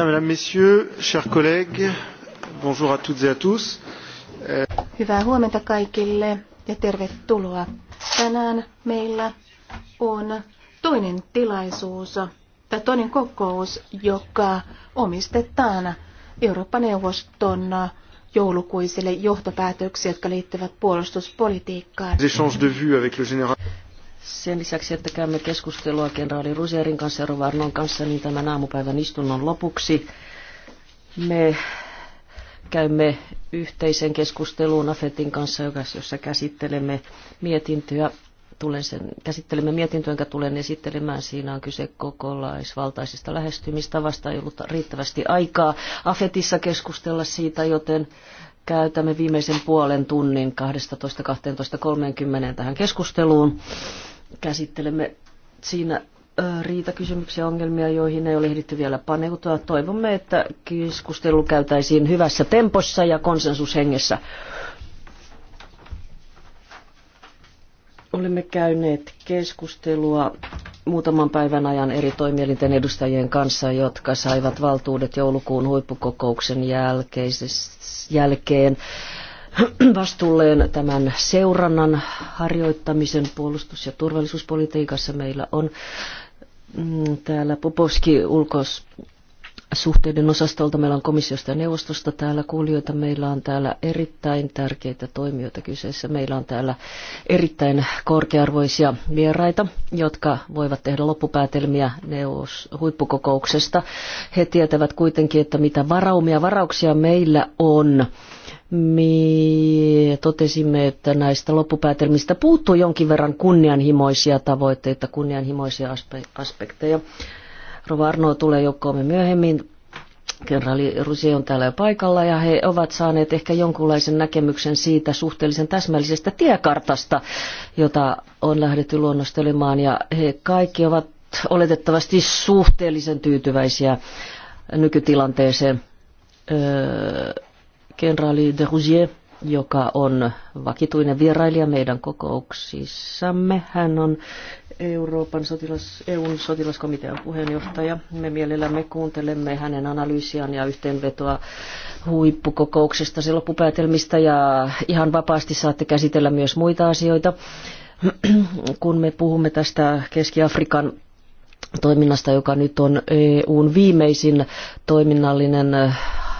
mesdames, messieurs, chers collègues, bonjour à toutes et à tous. Hyvää huomenta kaikille ja tervetuloa. Tänään meillä on toinen tilaisuus tai toinen kokous, joka omistetaan Eurooppa-neuvoston joulukuisille johtopäätöksille, jotka liittyvät puolustuspolitiikkaan. Sen lisäksi, että käymme keskustelua kenraali Ruserin kanssa ja Rovarnon kanssa, niin tämän aamupäivän istunnon lopuksi me käymme yhteisen keskustelun Afetin kanssa, jossa käsittelemme mietintöä. Tulen sen, käsittelemme mietintöä, jonka tulen esittelemään. Siinä on kyse kokolaisvaltaisesta lähestymistavasta. Ei ollut riittävästi aikaa Afetissa keskustella siitä, joten käytämme viimeisen puolen tunnin 12.12.30 tähän keskusteluun käsittelemme siinä riitakysymyksiä, ongelmia, joihin ei ole ehditty vielä paneutua. Toivomme, että keskustelu käytäisiin hyvässä tempossa ja konsensushengessä. Olemme käyneet keskustelua muutaman päivän ajan eri toimielinten edustajien kanssa, jotka saivat valtuudet joulukuun huippukokouksen jälkeen vastuulleen tämän seurannan harjoittamisen puolustus- ja turvallisuuspolitiikassa. Meillä on mm, täällä Poposki ulkos suhteiden osastolta, meillä on komissiosta ja neuvostosta täällä kuulijoita, meillä on täällä erittäin tärkeitä toimijoita kyseessä, meillä on täällä erittäin korkearvoisia vieraita, jotka voivat tehdä loppupäätelmiä neuvos huippukokouksesta. He tietävät kuitenkin, että mitä varaumia varauksia meillä on me totesimme, että näistä loppupäätelmistä puuttuu jonkin verran kunnianhimoisia tavoitteita, kunnianhimoisia aspekteja. Rova Arno tulee joukkoomme myöhemmin. Kenraali Rusi on täällä jo paikalla ja he ovat saaneet ehkä jonkunlaisen näkemyksen siitä suhteellisen täsmällisestä tiekartasta, jota on lähdetty luonnostelemaan ja he kaikki ovat oletettavasti suhteellisen tyytyväisiä nykytilanteeseen. Öö, kenraali de Rougier, joka on vakituinen vierailija meidän kokouksissamme. Hän on Euroopan sotilas, EUn sotilaskomitean puheenjohtaja. Me mielellämme kuuntelemme hänen analyysiaan ja yhteenvetoa huippukokouksesta, sen loppupäätelmistä ja ihan vapaasti saatte käsitellä myös muita asioita. Kun me puhumme tästä Keski-Afrikan toiminnasta, joka nyt on EUn viimeisin toiminnallinen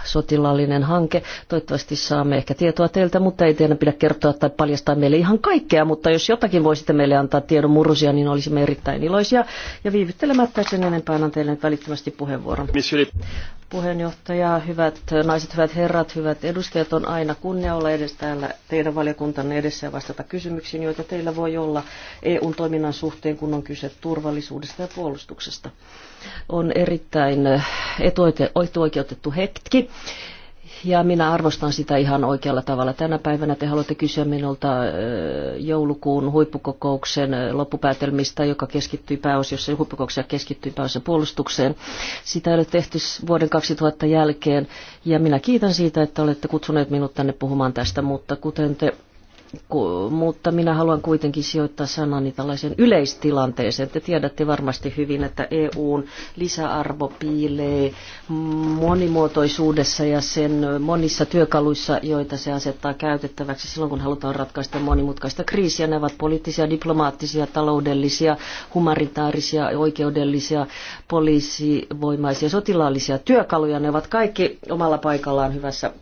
sotilaallinen hanke. Toivottavasti saamme ehkä tietoa teiltä, mutta ei teidän pidä kertoa tai paljastaa meille ihan kaikkea, mutta jos jotakin voisitte meille antaa tiedon murusia, niin olisimme erittäin iloisia. Ja viivyttelemättä sen enempää annan teille välittömästi puheenvuoron. Monsieur. Puheenjohtaja, hyvät naiset, hyvät herrat, hyvät edustajat, on aina kunnia olla edes täällä teidän valiokuntanne edessä ja vastata kysymyksiin, joita teillä voi olla EUn toiminnan suhteen, kun on kyse turvallisuudesta ja puolustuksesta on erittäin eh, etuoikeutettu hetki. Ja minä arvostan sitä ihan oikealla tavalla. Tänä päivänä te haluatte kysyä minulta eh, joulukuun huippukokouksen eh, loppupäätelmistä, joka keskittyy pääosiossa, huippukokouksia keskittyy pääosin puolustukseen. Sitä ei ole tehty vuoden 2000 jälkeen, ja minä kiitän siitä, että olette kutsuneet minut tänne puhumaan tästä, mutta kuten te mutta minä haluan kuitenkin sijoittaa sanani tällaisen yleistilanteeseen. Te tiedätte varmasti hyvin, että EUn lisäarvo piilee monimuotoisuudessa ja sen monissa työkaluissa, joita se asettaa käytettäväksi silloin, kun halutaan ratkaista monimutkaista kriisiä. Ne ovat poliittisia, diplomaattisia, taloudellisia, humanitaarisia, oikeudellisia, poliisivoimaisia, sotilaallisia työkaluja. Ne ovat kaikki omalla paikallaan hyvässä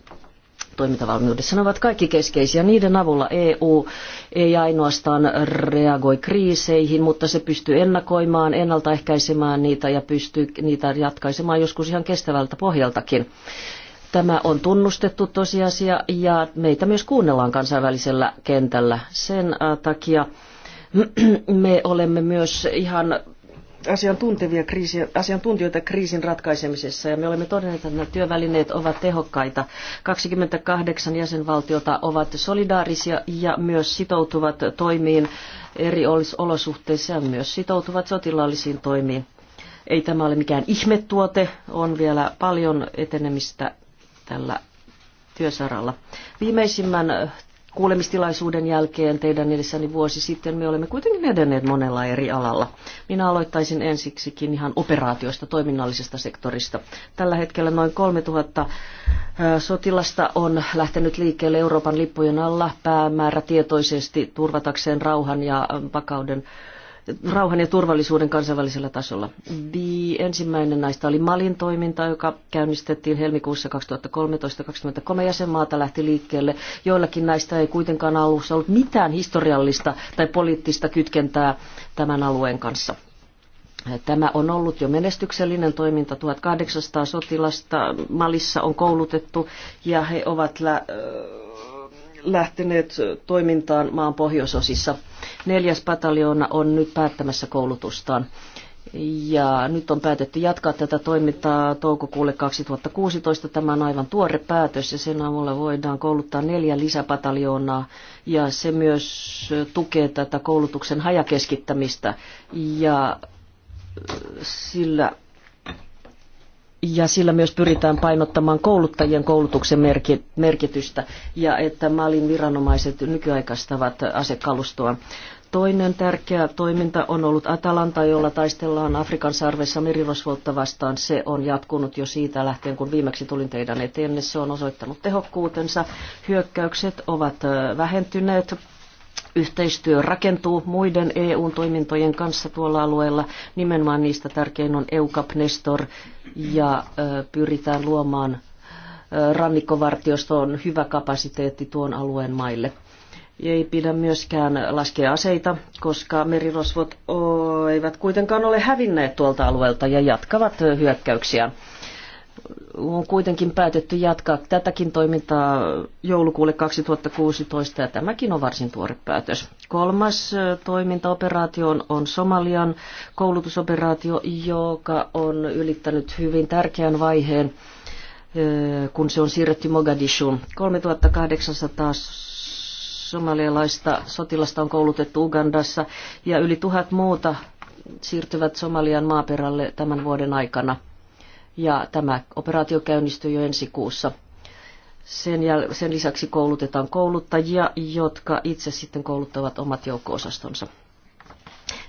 toimintavalmiudessa. Ne ovat kaikki keskeisiä. Niiden avulla EU ei ainoastaan reagoi kriiseihin, mutta se pystyy ennakoimaan, ennaltaehkäisemään niitä ja pystyy niitä jatkaisemaan joskus ihan kestävältä pohjaltakin. Tämä on tunnustettu tosiasia ja meitä myös kuunnellaan kansainvälisellä kentällä. Sen äh, takia me olemme myös ihan asiantuntevia kriisi, asiantuntijoita kriisin ratkaisemisessa ja me olemme todenneet, että nämä työvälineet ovat tehokkaita. 28 jäsenvaltiota ovat solidaarisia ja myös sitoutuvat toimiin eri olosuhteissa ja myös sitoutuvat sotilaallisiin toimiin. Ei tämä ole mikään ihmetuote, on vielä paljon etenemistä tällä työsaralla. Viimeisimmän kuulemistilaisuuden jälkeen teidän edessäni vuosi sitten me olemme kuitenkin edenneet monella eri alalla. Minä aloittaisin ensiksikin ihan operaatioista, toiminnallisesta sektorista. Tällä hetkellä noin 3000 sotilasta on lähtenyt liikkeelle Euroopan lippujen alla päämäärä tietoisesti turvatakseen rauhan ja vakauden rauhan ja turvallisuuden kansainvälisellä tasolla. Ensimmäinen näistä oli Malin toiminta, joka käynnistettiin helmikuussa 2013. 23 jäsenmaata lähti liikkeelle. Joillakin näistä ei kuitenkaan alussa ollut mitään historiallista tai poliittista kytkentää tämän alueen kanssa. Tämä on ollut jo menestyksellinen toiminta. 1800 sotilasta Malissa on koulutettu ja he ovat lä- lähteneet toimintaan maan pohjoisosissa. Neljäs pataljoona on nyt päättämässä koulutustaan. Ja nyt on päätetty jatkaa tätä toimintaa toukokuulle 2016. Tämä on aivan tuore päätös ja sen avulla voidaan kouluttaa neljä lisäpataljoonaa ja se myös tukee tätä koulutuksen hajakeskittämistä ja sillä ja sillä myös pyritään painottamaan kouluttajien koulutuksen merkitystä ja että Malin viranomaiset nykyaikaistavat asekalustoa. Toinen tärkeä toiminta on ollut Atalanta, jolla taistellaan Afrikan sarvessa merirosvoutta vastaan. Se on jatkunut jo siitä lähtien, kun viimeksi tulin teidän eteenne. Se on osoittanut tehokkuutensa. Hyökkäykset ovat vähentyneet Yhteistyö rakentuu muiden EU-toimintojen kanssa tuolla alueella. Nimenomaan niistä tärkein on EUCAP Nestor ja pyritään luomaan rannikkovartiostoon hyvä kapasiteetti tuon alueen maille ei pidä myöskään laskea aseita, koska merirosvot eivät kuitenkaan ole hävinneet tuolta alueelta ja jatkavat hyökkäyksiä on kuitenkin päätetty jatkaa tätäkin toimintaa joulukuulle 2016 ja tämäkin on varsin tuore päätös. Kolmas toimintaoperaatio on Somalian koulutusoperaatio, joka on ylittänyt hyvin tärkeän vaiheen, kun se on siirretty Mogadishuun. 3800 somalialaista sotilasta on koulutettu Ugandassa ja yli tuhat muuta siirtyvät Somalian maaperälle tämän vuoden aikana – ja tämä operaatio käynnistyy jo ensi kuussa. Sen, jäl- sen lisäksi koulutetaan kouluttajia, jotka itse sitten kouluttavat omat joukko-osastonsa.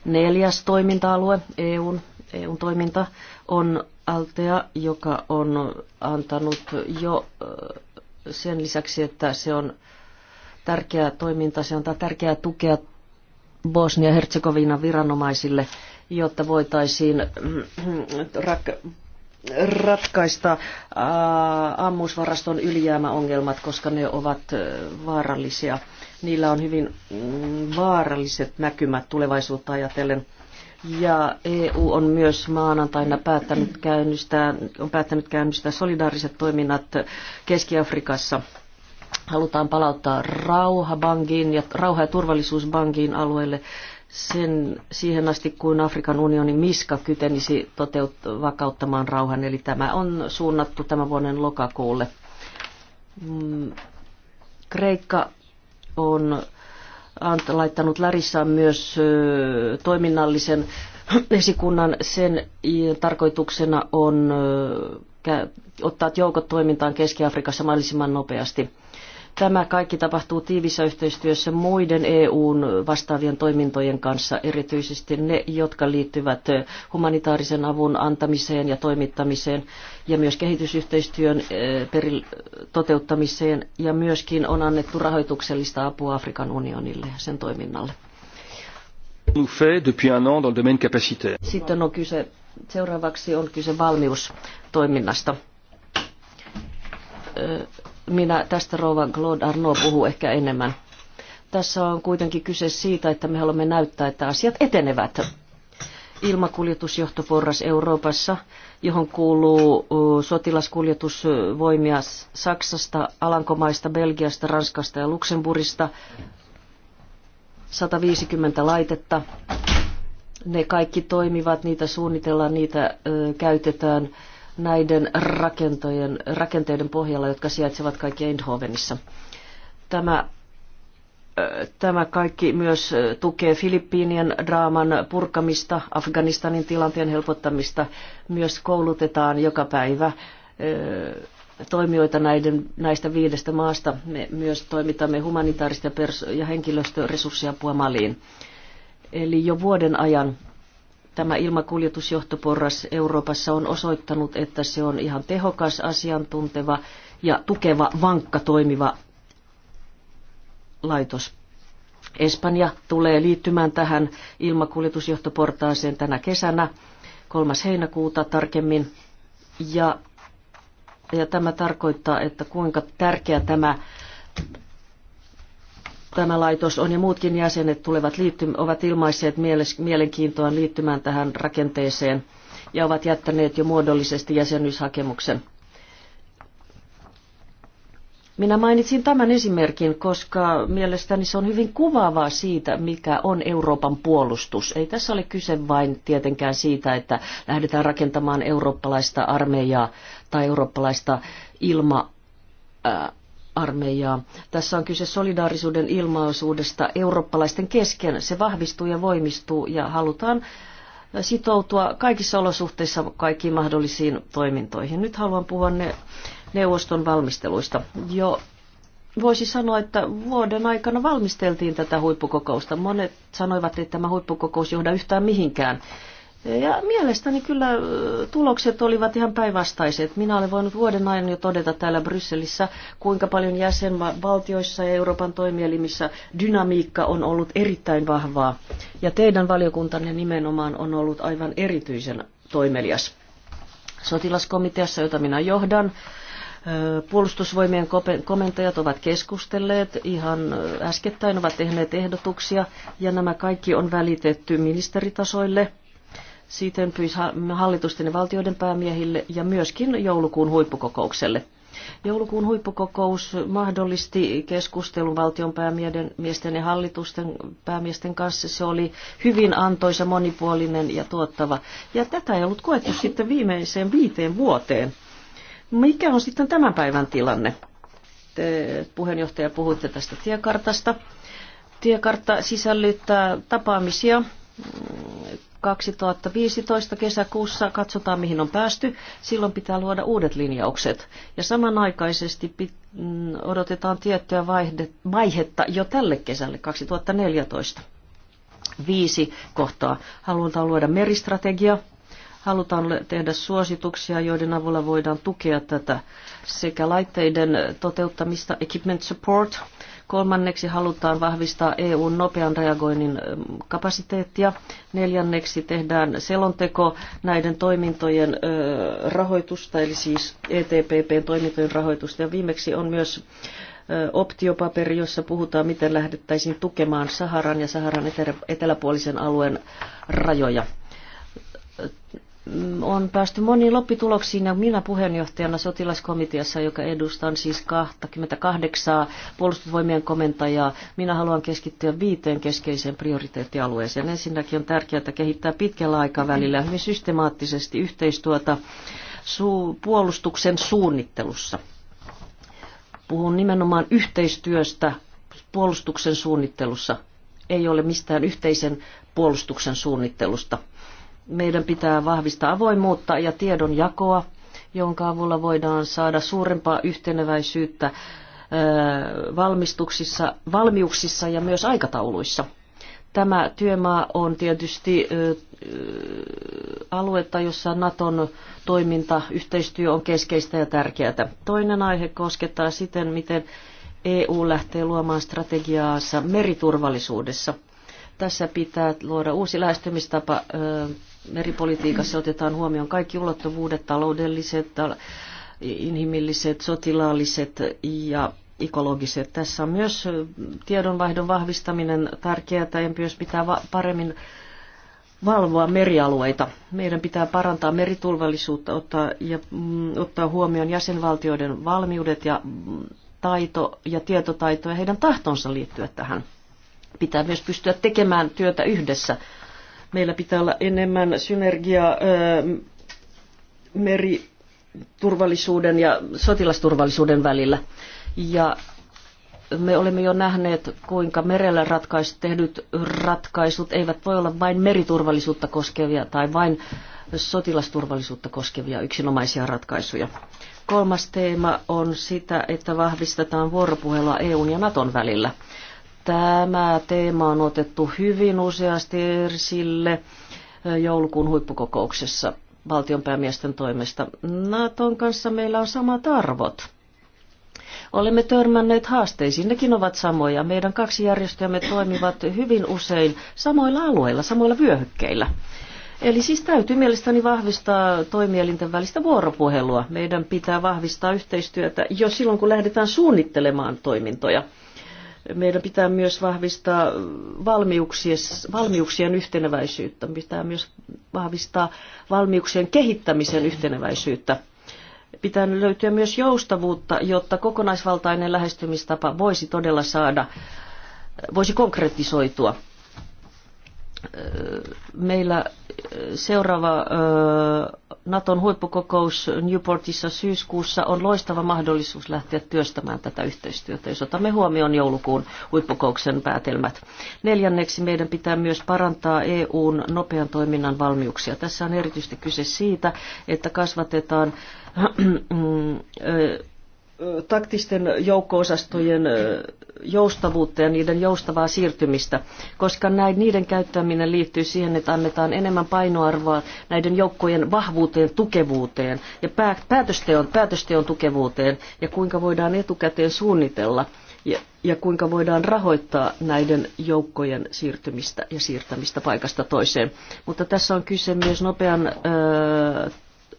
Neljäs toiminta-alue, EUn, EUn toiminta, on Altea, joka on antanut jo sen lisäksi, että se on tärkeää toiminta, se antaa tärkeää tukea Bosnia-Herzegovinan viranomaisille, jotta voitaisiin mm, mm, ratkaista ammusvaraston ylijäämäongelmat, koska ne ovat vaarallisia. Niillä on hyvin mm, vaaralliset näkymät tulevaisuutta ajatellen. Ja EU on myös maanantaina päättänyt käynnistää, on päättänyt käynnistää solidaariset toiminnat Keski-Afrikassa. Halutaan palauttaa rauha, bankiin ja, rauha ja turvallisuus bankiin alueelle sen, siihen asti, kun Afrikan unionin miska kytenisi toteut- vakauttamaan rauhan. Eli tämä on suunnattu tämän vuoden lokakuulle. Mm, Kreikka on ant, laittanut Lärissään myös ö, toiminnallisen esikunnan. Sen tarkoituksena on ö, ottaa joukot toimintaan Keski-Afrikassa mahdollisimman nopeasti. Tämä kaikki tapahtuu tiivissä yhteistyössä muiden EUn vastaavien toimintojen kanssa, erityisesti ne, jotka liittyvät humanitaarisen avun antamiseen ja toimittamiseen ja myös kehitysyhteistyön eh, toteuttamiseen ja myöskin on annettu rahoituksellista apua Afrikan unionille ja sen toiminnalle. Sitten on kyse, seuraavaksi on kyse valmiustoiminnasta eh, minä tästä rouva Claude Arnaud puhuu ehkä enemmän. Tässä on kuitenkin kyse siitä, että me haluamme näyttää, että asiat etenevät. Ilmakuljetusjohtoporras Euroopassa, johon kuuluu sotilaskuljetusvoimia Saksasta, Alankomaista, Belgiasta, Ranskasta ja Luxemburista, 150 laitetta. Ne kaikki toimivat, niitä suunnitellaan, niitä ö, käytetään näiden rakentojen, rakenteiden pohjalla, jotka sijaitsevat kaikki Eindhovenissa. Tämä, tämä kaikki myös tukee Filippiinien draaman purkamista, Afganistanin tilanteen helpottamista. Myös koulutetaan joka päivä toimijoita näiden, näistä viidestä maasta. Me myös toimitamme humanitaarista ja, pers- ja henkilöstöresurssiapua Maliin. Eli jo vuoden ajan Tämä ilmakuljetusjohtoporras Euroopassa on osoittanut, että se on ihan tehokas, asiantunteva ja tukeva, vankka toimiva laitos. Espanja tulee liittymään tähän ilmakuljetusjohtoportaaseen tänä kesänä 3. heinäkuuta tarkemmin. Ja, ja tämä tarkoittaa, että kuinka tärkeä tämä tämä laitos on ja muutkin jäsenet tulevat ovat ilmaisseet mielenkiintoa liittymään tähän rakenteeseen ja ovat jättäneet jo muodollisesti jäsenyyshakemuksen. Minä mainitsin tämän esimerkin, koska mielestäni se on hyvin kuvaavaa siitä, mikä on Euroopan puolustus. Ei tässä ole kyse vain tietenkään siitä, että lähdetään rakentamaan eurooppalaista armeijaa tai eurooppalaista ilma armeijaa. Tässä on kyse solidaarisuuden ilmaisuudesta eurooppalaisten kesken. Se vahvistuu ja voimistuu ja halutaan sitoutua kaikissa olosuhteissa kaikkiin mahdollisiin toimintoihin. Nyt haluan puhua ne neuvoston valmisteluista. Jo voisi sanoa, että vuoden aikana valmisteltiin tätä huippukokousta. Monet sanoivat, että tämä huippukokous johda yhtään mihinkään. Ja mielestäni kyllä tulokset olivat ihan päinvastaiset. Minä olen voinut vuoden ajan jo todeta täällä Brysselissä, kuinka paljon jäsenvaltioissa ja Euroopan toimielimissä dynamiikka on ollut erittäin vahvaa. Ja teidän valiokuntanne nimenomaan on ollut aivan erityisen toimelias. Sotilaskomiteassa, jota minä johdan, Puolustusvoimien komentajat ovat keskustelleet, ihan äskettäin ovat tehneet ehdotuksia ja nämä kaikki on välitetty ministeritasoille – Siten pyysi hallitusten ja valtioiden päämiehille ja myöskin joulukuun huippukokoukselle. Joulukuun huippukokous mahdollisti keskustelun valtion päämiesten ja hallitusten päämiesten kanssa. Se oli hyvin antoisa, monipuolinen ja tuottava. Ja tätä ei ollut koettu sitten viimeiseen viiteen vuoteen. Mikä on sitten tämän päivän tilanne? Te puheenjohtaja puhuitte tästä tiekartasta. Tiekartta sisällyttää tapaamisia 2015 kesäkuussa katsotaan, mihin on päästy. Silloin pitää luoda uudet linjaukset. Ja samanaikaisesti mm, odotetaan tiettyä vaihetta jo tälle kesälle 2014. Viisi kohtaa. Halutaan luoda meristrategia, halutaan tehdä suosituksia, joiden avulla voidaan tukea tätä sekä laitteiden toteuttamista, equipment support, Kolmanneksi halutaan vahvistaa EUn nopean reagoinnin ähm, kapasiteettia. Neljänneksi tehdään selonteko näiden toimintojen äh, rahoitusta, eli siis ETPPn toimintojen rahoitusta. Ja viimeksi on myös äh, optiopaperi, jossa puhutaan, miten lähdettäisiin tukemaan Saharan ja Saharan eteläpuolisen alueen rajoja Mm, on päästy moniin lopputuloksiin ja minä puheenjohtajana sotilaskomiteassa, joka edustan siis 28 puolustusvoimien komentajaa, minä haluan keskittyä viiteen keskeiseen prioriteettialueeseen. Ensinnäkin on tärkeää kehittää pitkällä aikavälillä hyvin systemaattisesti yhteistyötä su- puolustuksen suunnittelussa. Puhun nimenomaan yhteistyöstä puolustuksen suunnittelussa. Ei ole mistään yhteisen puolustuksen suunnittelusta – meidän pitää vahvistaa avoimuutta ja tiedonjakoa, jonka avulla voidaan saada suurempaa yhteneväisyyttä valmistuksissa, valmiuksissa ja myös aikatauluissa. Tämä työmaa on tietysti aluetta, jossa Naton toiminta, yhteistyö on keskeistä ja tärkeää. Toinen aihe koskettaa siten, miten EU lähtee luomaan strategiaansa meriturvallisuudessa – tässä pitää luoda uusi lähestymistapa. Meripolitiikassa otetaan huomioon kaikki ulottuvuudet, taloudelliset, inhimilliset, sotilaalliset ja ekologiset. Tässä on myös tiedonvaihdon vahvistaminen tärkeää, että myös pitää paremmin valvoa merialueita. Meidän pitää parantaa meriturvallisuutta ottaa, ja mm, ottaa huomioon jäsenvaltioiden valmiudet ja mm, taito ja tietotaito ja heidän tahtonsa liittyä tähän pitää myös pystyä tekemään työtä yhdessä. Meillä pitää olla enemmän synergiaa meriturvallisuuden ja sotilasturvallisuuden välillä. Ja me olemme jo nähneet, kuinka merellä ratkaisut, tehdyt ratkaisut eivät voi olla vain meriturvallisuutta koskevia tai vain sotilasturvallisuutta koskevia yksinomaisia ratkaisuja. Kolmas teema on sitä, että vahvistetaan vuoropuhelua EUn ja Naton välillä. Tämä teema on otettu hyvin useasti esille joulukuun huippukokouksessa valtionpäämiesten toimesta. Naton kanssa meillä on samat arvot. Olemme törmänneet haasteisiin, nekin ovat samoja. Meidän kaksi järjestöämme toimivat hyvin usein samoilla alueilla, samoilla vyöhykkeillä. Eli siis täytyy mielestäni vahvistaa toimielinten välistä vuoropuhelua. Meidän pitää vahvistaa yhteistyötä jo silloin, kun lähdetään suunnittelemaan toimintoja. Meidän pitää myös vahvistaa valmiuksien, yhteneväisyyttä, pitää myös vahvistaa valmiuksien kehittämisen yhteneväisyyttä. Pitää löytyä myös joustavuutta, jotta kokonaisvaltainen lähestymistapa voisi todella saada, voisi konkretisoitua. Meillä Seuraava Naton huippukokous Newportissa syyskuussa on loistava mahdollisuus lähteä työstämään tätä yhteistyötä, jos otamme huomioon joulukuun huippukouksen päätelmät. Neljänneksi meidän pitää myös parantaa EUn nopean toiminnan valmiuksia. Tässä on erityisesti kyse siitä, että kasvatetaan taktisten joukkoosastojen joustavuutta ja niiden joustavaa siirtymistä, koska näin niiden käyttäminen liittyy siihen, että annetaan enemmän painoarvoa näiden joukkojen vahvuuteen, tukevuuteen ja päätösteon, päätösteon tukevuuteen ja kuinka voidaan etukäteen suunnitella ja, ja kuinka voidaan rahoittaa näiden joukkojen siirtymistä ja siirtämistä paikasta toiseen. Mutta tässä on kyse myös nopean ö,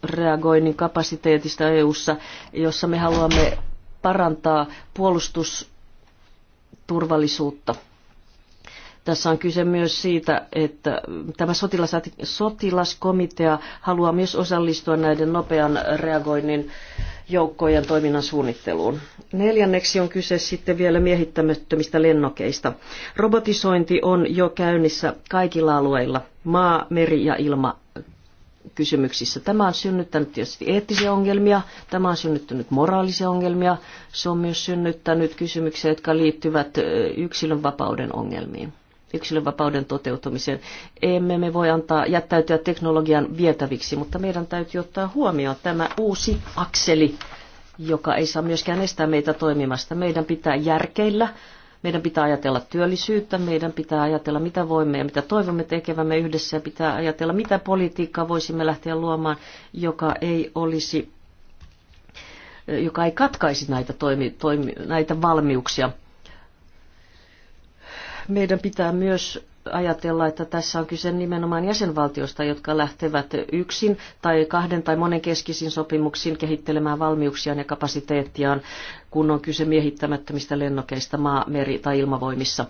reagoinnin kapasiteetista EU:ssa, jossa me haluamme parantaa puolustusturvallisuutta. Tässä on kyse myös siitä, että tämä sotilas, sotilaskomitea haluaa myös osallistua näiden nopean reagoinnin joukkojen toiminnan suunnitteluun. Neljänneksi on kyse sitten vielä miehittämättömistä lennokeista. Robotisointi on jo käynnissä kaikilla alueilla, maa, meri ja ilma kysymyksissä. Tämä on synnyttänyt tietysti eettisiä ongelmia, tämä on synnyttänyt moraalisia ongelmia, se on myös synnyttänyt kysymyksiä, jotka liittyvät yksilönvapauden ongelmiin yksilönvapauden toteutumiseen. Emme me voi antaa jättäytyä teknologian vietäviksi, mutta meidän täytyy ottaa huomioon tämä uusi akseli, joka ei saa myöskään estää meitä toimimasta. Meidän pitää järkeillä, meidän pitää ajatella työllisyyttä, meidän pitää ajatella mitä voimme ja mitä toivomme tekevämme yhdessä ja pitää ajatella mitä politiikkaa voisimme lähteä luomaan, joka ei olisi joka ei katkaisi näitä, toimi, toimi, näitä valmiuksia. Meidän pitää myös ajatella, että tässä on kyse nimenomaan jäsenvaltioista, jotka lähtevät yksin tai kahden tai monenkeskisin sopimuksiin kehittelemään valmiuksiaan ja kapasiteettiaan, kun on kyse miehittämättömistä lennokeista maa, meri tai ilmavoimissa.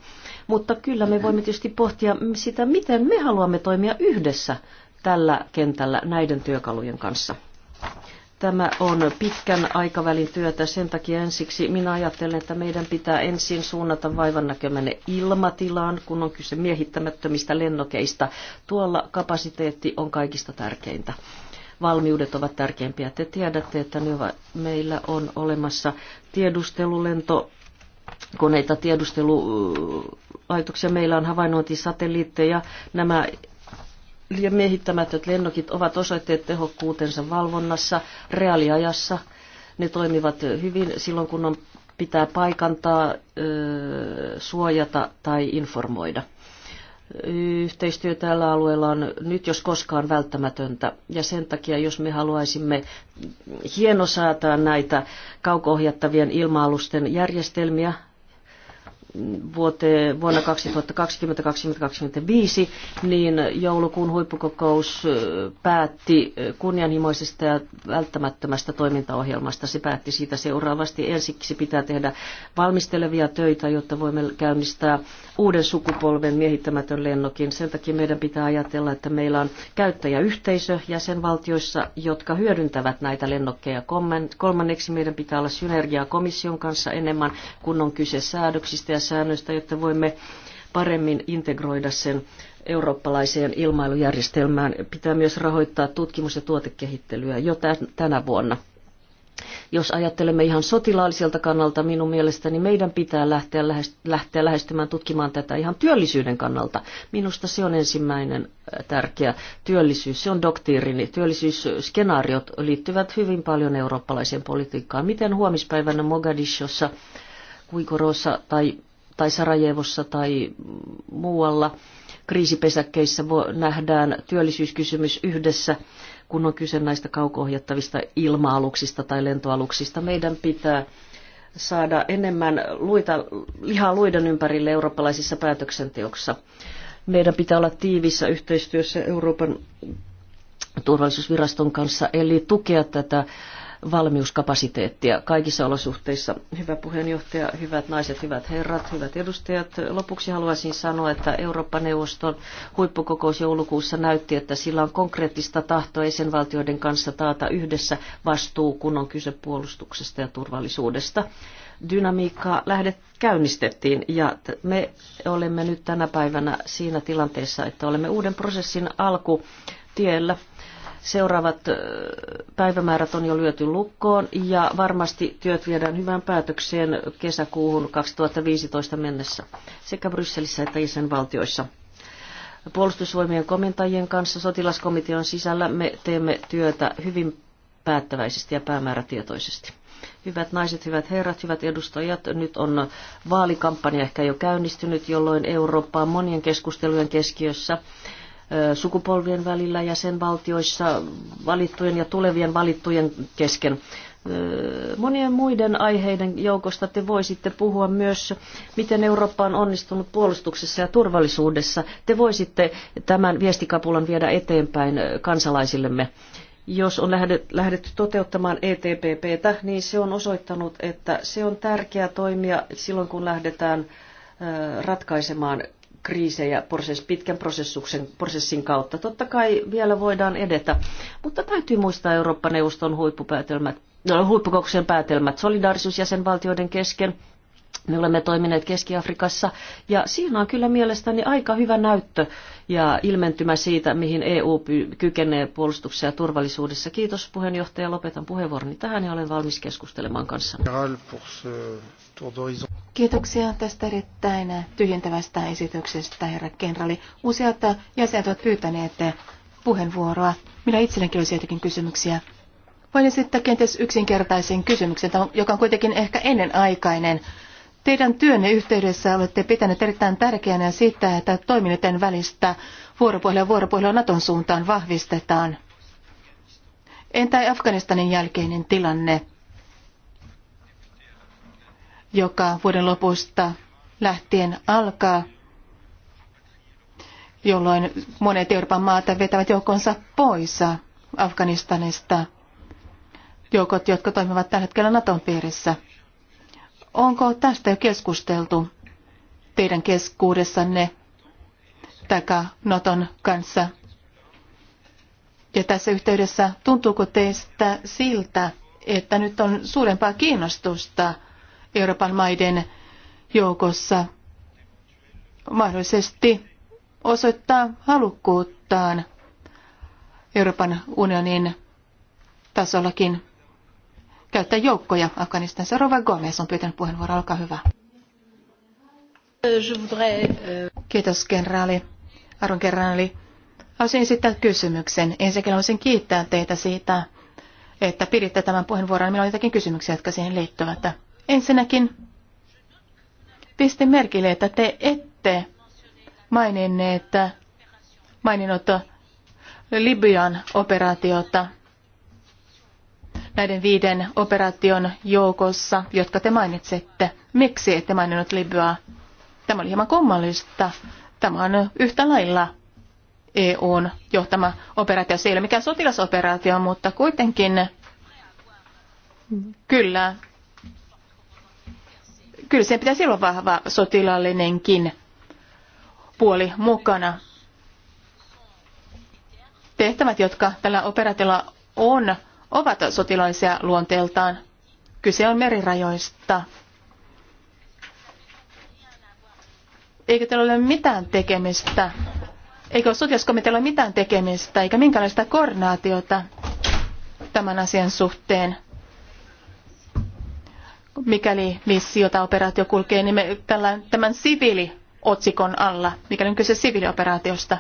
Mutta kyllä me voimme tietysti pohtia sitä, miten me haluamme toimia yhdessä tällä kentällä näiden työkalujen kanssa. Tämä on pitkän aikavälin työtä, sen takia ensiksi minä ajattelen, että meidän pitää ensin suunnata vaivan ilmatilaan, kun on kyse miehittämättömistä lennokeista. Tuolla kapasiteetti on kaikista tärkeintä. Valmiudet ovat tärkeimpiä. Te tiedätte, että meillä on olemassa tiedustelulento koneita tiedustelulaitoksia. Meillä on havainnointisatelliitteja. Nämä miehittämätöt lennokit ovat osoitteet tehokkuutensa valvonnassa reaaliajassa. Ne toimivat hyvin silloin, kun on pitää paikantaa, suojata tai informoida. Yhteistyö tällä alueella on nyt jos koskaan välttämätöntä ja sen takia, jos me haluaisimme hienosäätää näitä kauko-ohjattavien ilma-alusten järjestelmiä, vuote, vuonna 2020-2025, niin joulukuun huippukokous päätti kunnianhimoisesta ja välttämättömästä toimintaohjelmasta. Se päätti siitä seuraavasti. Ensiksi pitää tehdä valmistelevia töitä, jotta voimme käynnistää uuden sukupolven miehittämätön lennokin. Sen takia meidän pitää ajatella, että meillä on käyttäjäyhteisö jäsenvaltioissa, jotka hyödyntävät näitä lennokkeja. Kolmanneksi meidän pitää olla synergiaa komission kanssa enemmän, kun on kyse säädöksistä ja säännöistä, jotta voimme paremmin integroida sen eurooppalaiseen ilmailujärjestelmään. Pitää myös rahoittaa tutkimus- ja tuotekehittelyä jo tänä vuonna. Jos ajattelemme ihan sotilaalliselta kannalta, minun mielestäni meidän pitää lähteä, lähteä lähestymään tutkimaan tätä ihan työllisyyden kannalta. Minusta se on ensimmäinen tärkeä työllisyys. Se on doktiirini. Työllisyysskenaariot liittyvät hyvin paljon eurooppalaiseen politiikkaan. Miten huomispäivänä Mogadishossa, Kuikorossa tai tai Sarajevossa tai muualla kriisipesäkkeissä nähdään työllisyyskysymys yhdessä, kun on kyse näistä kaukoohjattavista ilma-aluksista tai lentoaluksista. Meidän pitää saada enemmän luita, lihaa luiden ympärille eurooppalaisissa päätöksenteoksissa. Meidän pitää olla tiivissä yhteistyössä Euroopan turvallisuusviraston kanssa, eli tukea tätä valmiuskapasiteettia kaikissa olosuhteissa. Hyvä puheenjohtaja, hyvät naiset, hyvät herrat, hyvät edustajat. Lopuksi haluaisin sanoa, että Eurooppa-neuvoston huippukokous joulukuussa näytti, että sillä on konkreettista tahtoa jäsenvaltioiden kanssa taata yhdessä vastuu, kun on kyse puolustuksesta ja turvallisuudesta dynamiikkaa lähdet käynnistettiin ja me olemme nyt tänä päivänä siinä tilanteessa, että olemme uuden prosessin alkutiellä. Seuraavat päivämäärät on jo lyöty lukkoon ja varmasti työt viedään hyvään päätökseen kesäkuuhun 2015 mennessä sekä Brysselissä että jäsenvaltioissa. Puolustusvoimien komentajien kanssa sotilaskomitean sisällä me teemme työtä hyvin päättäväisesti ja päämäärätietoisesti. Hyvät naiset, hyvät herrat, hyvät edustajat, nyt on vaalikampanja ehkä jo käynnistynyt, jolloin Eurooppa on monien keskustelujen keskiössä sukupolvien välillä ja sen valtioissa valittujen ja tulevien valittujen kesken. Monien muiden aiheiden joukosta te voisitte puhua myös, miten Eurooppa on onnistunut puolustuksessa ja turvallisuudessa. Te voisitte tämän viestikapulan viedä eteenpäin kansalaisillemme. Jos on lähdetty toteuttamaan ETPPtä, niin se on osoittanut, että se on tärkeä toimia silloin, kun lähdetään ratkaisemaan kriisejä proses, pitkän prosessin kautta. Totta kai vielä voidaan edetä, mutta täytyy muistaa Eurooppa-neuvoston huippupäätelmät, no, huippukokouksen päätelmät solidaarisuus jäsenvaltioiden kesken. Me olemme toimineet Keski-Afrikassa ja siinä on kyllä mielestäni aika hyvä näyttö ja ilmentymä siitä, mihin EU kykenee puolustuksessa ja turvallisuudessa. Kiitos puheenjohtaja, lopetan puheenvuoroni tähän ja olen valmis keskustelemaan kanssa. Kiitoksia tästä erittäin tyhjentävästä esityksestä, herra kenraali. Useat jäsenet ovat pyytäneet puheenvuoroa. Minä itsellenkin olisi jotakin kysymyksiä. Voin esittää kenties yksinkertaisen kysymyksen, joka on kuitenkin ehkä ennenaikainen. Teidän työnne yhteydessä olette pitäneet erittäin tärkeänä sitä, että toimijoiden välistä vuoropuhelua vuoropuhelua Naton suuntaan vahvistetaan. Entä Afganistanin jälkeinen tilanne? joka vuoden lopusta lähtien alkaa, jolloin monet Euroopan maat vetävät joukkonsa pois Afganistanista, joukot, jotka toimivat tällä hetkellä Naton piirissä. Onko tästä jo keskusteltu teidän keskuudessanne taka Noton kanssa? Ja tässä yhteydessä tuntuuko teistä siltä, että nyt on suurempaa kiinnostusta Euroopan maiden joukossa mahdollisesti osoittaa halukkuuttaan Euroopan unionin tasollakin käyttää joukkoja Afganistanissa. Rova Gomez on pyytänyt puheenvuoroa, olkaa hyvä. Euh, Kiitos, kenraali. Arvon kenraali. Haluaisin esittää kysymyksen. Ensinnäkin haluaisin kiittää teitä siitä, että piditte tämän puheenvuoron. Minulla on jotakin kysymyksiä, jotka siihen liittyvät. Ensinnäkin pistin merkille, että te ette maininneet, maininnut Libyan operaatiota näiden viiden operaation joukossa, jotka te mainitsette. Miksi ette maininnut Libyaa? Tämä oli hieman kummallista. Tämä on yhtä lailla EUn johtama operaatio. Se ei ole mikään sotilasoperaatio, mutta kuitenkin kyllä Kyllä sen pitäisi olla vahva sotilaallinenkin puoli mukana. Tehtävät, jotka tällä operaatiolla on, ovat sotilaisia luonteeltaan. Kyse on merirajoista. Eikö teillä ole mitään tekemistä? Eikö sotilaskomitealla ole mitään tekemistä eikä minkälaista koordinaatiota tämän asian suhteen? mikäli missio tai operaatio kulkee niin me tällään, tämän siviiliotsikon alla, mikäli on kyse siviilioperaatiosta.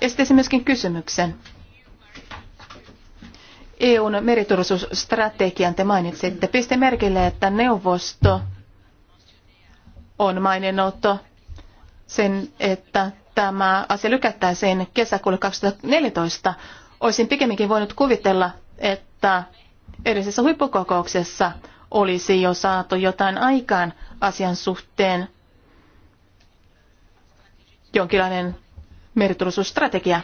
Esitäisin myöskin kysymyksen. EUn meriturvallisuusstrategian te mainitsitte. Piste merkille, että neuvosto on maininnut sen, että tämä asia lykättäisiin kesäkuulle 2014. Olisin pikemminkin voinut kuvitella, että edellisessä huippukokouksessa olisi jo saatu jotain aikaan asian suhteen, jonkinlainen meriturvallisuusstrategia.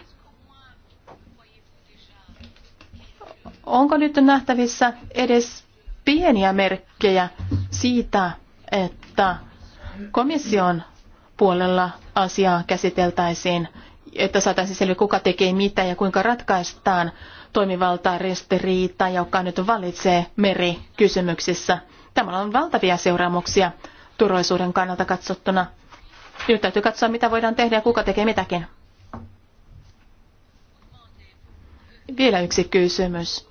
Onko nyt nähtävissä edes pieniä merkkejä siitä, että komission puolella asiaa käsiteltäisiin, että saataisiin selvä, kuka tekee mitä ja kuinka ratkaistaan toimivaltaristiriita, joka nyt valitsee merikysymyksissä. Tämä on valtavia seuraamuksia turvallisuuden kannalta katsottuna. Nyt täytyy katsoa, mitä voidaan tehdä ja kuka tekee mitäkin. Vielä yksi kysymys.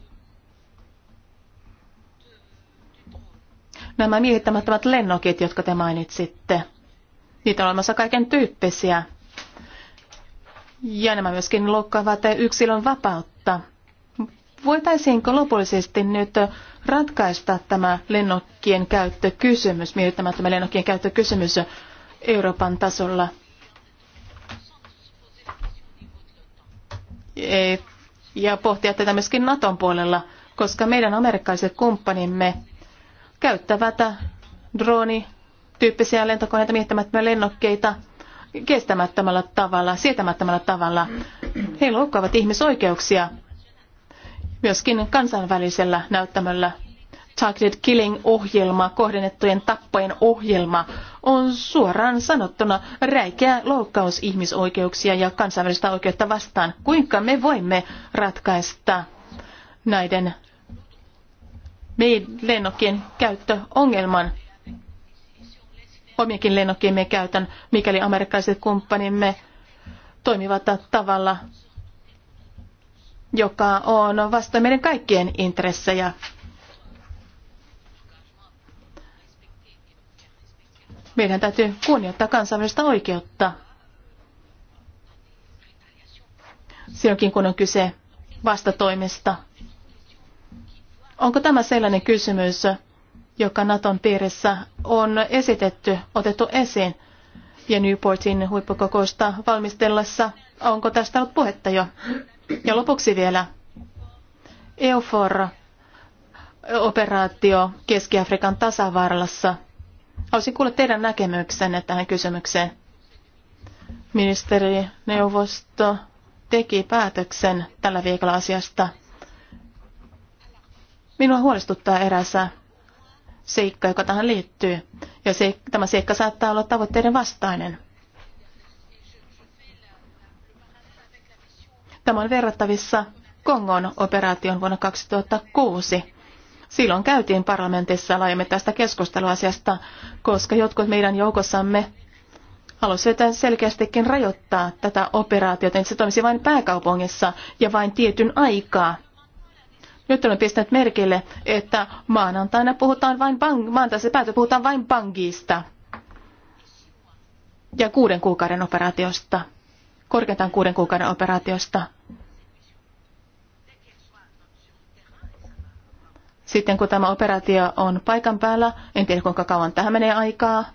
Nämä miehittämättömät lennokit, jotka te mainitsitte, niitä on olemassa kaiken tyyppisiä. Ja nämä myöskin loukkaavat yksilön vapautta Voitaisiinko lopullisesti nyt ratkaista tämä lennokkien käyttökysymys, mietittämättömän lennokkien käyttökysymys Euroopan tasolla? E, ja pohtia tätä myöskin Naton puolella, koska meidän amerikkalaiset kumppanimme käyttävät droni tyyppisiä lentokoneita miehittämättömiä lennokkeita kestämättömällä tavalla, sietämättömällä tavalla. He loukkaavat ihmisoikeuksia myöskin kansainvälisellä näyttämöllä Targeted Killing-ohjelma, kohdennettujen tappojen ohjelma, on suoraan sanottuna räikeä loukkaus ihmisoikeuksia ja kansainvälistä oikeutta vastaan. Kuinka me voimme ratkaista näiden meidän lennokkien käyttöongelman? Omiakin lennokkiemme käytän, mikäli amerikkalaiset kumppanimme toimivat tavalla, joka on vastoin meidän kaikkien intressejä. Meidän täytyy kunnioittaa kansainvälistä oikeutta silloinkin, kun on kyse vastatoimesta. Onko tämä sellainen kysymys, joka Naton piirissä on esitetty, otettu esiin? Ja Newportin huippukokousta valmistellessa, onko tästä ollut puhetta jo? Ja lopuksi vielä EUFOR operaatio Keski-Afrikan tasavarlassa. Haluaisin kuulla teidän näkemyksenne tähän kysymykseen. Ministerineuvosto teki päätöksen tällä viikolla asiasta. Minua huolestuttaa erässä seikka, joka tähän liittyy, ja se, tämä seikka saattaa olla tavoitteiden vastainen. Tämä on verrattavissa Kongon operaation vuonna 2006. Silloin käytiin parlamentissa laajemmin tästä keskustelua asiasta, koska jotkut meidän joukossamme halusivat selkeästikin rajoittaa tätä operaatiota, että se toimisi vain pääkaupungissa ja vain tietyn aikaa. Nyt olen pistänyt merkille, että maanantaina puhutaan vain bang, maanantaisessa puhutaan vain Bangista ja kuuden kuukauden operaatiosta korkeintaan kuuden kuukauden operaatiosta. Sitten kun tämä operaatio on paikan päällä, en tiedä kuinka kauan tähän menee aikaa,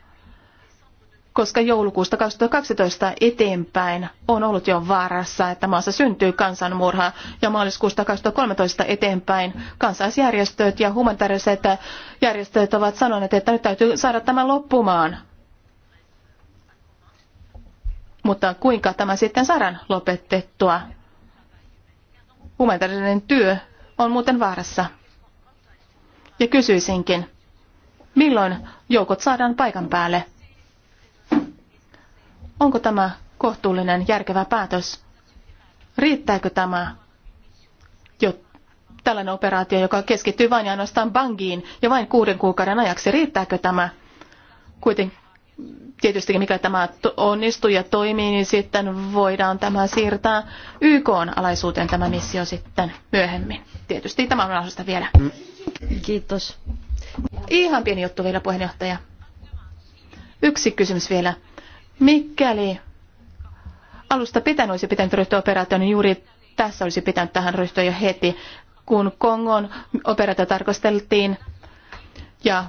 koska joulukuusta 2012 eteenpäin on ollut jo vaarassa, että maassa syntyy kansanmurha ja maaliskuusta 2013 eteenpäin kansalaisjärjestöt ja humanitaariset järjestöt ovat sanoneet, että nyt täytyy saada tämä loppumaan. Mutta kuinka tämä sitten saadaan lopetettua? Humanitaarinen työ on muuten vaarassa. Ja kysyisinkin, milloin joukot saadaan paikan päälle? Onko tämä kohtuullinen, järkevä päätös? Riittääkö tämä jo tällainen operaatio, joka keskittyy vain ja ainoastaan Bangiin ja vain kuuden kuukauden ajaksi? Riittääkö tämä? Kuitenkin tietysti mikä tämä onnistuu ja toimii, niin sitten voidaan tämä siirtää YKn alaisuuteen tämä missio sitten myöhemmin. Tietysti tämä on mahdollista vielä. Kiitos. Ihan pieni juttu vielä puheenjohtaja. Yksi kysymys vielä. Mikäli alusta pitänyt olisi pitänyt ryhtyä operaatioon, niin juuri tässä olisi pitänyt tähän ryhtyä jo heti, kun Kongon operaatio tarkasteltiin ja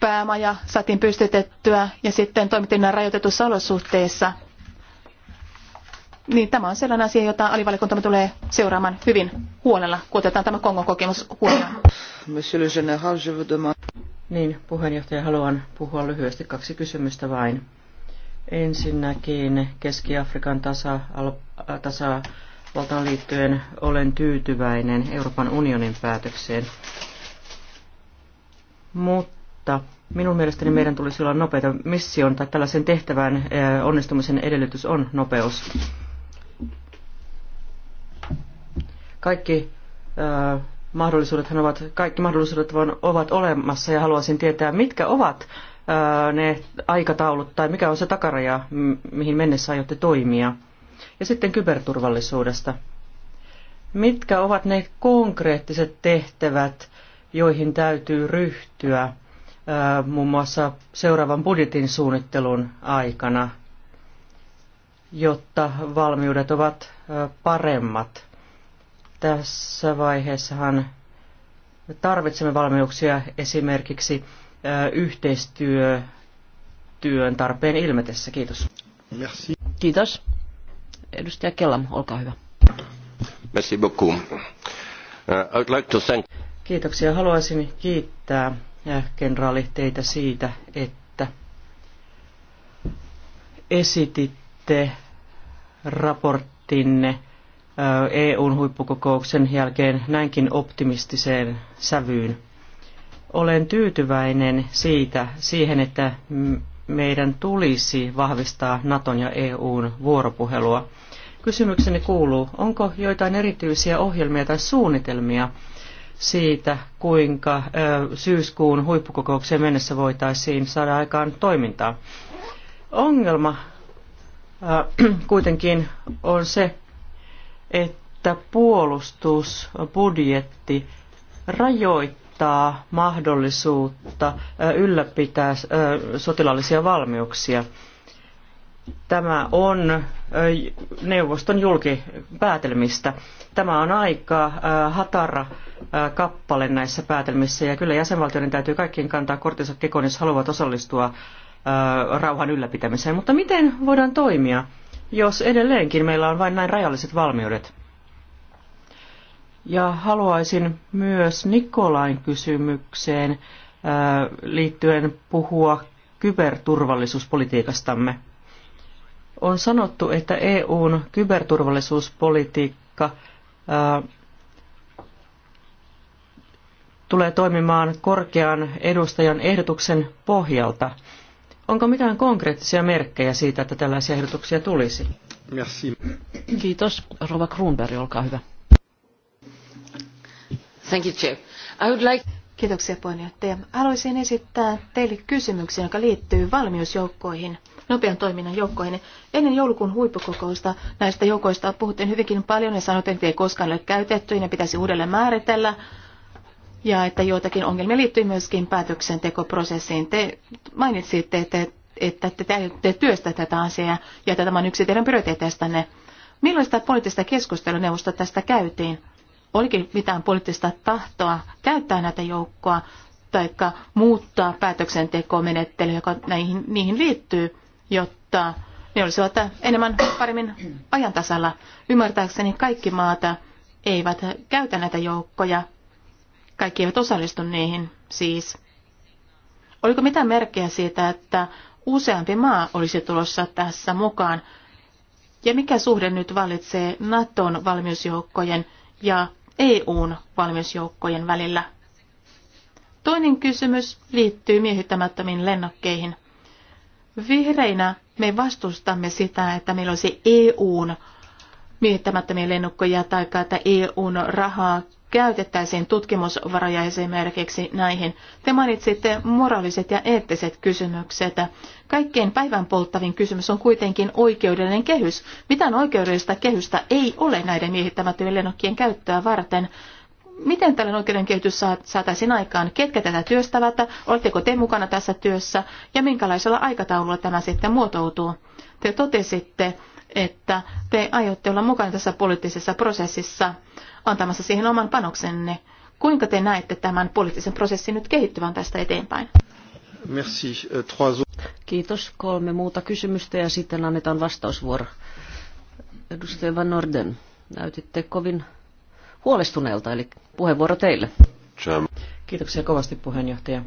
päämaja saatiin pystytettyä ja sitten toimittiin rajoitetussa olosuhteissa. Niin tämä on sellainen asia, jota alivalikuntamme tulee seuraamaan hyvin huolella, kun otetaan tämä Kongon kokemus huomioon. Monsieur le Général, je vous demande... Niin, puheenjohtaja, haluan puhua lyhyesti kaksi kysymystä vain. Ensinnäkin Keski-Afrikan tasa, äh, tasa liittyen olen tyytyväinen Euroopan unionin päätökseen. Mutta mutta minun mielestäni meidän tulisi olla nopeita. Mission tai tällaisen tehtävän eh, onnistumisen edellytys on nopeus. Kaikki eh, mahdollisuudet ovat, kaikki mahdollisuudet vaan ovat olemassa ja haluaisin tietää, mitkä ovat eh, ne aikataulut tai mikä on se takaraja, mihin mennessä aiotte toimia. Ja sitten kyberturvallisuudesta. Mitkä ovat ne konkreettiset tehtävät, joihin täytyy ryhtyä Äh, muun muassa seuraavan budjetin suunnittelun aikana, jotta valmiudet ovat äh, paremmat. Tässä vaiheessahan me tarvitsemme valmiuksia esimerkiksi äh, yhteistyötyön tarpeen ilmetessä. Kiitos. Merci. Kiitos. Edustaja Kellam, olkaa hyvä. Merci beaucoup. Uh, I'd like to thank... Kiitoksia. Haluaisin kiittää kenraali, teitä siitä, että esititte raporttinne EUn huippukokouksen jälkeen näinkin optimistiseen sävyyn. Olen tyytyväinen siitä, siihen, että meidän tulisi vahvistaa Naton ja EUn vuoropuhelua. Kysymykseni kuuluu, onko joitain erityisiä ohjelmia tai suunnitelmia, siitä, kuinka syyskuun huippukokoukseen mennessä voitaisiin saada aikaan toimintaa. Ongelma kuitenkin on se, että puolustusbudjetti rajoittaa mahdollisuutta ylläpitää sotilaallisia valmiuksia. Tämä on neuvoston julkipäätelmistä. Tämä on aika hatara kappale näissä päätelmissä ja kyllä jäsenvaltioiden täytyy kaikkien kantaa kortinsa kekoon, jos haluavat osallistua rauhan ylläpitämiseen. Mutta miten voidaan toimia, jos edelleenkin meillä on vain näin rajalliset valmiudet? Ja haluaisin myös Nikolain kysymykseen liittyen puhua kyberturvallisuuspolitiikastamme. On sanottu, että EUn kyberturvallisuuspolitiikka ää, tulee toimimaan korkean edustajan ehdotuksen pohjalta. Onko mitään konkreettisia merkkejä siitä, että tällaisia ehdotuksia tulisi? Merci. Kiitos. Rova Kruunberg, olkaa hyvä. Thank you, I would like... Kiitoksia puheenjohtaja. Haluaisin esittää teille kysymyksen, joka liittyy valmiusjoukkoihin – nopean toiminnan joukkoihin. Ennen joulukuun huippukokousta näistä joukoista puhuttiin hyvinkin paljon ja sanoitiin, että ei koskaan ole käytetty ja ne pitäisi uudelleen määritellä. Ja että joitakin ongelmia liittyy myöskin päätöksentekoprosessiin. Te mainitsitte, että, että te, te työstä tätä asiaa ja että tämä on yksi teidän prioriteeteistanne. Millaista poliittista keskusteluneuvosta tästä käytiin? Olikin mitään poliittista tahtoa käyttää näitä joukkoa tai muuttaa päätöksentekomenettelyä, joka näihin, niihin liittyy? jotta ne olisivat enemmän paremmin ajan tasalla. Ymmärtääkseni kaikki maata eivät käytä näitä joukkoja. Kaikki eivät osallistu niihin siis. Oliko mitään merkkejä siitä, että useampi maa olisi tulossa tässä mukaan? Ja mikä suhde nyt valitsee Naton valmiusjoukkojen ja EUn valmiusjoukkojen välillä? Toinen kysymys liittyy miehittämättömiin lennokkeihin. Vihreinä me vastustamme sitä, että meillä olisi EUn miettämättömiä lennukkoja tai että EUn rahaa käytettäisiin tutkimusvaroja esimerkiksi näihin. Te mainitsitte moraaliset ja eettiset kysymykset. Kaikkein päivän polttavin kysymys on kuitenkin oikeudellinen kehys. Mitään oikeudellista kehystä ei ole näiden miehittämättömien lennokkien käyttöä varten miten tällainen oikeuden kehitys saataisiin aikaan? Ketkä tätä työstävät? Oletteko te mukana tässä työssä? Ja minkälaisella aikataululla tämä sitten muotoutuu? Te totesitte, että te aiotte olla mukana tässä poliittisessa prosessissa antamassa siihen oman panoksenne. Kuinka te näette tämän poliittisen prosessin nyt kehittyvän tästä eteenpäin? Merci. Euh, Kiitos. Kolme muuta kysymystä ja sitten annetaan vastausvuoro. Edustaja Van Norden, näytitte kovin huolestuneelta, eli puheenvuoro teille. Kiitoksia kovasti puheenjohtaja.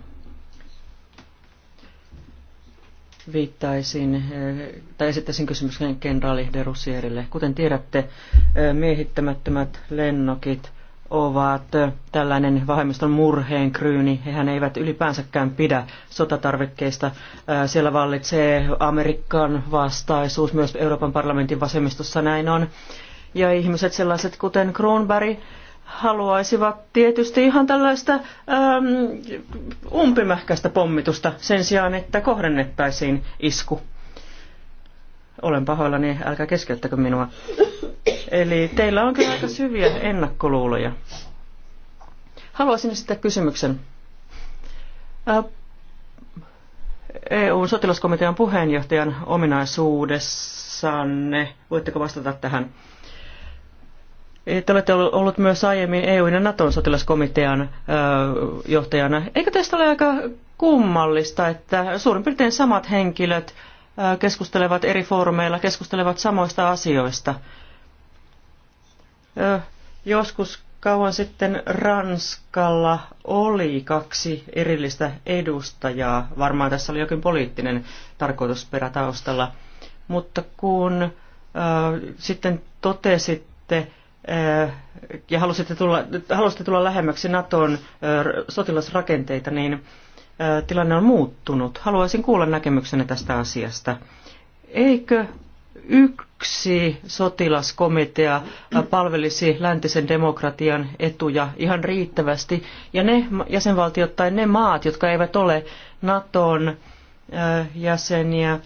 Viittaisin, eh, tai esittäisin kysymyksen kenraali de Kuten tiedätte, eh, miehittämättömät lennokit ovat eh, tällainen vahemmiston murheen kryyni. Hehän eivät ylipäänsäkään pidä sotatarvikkeista. Siellä vallitsee Amerikan vastaisuus, myös Euroopan parlamentin vasemmistossa näin on ja ihmiset sellaiset kuten Kronberg haluaisivat tietysti ihan tällaista äm, umpimähkäistä pommitusta sen sijaan, että kohdennettaisiin isku. Olen pahoillani, älkää keskeyttäkö minua. Eli teillä on kyllä aika syviä ennakkoluuloja. Haluaisin esittää kysymyksen. Äh, EU EUn sotilaskomitean puheenjohtajan ominaisuudessanne, voitteko vastata tähän? te olette ollut myös aiemmin EU- ja Naton sotilaskomitean johtajana. Eikö tästä ole aika kummallista, että suurin piirtein samat henkilöt keskustelevat eri foorumeilla, keskustelevat samoista asioista? Joskus kauan sitten Ranskalla oli kaksi erillistä edustajaa. Varmaan tässä oli jokin poliittinen tarkoitusperä taustalla. Mutta kun sitten totesitte, ja halusitte tulla, halusitte tulla lähemmäksi Naton sotilasrakenteita, niin tilanne on muuttunut. Haluaisin kuulla näkemyksenne tästä asiasta. Eikö yksi sotilaskomitea palvelisi läntisen demokratian etuja ihan riittävästi, ja ne jäsenvaltiot tai ne maat, jotka eivät ole Naton jäseniä,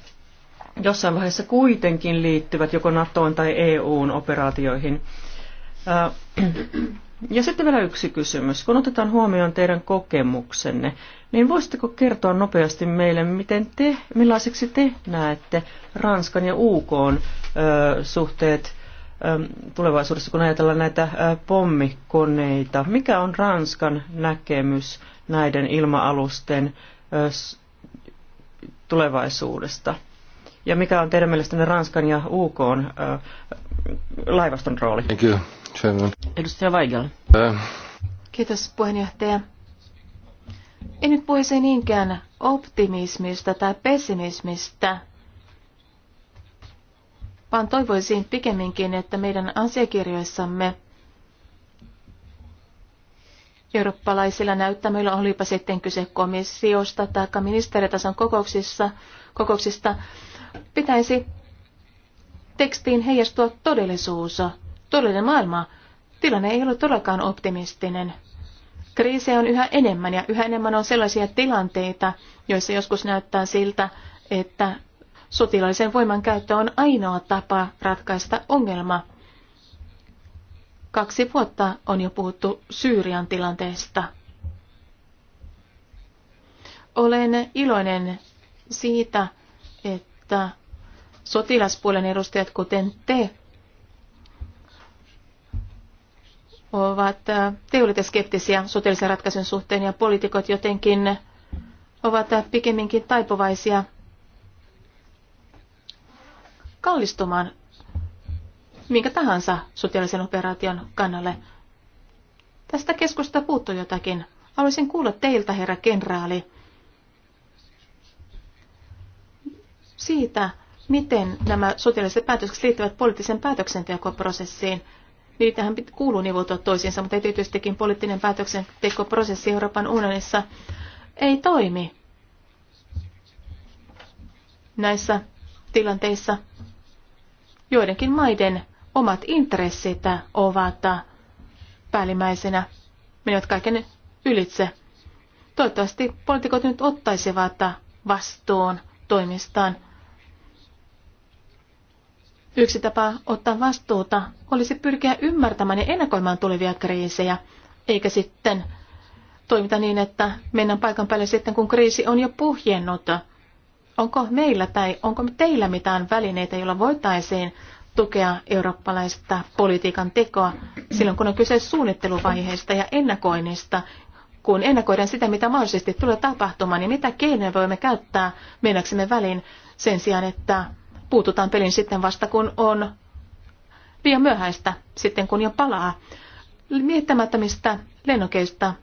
jossain vaiheessa kuitenkin liittyvät joko NATOon tai EUn operaatioihin – Äh, ja sitten vielä yksi kysymys. Kun otetaan huomioon teidän kokemuksenne, niin voisitteko kertoa nopeasti meille, miten te, millaiseksi te näette Ranskan ja UK suhteet tulevaisuudessa, kun ajatellaan näitä pommikoneita? Mikä on Ranskan näkemys näiden ilma-alusten tulevaisuudesta? Ja mikä on teidän mielestänne Ranskan ja UK laivaston rooli? Thank you. Chairman. Edustaja Weigel. Äh. Kiitos puheenjohtaja. En nyt puhuisi niinkään optimismista tai pessimismistä, vaan toivoisin pikemminkin, että meidän asiakirjoissamme eurooppalaisilla näyttämöillä, olipa sitten kyse komissiosta tai ministeritason kokouksissa, kokouksista, pitäisi tekstiin heijastua todellisuus todellinen maailma. Tilanne ei ole todellakaan optimistinen. Kriisejä on yhä enemmän ja yhä enemmän on sellaisia tilanteita, joissa joskus näyttää siltä, että sotilaallisen voiman käyttö on ainoa tapa ratkaista ongelma. Kaksi vuotta on jo puhuttu Syyrian tilanteesta. Olen iloinen siitä, että sotilaspuolen edustajat, kuten te, ovat, äh, te olette skeptisiä sotilaisen ratkaisun suhteen ja poliitikot jotenkin ovat äh, pikemminkin taipuvaisia kallistumaan minkä tahansa sotilaisen operaation kannalle. Tästä keskusta puuttuu jotakin. Haluaisin kuulla teiltä, herra kenraali, siitä, miten nämä sotilaiset päätökset liittyvät poliittisen päätöksentekoprosessiin – niitähän kuuluu nivoutua toisiinsa, mutta tietystikin poliittinen päätöksentekoprosessi Euroopan unionissa ei toimi näissä tilanteissa. Joidenkin maiden omat intressit ovat päällimmäisenä, menevät kaiken ylitse. Toivottavasti poliitikot nyt ottaisivat vastuun toimistaan Yksi tapa ottaa vastuuta olisi pyrkiä ymmärtämään ja ennakoimaan tulevia kriisejä, eikä sitten toimita niin, että mennään paikan päälle sitten, kun kriisi on jo puhjennut. Onko meillä tai onko teillä mitään välineitä, joilla voitaisiin tukea eurooppalaista politiikan tekoa silloin, kun on kyse suunnitteluvaiheesta ja ennakoinnista, kun ennakoidaan sitä, mitä mahdollisesti tulee tapahtumaan, niin mitä keinoja voimme käyttää mennäksemme väliin sen sijaan, että puututaan pelin sitten vasta, kun on liian myöhäistä, sitten kun jo palaa. Miettämättömistä lennokeista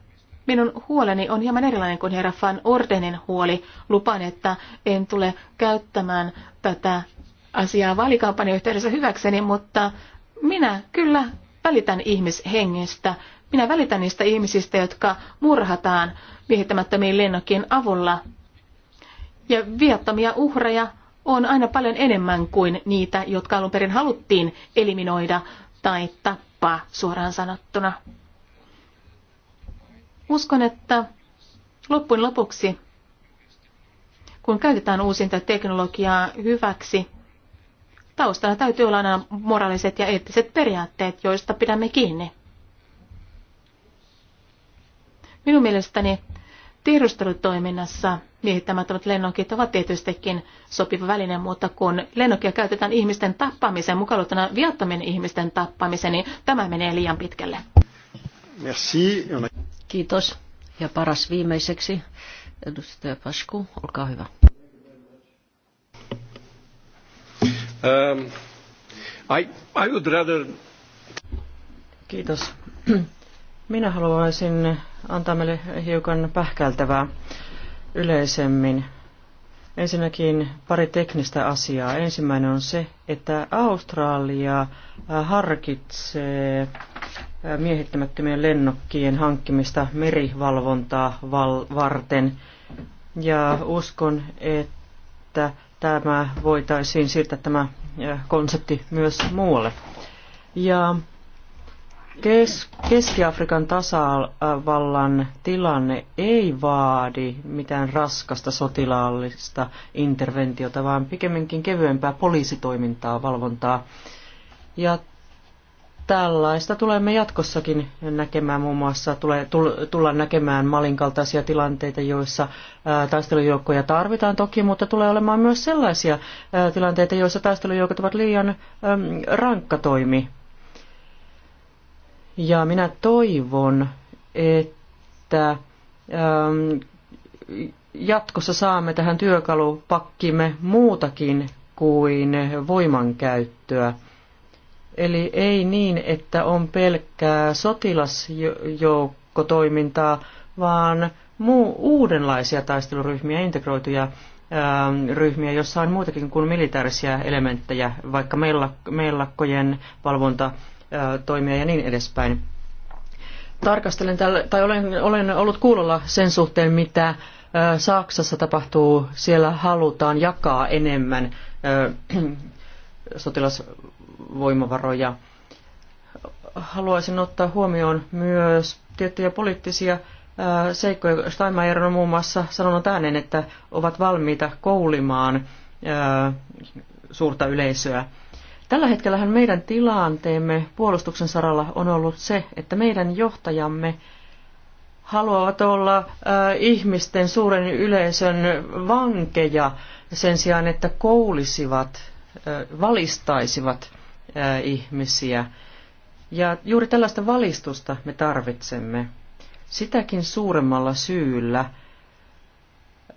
minun huoleni on hieman erilainen kuin herra Van Ordenin huoli. Lupan, että en tule käyttämään tätä asiaa vaalikampanjan yhteydessä hyväkseni, mutta minä kyllä välitän ihmishengestä. Minä välitän niistä ihmisistä, jotka murhataan miehittämättömiin lennokkien avulla. Ja viattomia uhreja on aina paljon enemmän kuin niitä, jotka alun perin haluttiin eliminoida tai tappaa suoraan sanottuna. Uskon, että loppujen lopuksi, kun käytetään uusinta teknologiaa hyväksi, taustalla täytyy olla aina moraaliset ja eettiset periaatteet, joista pidämme kiinni. Minun mielestäni tiedustelutoiminnassa – miehittämättömät lennokit ovat tietystikin sopiva väline, mutta kun lennokia käytetään ihmisten tappamiseen, mukaan viattomien ihmisten tappamiseen, niin tämä menee liian pitkälle. Merci. Kiitos. Ja paras viimeiseksi, edustaja Pasku, olkaa hyvä. Um, I, I would rather... Kiitos. Minä haluaisin antaa meille hiukan pähkältävää yleisemmin. Ensinnäkin pari teknistä asiaa. Ensimmäinen on se, että Australia äh, harkitsee äh, miehittämättömien lennokkien hankkimista merivalvontaa val- varten. Ja uskon, että tämä voitaisiin siirtää tämä äh, konsepti myös muualle. Ja Keski-Afrikan tasavallan tilanne ei vaadi mitään raskasta sotilaallista interventiota, vaan pikemminkin kevyempää poliisitoimintaa, valvontaa. Ja tällaista tulemme jatkossakin näkemään, muun muassa tulee, tullaan näkemään Malin kaltaisia tilanteita, joissa ää, taistelujoukkoja tarvitaan toki, mutta tulee olemaan myös sellaisia ää, tilanteita, joissa taistelujoukot ovat liian ää, rankka toimi ja minä toivon, että ähm, jatkossa saamme tähän työkalupakkimme muutakin kuin voimankäyttöä. Eli ei niin, että on pelkkää sotilasjoukkotoimintaa, vaan muu, uudenlaisia taisteluryhmiä, integroituja ähm, ryhmiä, jossa on muitakin kuin militaarisia elementtejä, vaikka mellakkojen valvonta, toimia ja niin edespäin. Tarkastelen tällä, tai olen, olen ollut kuulolla sen suhteen, mitä Saksassa tapahtuu. Siellä halutaan jakaa enemmän sotilasvoimavaroja. Haluaisin ottaa huomioon myös tiettyjä poliittisia seikkoja. Steinmeier on muun muassa sanonut ääneen, että ovat valmiita koulimaan suurta yleisöä Tällä hetkellähän meidän tilanteemme puolustuksen saralla on ollut se, että meidän johtajamme haluavat olla äh, ihmisten suuren yleisön vankeja sen sijaan, että koulisivat, äh, valistaisivat äh, ihmisiä. Ja juuri tällaista valistusta me tarvitsemme. Sitäkin suuremmalla syyllä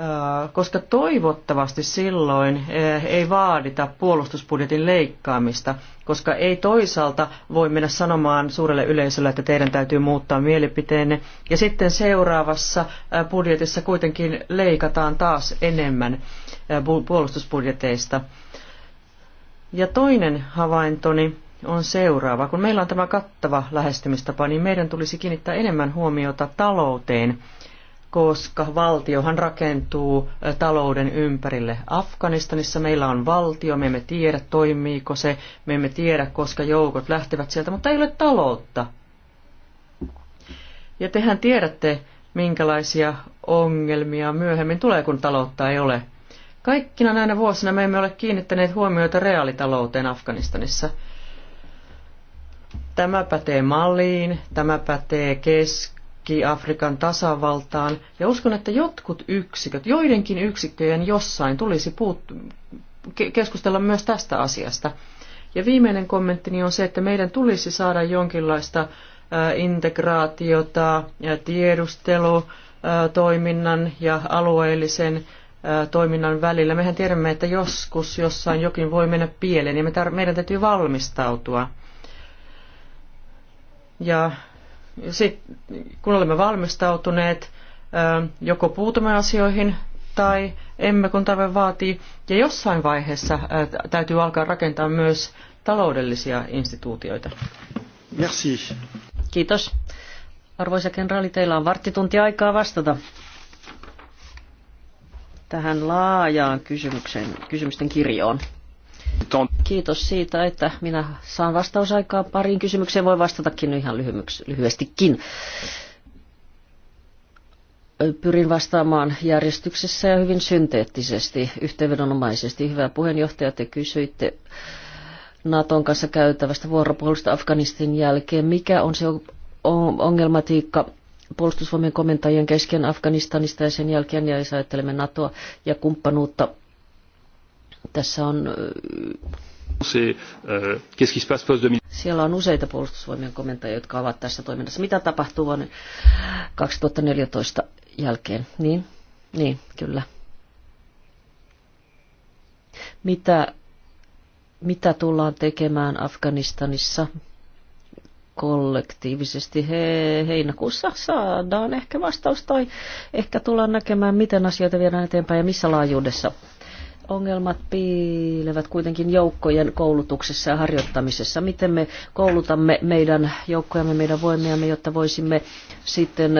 Äh, koska toivottavasti silloin äh, ei vaadita puolustusbudjetin leikkaamista, koska ei toisaalta voi mennä sanomaan suurelle yleisölle, että teidän täytyy muuttaa mielipiteenne, ja sitten seuraavassa äh, budjetissa kuitenkin leikataan taas enemmän puolustusbudjeteista. Ja toinen havaintoni on seuraava. Kun meillä on tämä kattava lähestymistapa, niin meidän tulisi kiinnittää enemmän huomiota talouteen koska valtiohan rakentuu talouden ympärille. Afganistanissa meillä on valtio, me emme tiedä toimiiko se, me emme tiedä koska joukot lähtevät sieltä, mutta ei ole taloutta. Ja tehän tiedätte, minkälaisia ongelmia myöhemmin tulee, kun taloutta ei ole. Kaikkina näinä vuosina me emme ole kiinnittäneet huomiota reaalitalouteen Afganistanissa. Tämä pätee Maliin, tämä pätee kesk- Keski-Afrikan tasavaltaan, ja uskon, että jotkut yksiköt, joidenkin yksikköjen jossain tulisi puut- keskustella myös tästä asiasta. Ja viimeinen kommenttini on se, että meidän tulisi saada jonkinlaista integraatiota, tiedustelutoiminnan ja alueellisen toiminnan välillä. Mehän tiedämme, että joskus jossain jokin voi mennä pieleen ja me meidän täytyy valmistautua. Ja sit, kun olemme valmistautuneet, joko puutumme asioihin tai emme, kun tarve vaatii. Ja jossain vaiheessa täytyy alkaa rakentaa myös taloudellisia instituutioita. Merci. Kiitos. Arvoisa kenraali, teillä on varttitunti aikaa vastata tähän laajaan kysymykseen, kysymysten kirjoon. Kiitos siitä, että minä saan vastausaikaa pariin kysymykseen. Voi vastatakin ihan lyhyestikin. Pyrin vastaamaan järjestyksessä ja hyvin synteettisesti, yhteenvedonomaisesti. Hyvä puheenjohtaja, te kysyitte Naton kanssa käytävästä vuoropuolusta Afganistin jälkeen. Mikä on se ongelmatiikka puolustusvoimien komentajien kesken Afganistanista ja sen jälkeen, ja jos ajattelemme NATOa ja kumppanuutta tässä on... Siellä on useita puolustusvoimien komentajia, jotka ovat tässä toiminnassa. Mitä tapahtuu vuonna 2014 jälkeen? Niin, niin kyllä. Mitä, mitä tullaan tekemään Afganistanissa? kollektiivisesti he, heinäkuussa saadaan ehkä vastaus tai ehkä tullaan näkemään, miten asioita viedään eteenpäin ja missä laajuudessa. Ongelmat piilevät kuitenkin joukkojen koulutuksessa ja harjoittamisessa. Miten me koulutamme meidän joukkojamme, meidän voimiamme, jotta voisimme sitten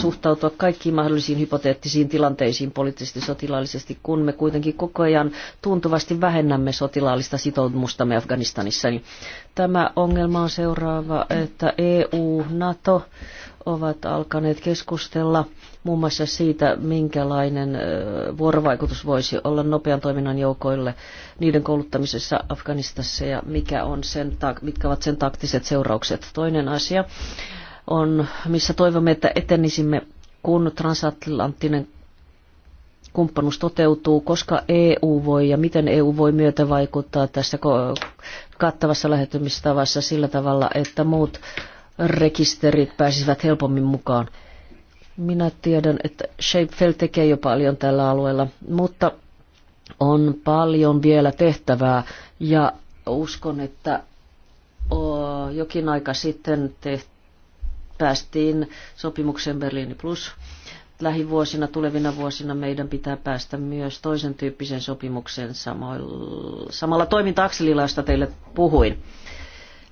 suhtautua kaikkiin mahdollisiin hypoteettisiin tilanteisiin poliittisesti sotilaallisesti, kun me kuitenkin koko ajan tuntuvasti vähennämme sotilaallista sitoutumustamme Afganistanissa. Niin tämä ongelma on seuraava, että EU, NATO ovat alkaneet keskustella – muun muassa siitä, minkälainen vuorovaikutus voisi olla nopean toiminnan joukoille niiden kouluttamisessa Afganistassa ja mikä on sen, mitkä ovat sen taktiset seuraukset. Toinen asia on, missä toivomme, että etenisimme, kun transatlanttinen kumppanuus toteutuu, koska EU voi ja miten EU voi myötä vaikuttaa tässä kattavassa lähetymistavassa sillä tavalla, että muut rekisterit pääsisivät helpommin mukaan. Minä tiedän, että Shapefell tekee jo paljon tällä alueella, mutta on paljon vielä tehtävää ja uskon, että jokin aika sitten te päästiin sopimukseen Berliini Plus. Lähivuosina, tulevina vuosina meidän pitää päästä myös toisen tyyppisen sopimuksen samoilla, samalla toiminta-akselilla, josta teille puhuin.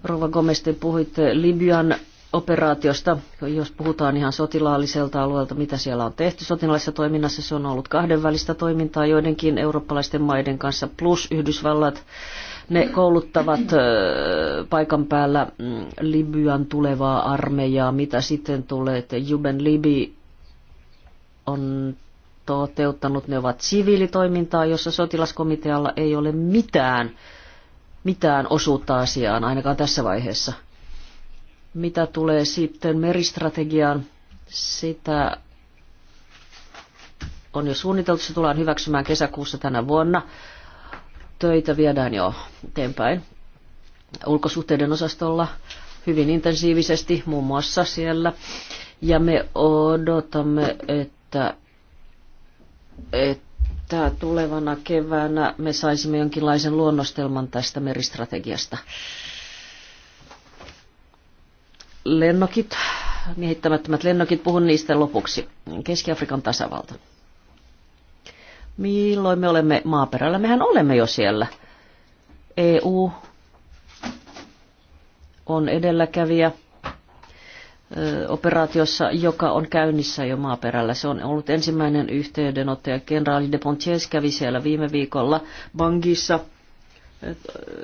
Rova Gomez, te puhuitte Libyan operaatiosta, jos puhutaan ihan sotilaalliselta alueelta, mitä siellä on tehty sotilaallisessa toiminnassa, se on ollut kahdenvälistä toimintaa joidenkin eurooppalaisten maiden kanssa, plus Yhdysvallat, ne kouluttavat paikan päällä mm, Libyan tulevaa armeijaa, mitä sitten tulee, että Juben Libi on toteuttanut, ne ovat siviilitoimintaa, jossa sotilaskomitealla ei ole mitään, mitään osuutta asiaan, ainakaan tässä vaiheessa – mitä tulee sitten meristrategiaan, sitä on jo suunniteltu, se tullaan hyväksymään kesäkuussa tänä vuonna. Töitä viedään jo eteenpäin ulkosuhteiden osastolla hyvin intensiivisesti, muun muassa siellä. Ja me odotamme, että, että tulevana keväänä me saisimme jonkinlaisen luonnostelman tästä meristrategiasta lennokit, miehittämättömät lennokit, puhun niistä lopuksi. Keski-Afrikan tasavalta. Milloin me olemme maaperällä? Mehän olemme jo siellä. EU on edelläkävijä operaatiossa, joka on käynnissä jo maaperällä. Se on ollut ensimmäinen yhteydenotto ja kenraali de Pontiers kävi siellä viime viikolla Bangissa –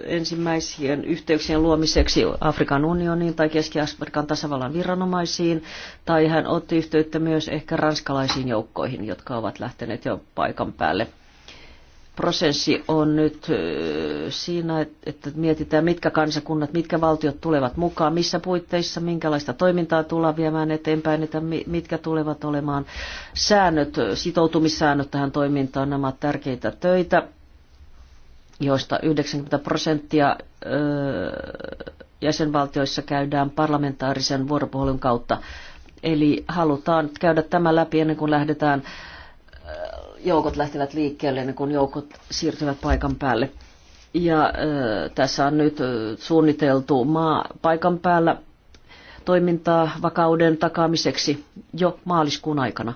ensimmäisien yhteyksien luomiseksi Afrikan unioniin tai Keski-Afrikan tasavallan viranomaisiin, tai hän otti yhteyttä myös ehkä ranskalaisiin joukkoihin, jotka ovat lähteneet jo paikan päälle. Prosessi on nyt siinä, että mietitään, mitkä kansakunnat, mitkä valtiot tulevat mukaan, missä puitteissa, minkälaista toimintaa tullaan viemään eteenpäin, että mitkä tulevat olemaan säännöt, sitoutumissäännöt tähän toimintaan. Nämä ovat tärkeitä töitä joista 90 prosenttia jäsenvaltioissa käydään parlamentaarisen vuoropuhelun kautta. Eli halutaan käydä tämä läpi ennen kuin lähdetään, joukot lähtevät liikkeelle, ennen kuin joukot siirtyvät paikan päälle. Ja tässä on nyt suunniteltu maa paikan päällä toimintaa vakauden takaamiseksi jo maaliskuun aikana.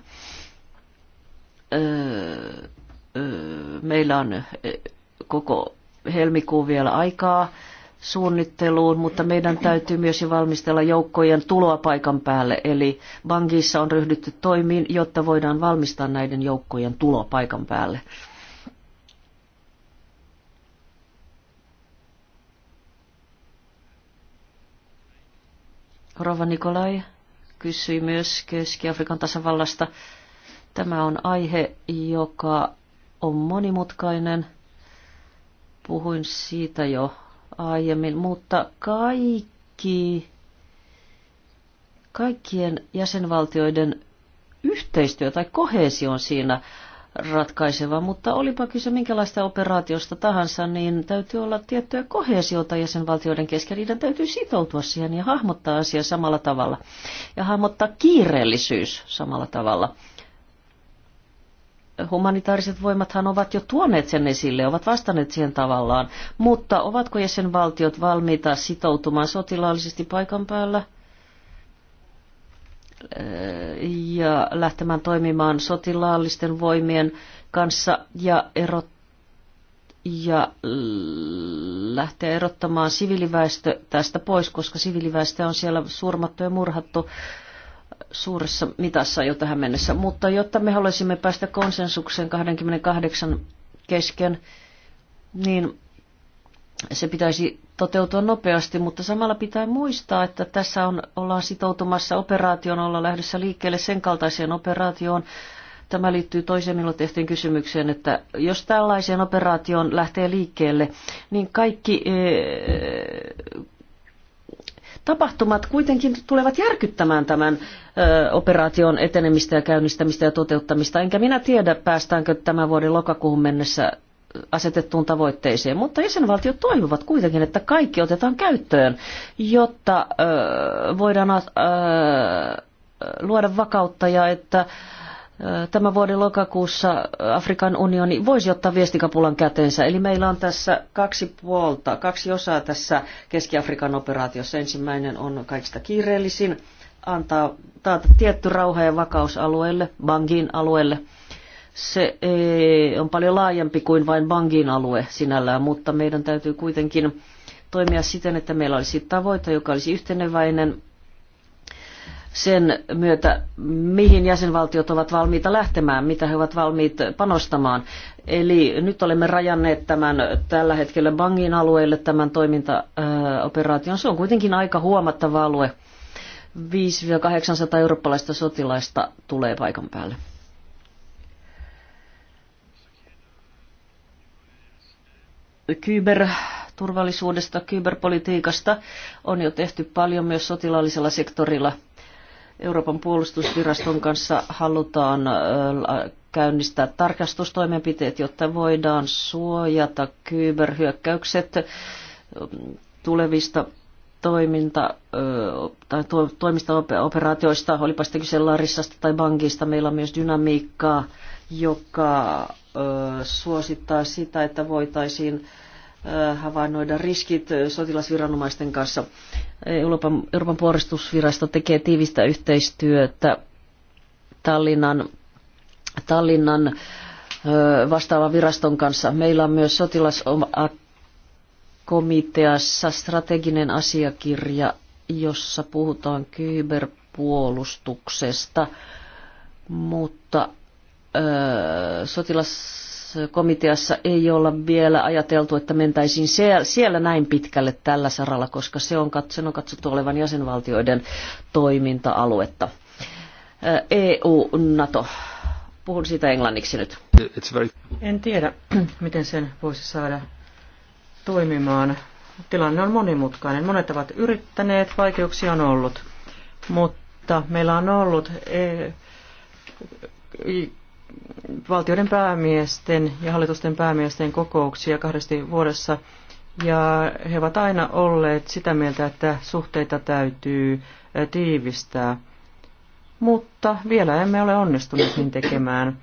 meillä on koko helmikuun vielä aikaa suunnitteluun, mutta meidän täytyy myös valmistella joukkojen tuloa paikan päälle. Eli Bangissa on ryhdytty toimiin, jotta voidaan valmistaa näiden joukkojen tuloa paikan päälle. Rova Nikolai kysyi myös Keski-Afrikan tasavallasta. Tämä on aihe, joka on monimutkainen – Puhuin siitä jo aiemmin, mutta kaikki, kaikkien jäsenvaltioiden yhteistyö tai kohesio on siinä ratkaiseva, mutta olipa kyse minkälaista operaatiosta tahansa, niin täytyy olla tiettyä kohesiota jäsenvaltioiden kesken. Niiden täytyy sitoutua siihen ja hahmottaa asia samalla tavalla. Ja hahmottaa kiireellisyys samalla tavalla humanitaariset voimathan ovat jo tuoneet sen esille, ovat vastanneet siihen tavallaan, mutta ovatko jäsenvaltiot valmiita sitoutumaan sotilaallisesti paikan päällä eh, ja lähtemään toimimaan sotilaallisten voimien kanssa ja erot ja lähteä erottamaan siviiliväestö tästä pois, koska siviiliväestö on siellä surmattu ja murhattu suuressa mitassa jo tähän mennessä. Mutta jotta me haluaisimme päästä konsensukseen 28 kesken, niin se pitäisi toteutua nopeasti, mutta samalla pitää muistaa, että tässä on, ollaan sitoutumassa operaation, ollaan lähdössä liikkeelle sen kaltaiseen operaatioon. Tämä liittyy toiseen minulle tehtiin kysymykseen, että jos tällaiseen operaatioon lähtee liikkeelle, niin kaikki eh, Tapahtumat kuitenkin tulevat järkyttämään tämän ö, operaation etenemistä ja käynnistämistä ja toteuttamista. Enkä minä tiedä, päästäänkö tämän vuoden lokakuun mennessä asetettuun tavoitteeseen, mutta jäsenvaltiot toivovat kuitenkin, että kaikki otetaan käyttöön, jotta ö, voidaan ö, luoda vakautta ja että ö, tämän vuoden lokakuussa Afrikan unioni voisi ottaa viestikapulan käteensä. Eli meillä on tässä kaksi puolta, kaksi osaa tässä Keski-Afrikan operaatiossa. Ensimmäinen on kaikista kiireellisin, antaa taata tietty rauha ja vakaus alueelle, Bangin alueelle. Se e, on paljon laajempi kuin vain Bangin alue sinällään, mutta meidän täytyy kuitenkin toimia siten, että meillä olisi tavoite, joka olisi yhteneväinen sen myötä, mihin jäsenvaltiot ovat valmiita lähtemään, mitä he ovat valmiit panostamaan. Eli nyt olemme rajanneet tämän tällä hetkellä Bangin alueelle tämän toimintaoperaation. Se on kuitenkin aika huomattava alue. 5-800 eurooppalaista sotilaista tulee paikan päälle. Kyberturvallisuudesta, kyberpolitiikasta on jo tehty paljon myös sotilaallisella sektorilla – Euroopan puolustusviraston kanssa halutaan käynnistää tarkastustoimenpiteet, jotta voidaan suojata kyberhyökkäykset tulevista toiminta, tai toimista operaatioista, olipa sitten kyse Larissasta tai Bankista, meillä on myös dynamiikkaa, joka suosittaa sitä, että voitaisiin Äh, havainnoida riskit äh, sotilasviranomaisten kanssa. Euroopan, Euroopan puolustusvirasto tekee tiivistä yhteistyötä Tallinnan, Tallinnan äh, vastaavan viraston kanssa. Meillä on myös sotilaskomiteassa strateginen asiakirja, jossa puhutaan kyberpuolustuksesta, mutta sotilas komiteassa ei olla vielä ajateltu, että mentäisiin siellä näin pitkälle tällä saralla, koska se on, katsottu olevan jäsenvaltioiden toiminta-aluetta. EU-NATO. Puhun siitä englanniksi nyt. Very... En tiedä, miten sen voisi saada toimimaan. Tilanne on monimutkainen. Monet ovat yrittäneet, vaikeuksia on ollut, mutta meillä on ollut... E- valtioiden päämiesten ja hallitusten päämiesten kokouksia kahdesti vuodessa. Ja he ovat aina olleet sitä mieltä, että suhteita täytyy tiivistää. Mutta vielä emme ole onnistuneet niin tekemään.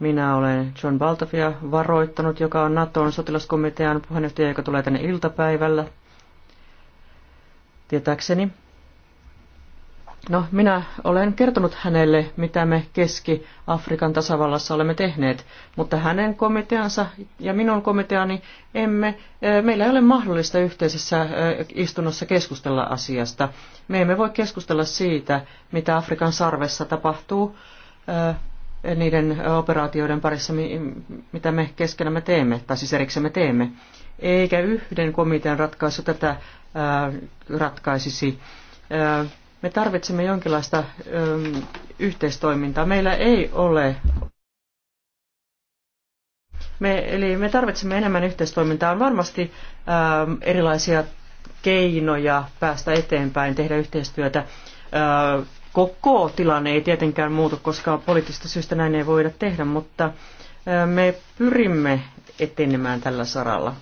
Minä olen John Baltafia varoittanut, joka on Naton sotilaskomitean puheenjohtaja, joka tulee tänne iltapäivällä tietääkseni. No, minä olen kertonut hänelle, mitä me Keski-Afrikan tasavallassa olemme tehneet, mutta hänen komiteansa ja minun komiteani emme, e, meillä ei ole mahdollista yhteisessä e, istunnossa keskustella asiasta. Me emme voi keskustella siitä, mitä Afrikan sarvessa tapahtuu e, niiden operaatioiden parissa, mitä me keskenämme teemme, tai siis eriksemme teemme. Eikä yhden komitean ratkaisu tätä ratkaisisi me tarvitsemme jonkinlaista ö, yhteistoimintaa. Meillä ei ole. Me, eli me tarvitsemme enemmän yhteistoimintaa. On varmasti ö, erilaisia keinoja päästä eteenpäin, tehdä yhteistyötä. Ö, öö, koko tilanne ei tietenkään muutu, koska poliittisista syistä näin ei voida tehdä, mutta öö, me pyrimme etenemään tällä saralla.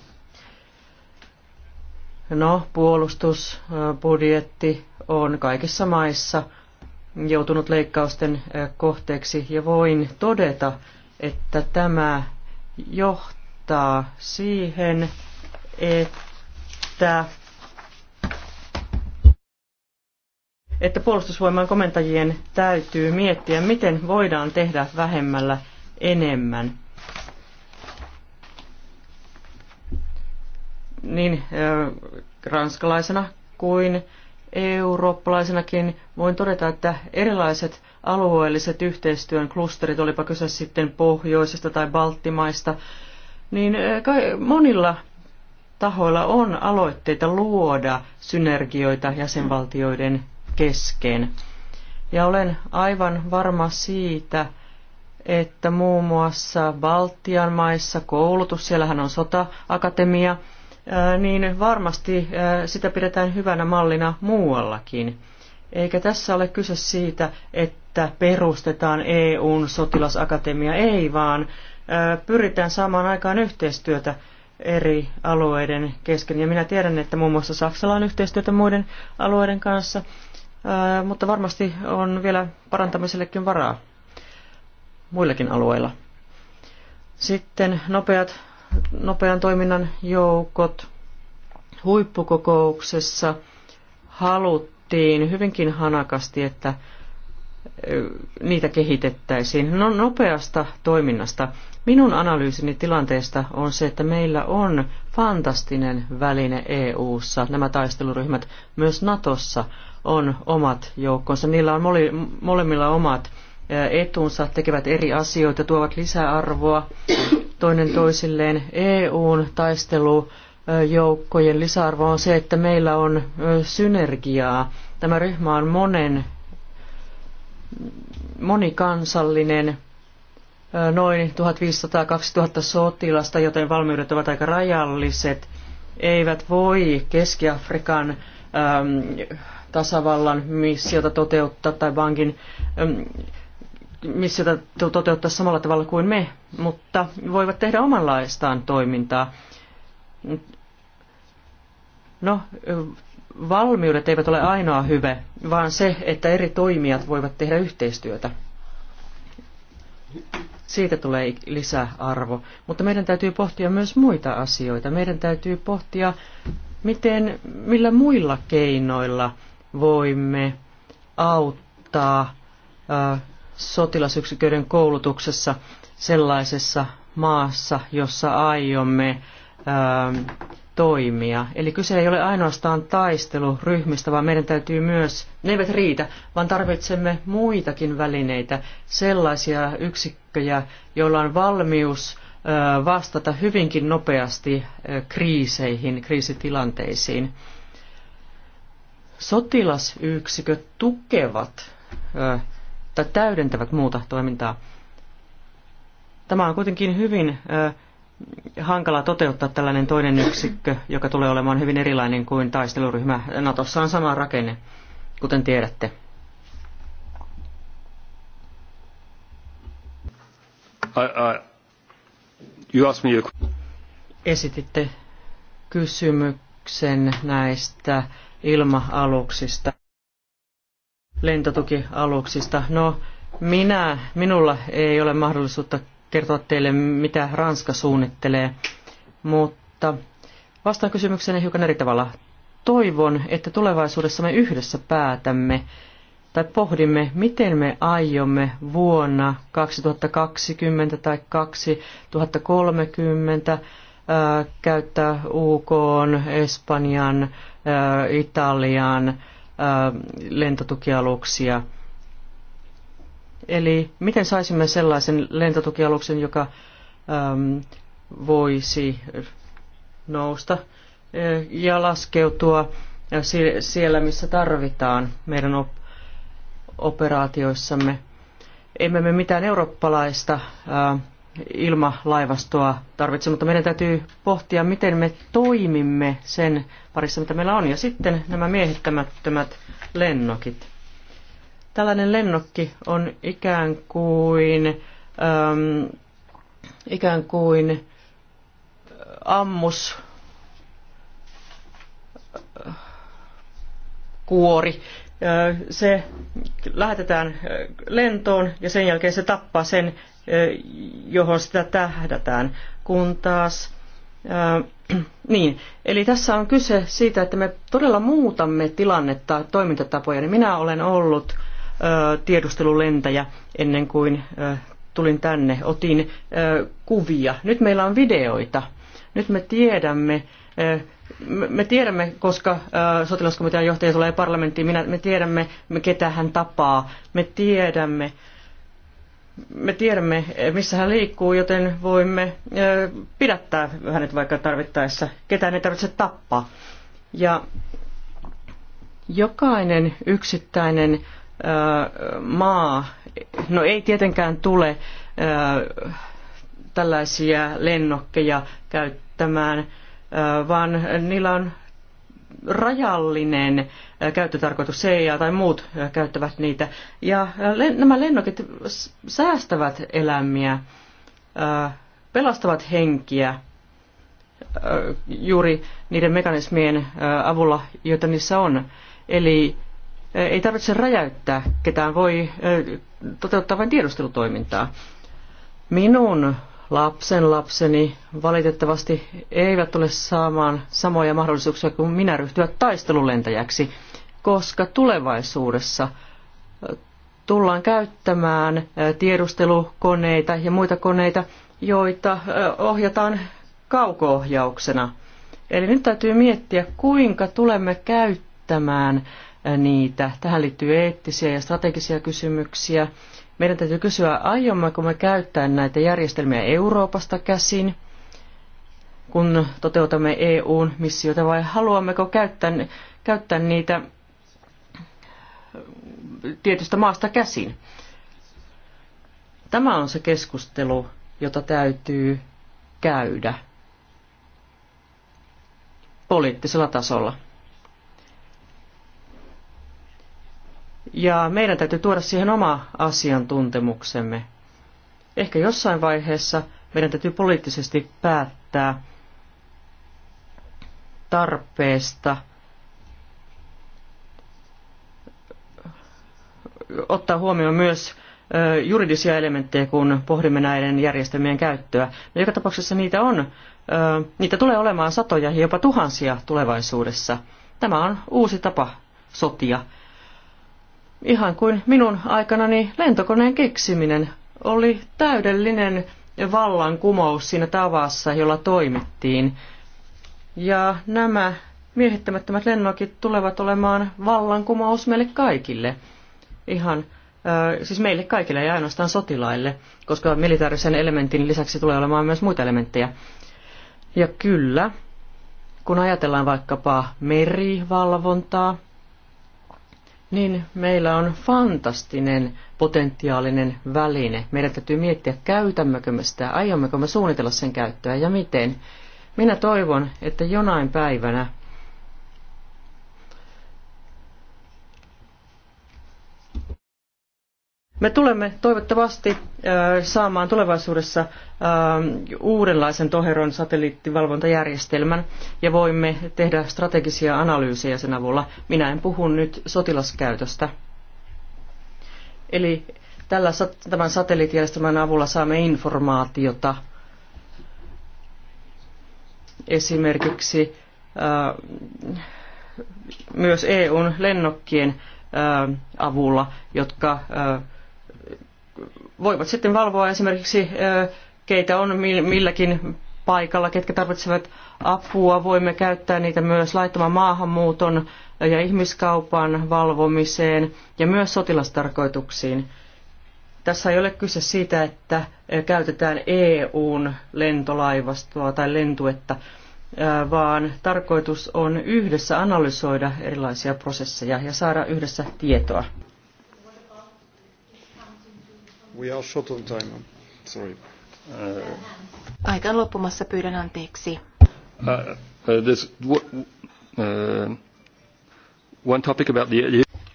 No, puolustus, öö, budjetti, on kaikissa maissa joutunut leikkausten kohteeksi ja voin todeta, että tämä johtaa siihen, että, että puolustusvoiman komentajien täytyy miettiä, miten voidaan tehdä vähemmällä enemmän. Niin ranskalaisena kuin eurooppalaisenakin voin todeta, että erilaiset alueelliset yhteistyön klusterit, olipa kyse sitten pohjoisesta tai balttimaista, niin eh, monilla tahoilla on aloitteita luoda synergioita jäsenvaltioiden kesken. Ja olen aivan varma siitä, että muun muassa Baltian maissa koulutus, siellähän on sota-akatemia, niin varmasti sitä pidetään hyvänä mallina muuallakin. Eikä tässä ole kyse siitä, että perustetaan EUn sotilasakatemia, ei vaan pyritään saamaan aikaan yhteistyötä eri alueiden kesken. Ja minä tiedän, että muun muassa Saksalla on yhteistyötä muiden alueiden kanssa, mutta varmasti on vielä parantamisellekin varaa muillakin alueilla. Sitten nopeat nopean toiminnan joukot huippukokouksessa haluttiin hyvinkin hanakasti, että niitä kehitettäisiin. No, nopeasta toiminnasta. Minun analyysini tilanteesta on se, että meillä on fantastinen väline EU:ssa. Nämä taisteluryhmät myös Natossa on omat joukkonsa. Niillä on molemmilla omat etunsa, tekevät eri asioita, tuovat lisäarvoa toinen toisilleen. EUn taistelujoukkojen lisäarvo on se, että meillä on synergiaa. Tämä ryhmä on monen, monikansallinen, noin 1500-2000 sotilasta, joten valmiudet ovat aika rajalliset. Eivät voi Keski-Afrikan äm, tasavallan missiota toteuttaa tai bankin äm, missiota toteuttaa samalla tavalla kuin me, mutta voivat tehdä omanlaistaan toimintaa. No, valmiudet eivät ole ainoa hyve, vaan se, että eri toimijat voivat tehdä yhteistyötä. Siitä tulee lisäarvo. Mutta meidän täytyy pohtia myös muita asioita. Meidän täytyy pohtia, miten, millä muilla keinoilla voimme auttaa sotilasyksiköiden koulutuksessa sellaisessa maassa, jossa aiomme ähm, toimia. Eli kyse ei ole ainoastaan taisteluryhmistä, vaan meidän täytyy myös, ne eivät riitä, vaan tarvitsemme muitakin välineitä, sellaisia yksikköjä, joilla on valmius äh, vastata hyvinkin nopeasti äh, kriiseihin, kriisitilanteisiin. Sotilasyksiköt tukevat äh, tai täydentävät muuta toimintaa. Tämä on kuitenkin hyvin ö, hankala toteuttaa tällainen toinen yksikkö, joka tulee olemaan hyvin erilainen kuin taisteluryhmä. Natossa on sama rakenne, kuten tiedätte. I, I, you asked me a... Esititte kysymyksen näistä ilma-aluksista lentotukialuksista. No, minä, minulla ei ole mahdollisuutta kertoa teille, mitä Ranska suunnittelee, mutta vastaan kysymykseen hiukan eri tavalla. Toivon, että tulevaisuudessa me yhdessä päätämme tai pohdimme, miten me aiomme vuonna 2020 tai 2030 käyttää UK, Espanjan, Italian, Äh, lentotukialuksia. Eli miten saisimme sellaisen lentotukialuksen, joka ähm, voisi nousta äh, ja laskeutua äh, siellä, missä tarvitaan meidän operaatioissamme. Emme me mitään eurooppalaista ilmalaivastoa tarvitse, mutta meidän täytyy pohtia, miten me toimimme sen parissa, mitä meillä on. Ja sitten nämä miehittämättömät lennokit. Tällainen lennokki on ikään kuin, äm, ikään kuin äh, ammus äh, kuori. Äh, se lähetetään lentoon ja sen jälkeen se tappaa sen johon sitä tähdätään, kun taas niin, eli tässä on kyse siitä, että me todella muutamme tilannetta, toimintatapoja. Niin minä olen ollut tiedustelulentäjä ennen kuin tulin tänne, otin kuvia. Nyt meillä on videoita. Nyt me tiedämme, me tiedämme, koska sotilaskomitean johtaja tulee parlamenttiin, minä, me tiedämme, ketä hän tapaa. Me tiedämme, me tiedämme, missä hän liikkuu, joten voimme pidättää hänet vaikka tarvittaessa. Ketään ei tarvitse tappaa. Ja jokainen yksittäinen maa, no ei tietenkään tule tällaisia lennokkeja käyttämään, vaan niillä on rajallinen käyttötarkoitus CIA tai muut käyttävät niitä. Ja nämä lennokit säästävät elämiä, pelastavat henkiä juuri niiden mekanismien avulla, joita niissä on. Eli ei tarvitse räjäyttää ketään, voi toteuttaa vain tiedustelutoimintaa. Minun lapsen lapseni valitettavasti eivät tule saamaan samoja mahdollisuuksia kuin minä ryhtyä taistelulentäjäksi koska tulevaisuudessa tullaan käyttämään tiedustelukoneita ja muita koneita, joita ohjataan kaukoohjauksena. Eli nyt täytyy miettiä, kuinka tulemme käyttämään niitä. Tähän liittyy eettisiä ja strategisia kysymyksiä. Meidän täytyy kysyä, aiommeko me käyttää näitä järjestelmiä Euroopasta käsin, kun toteutamme EUn missioita vai haluammeko käyttää, käyttää niitä tietystä maasta käsin. Tämä on se keskustelu, jota täytyy käydä poliittisella tasolla. Ja meidän täytyy tuoda siihen oma asiantuntemuksemme. Ehkä jossain vaiheessa meidän täytyy poliittisesti päättää tarpeesta – ottaa huomioon myös juridisia elementtejä, kun pohdimme näiden järjestelmien käyttöä. No, joka tapauksessa niitä on, niitä tulee olemaan satoja ja jopa tuhansia tulevaisuudessa. Tämä on uusi tapa sotia. Ihan kuin minun aikanani lentokoneen keksiminen oli täydellinen vallankumous siinä tavassa, jolla toimittiin. Ja nämä miehittämättömät lennokit tulevat olemaan vallankumous meille kaikille – ihan, siis meille kaikille ja ainoastaan sotilaille, koska militaarisen elementin lisäksi tulee olemaan myös muita elementtejä. Ja kyllä, kun ajatellaan vaikkapa merivalvontaa, niin meillä on fantastinen potentiaalinen väline. Meidän täytyy miettiä, käytämmekö me sitä, aiommeko me suunnitella sen käyttöä ja miten. Minä toivon, että jonain päivänä Me tulemme toivottavasti äh, saamaan tulevaisuudessa äh, uudenlaisen Toheron satelliittivalvontajärjestelmän ja voimme tehdä strategisia analyysejä sen avulla. Minä en puhu nyt sotilaskäytöstä. Eli tällä, tämän satelliittijärjestelmän avulla saamme informaatiota esimerkiksi äh, myös EUn lennokkien avulla, jotka voivat sitten valvoa esimerkiksi, keitä on milläkin paikalla, ketkä tarvitsevat apua. Voimme käyttää niitä myös laittoman maahanmuuton ja ihmiskaupan valvomiseen ja myös sotilastarkoituksiin. Tässä ei ole kyse siitä, että käytetään EUn lentolaivastoa tai lentuetta, vaan tarkoitus on yhdessä analysoida erilaisia prosesseja ja saada yhdessä tietoa. We are short on time. Sorry. Uh, Aika on loppumassa, pyydän anteeksi. Uh, uh, this, uh, one topic about the...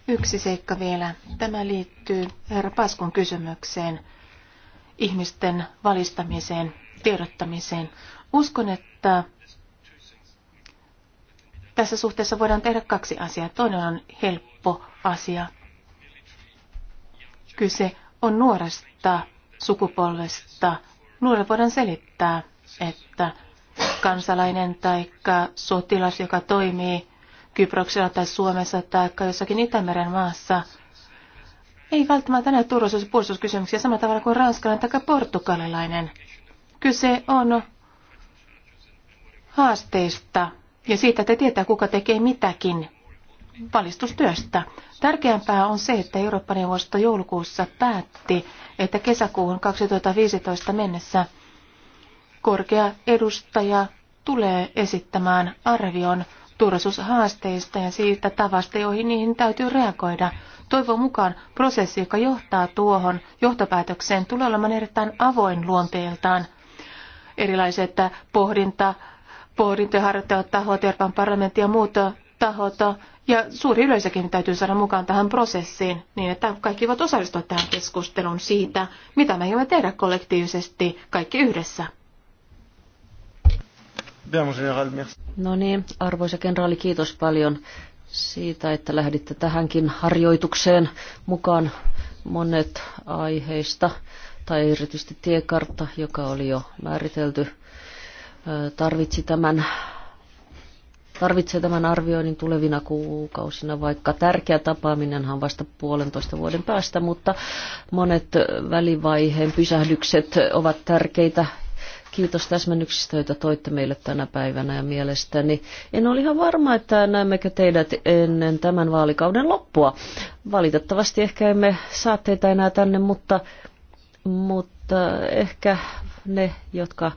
Yksi seikka vielä. Tämä liittyy herra Paskun kysymykseen, ihmisten valistamiseen, tiedottamiseen. Uskon, että tässä suhteessa voidaan tehdä kaksi asiaa. Toinen on helppo asia. Kyse on nuoresta sukupolvesta. Nuorelle voidaan selittää, että kansalainen tai sotilas, joka toimii Kyproksella tai Suomessa tai jossakin Itämeren maassa, ei välttämättä näe turvallisuus- ja puolustuskysymyksiä samalla tavalla kuin ranskalainen tai portugalilainen. Kyse on haasteista ja siitä, että tietää, kuka tekee mitäkin valistustyöstä. Tärkeämpää on se, että Eurooppa-neuvosto joulukuussa päätti, että kesäkuun 2015 mennessä korkea edustaja tulee esittämään arvion turvallisuushaasteista ja siitä tavasta, joihin niihin täytyy reagoida. Toivon mukaan prosessi, joka johtaa tuohon johtopäätökseen, tulee olemaan erittäin avoin luonteeltaan. Erilaiset pohdinta, pohdintoja harjoittavat tahot, Euroopan parlamentti ja muut tahot ja suuri yleisökin täytyy saada mukaan tähän prosessiin, niin että kaikki voivat osallistua tähän keskusteluun siitä, mitä me voimme tehdä kollektiivisesti kaikki yhdessä. No niin, arvoisa kenraali, kiitos paljon siitä, että lähditte tähänkin harjoitukseen mukaan monet aiheista, tai erityisesti tiekartta, joka oli jo määritelty, tarvitsi tämän tarvitsee tämän arvioinnin tulevina kuukausina, vaikka tärkeä tapaaminenhan vasta puolentoista vuoden päästä, mutta monet välivaiheen pysähdykset ovat tärkeitä. Kiitos täsmennyksistä, joita toitte meille tänä päivänä ja mielestäni. En ole ihan varma, että näemmekö teidät ennen tämän vaalikauden loppua. Valitettavasti ehkä emme saa teitä enää tänne, mutta, mutta ehkä ne, jotka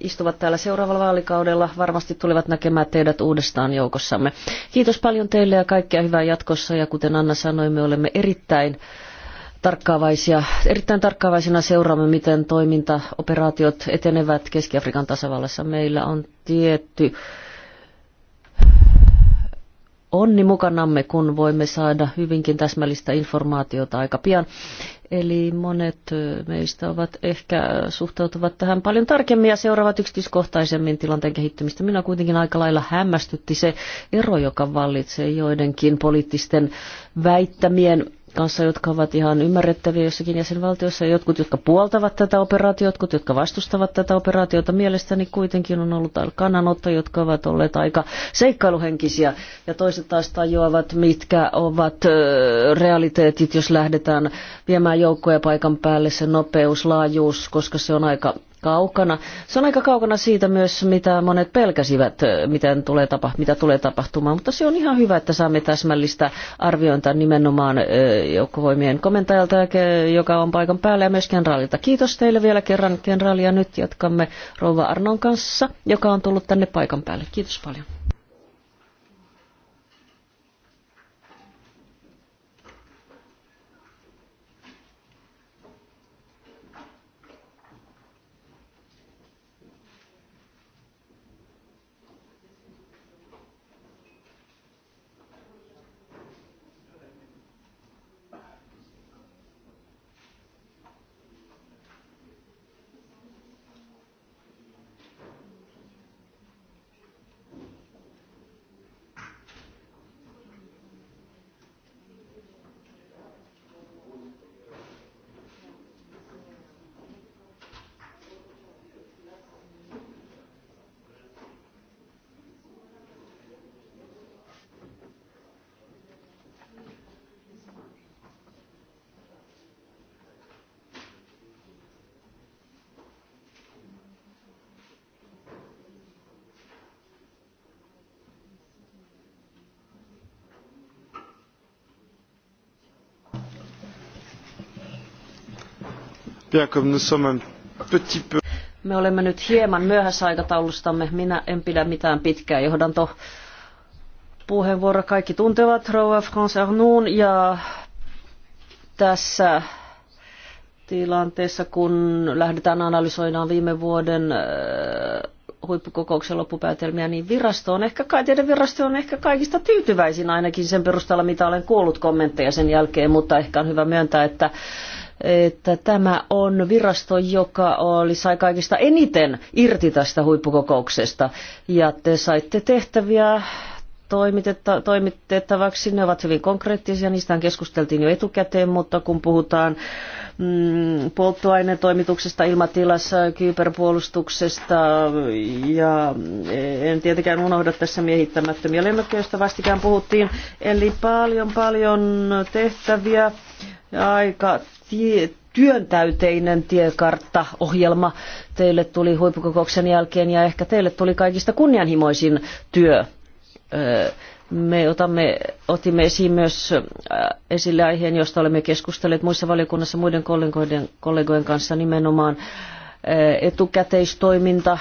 istuvat täällä seuraavalla vaalikaudella, varmasti tulevat näkemään teidät uudestaan joukossamme. Kiitos paljon teille ja kaikkea hyvää jatkossa ja kuten Anna sanoi, me olemme erittäin tarkkaavaisia. Erittäin tarkkaavaisina seuraamme, miten toimintaoperaatiot etenevät Keski-Afrikan tasavallassa. Meillä on tietty onni mukanamme, kun voimme saada hyvinkin täsmällistä informaatiota aika pian. Eli monet meistä ovat ehkä suhtautuvat tähän paljon tarkemmin ja seuraavat yksityiskohtaisemmin tilanteen kehittymistä. Minä kuitenkin aika lailla hämmästytti se ero, joka vallitsee joidenkin poliittisten väittämien kanssa, jotka ovat ihan ymmärrettäviä jossakin jäsenvaltiossa, jotkut, jotka puoltavat tätä operaatiota, jotkut, jotka vastustavat tätä operaatiota. Mielestäni kuitenkin on ollut kannanotto, jotka ovat olleet aika seikkailuhenkisiä, ja toiset taas tajuavat, mitkä ovat realiteetit, jos lähdetään viemään joukkoja paikan päälle, se nopeus, laajuus, koska se on aika kaukana. Se on aika kaukana siitä myös, mitä monet pelkäsivät, mitä tulee, tapa, mitä tulee tapahtumaan, mutta se on ihan hyvä, että saamme täsmällistä arviointa nimenomaan joukkovoimien komentajalta, joka on paikan päällä ja myös kenraalilta. Kiitos teille vielä kerran kenraali ja nyt jatkamme rouva Arnon kanssa, joka on tullut tänne paikan päälle. Kiitos paljon. Me olemme nyt hieman myöhässä aikataulustamme. Minä en pidä mitään pitkää johdanto puheenvuoro. Kaikki tuntevat Rouva France Arnoun ja tässä tilanteessa, kun lähdetään analysoidaan viime vuoden äh, huippukokouksen loppupäätelmiä, niin virasto on ehkä, virasto on ehkä kaikista tyytyväisin ainakin sen perusteella, mitä olen kuullut kommentteja sen jälkeen, mutta ehkä on hyvä myöntää, että että tämä on virasto, joka oli, sai kaikista eniten irti tästä huippukokouksesta. Ja te saitte tehtäviä toimitetta, toimitettavaksi. Ne ovat hyvin konkreettisia, niistä keskusteltiin jo etukäteen, mutta kun puhutaan mm, toimituksesta ilmatilassa, kyberpuolustuksesta ja eh, en tietenkään unohda tässä miehittämättömiä joista vastikään puhuttiin, eli paljon paljon tehtäviä ja aika tie, työntäyteinen tiekartta ohjelma teille tuli huippukokouksen jälkeen ja ehkä teille tuli kaikista kunnianhimoisin työ me otamme, otimme esiin myös esille aiheen, josta olemme keskustelleet muissa valiokunnassa muiden kollegoiden, kollegojen kanssa nimenomaan etukäteistoiminta,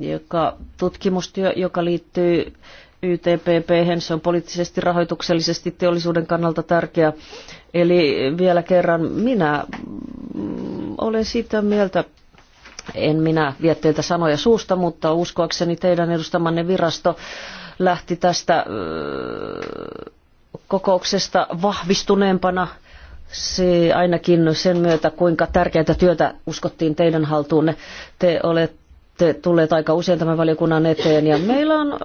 joka, tutkimustyö, joka liittyy YTPP, se on poliittisesti, rahoituksellisesti, teollisuuden kannalta tärkeä. Eli vielä kerran, minä mm, olen sitä mieltä, en minä vie teiltä sanoja suusta, mutta uskoakseni teidän edustamanne virasto lähti tästä kokouksesta vahvistuneempana se ainakin sen myötä, kuinka tärkeää työtä uskottiin teidän haltuunne. Te olette tulleet aika usein tämän valiokunnan eteen ja meillä on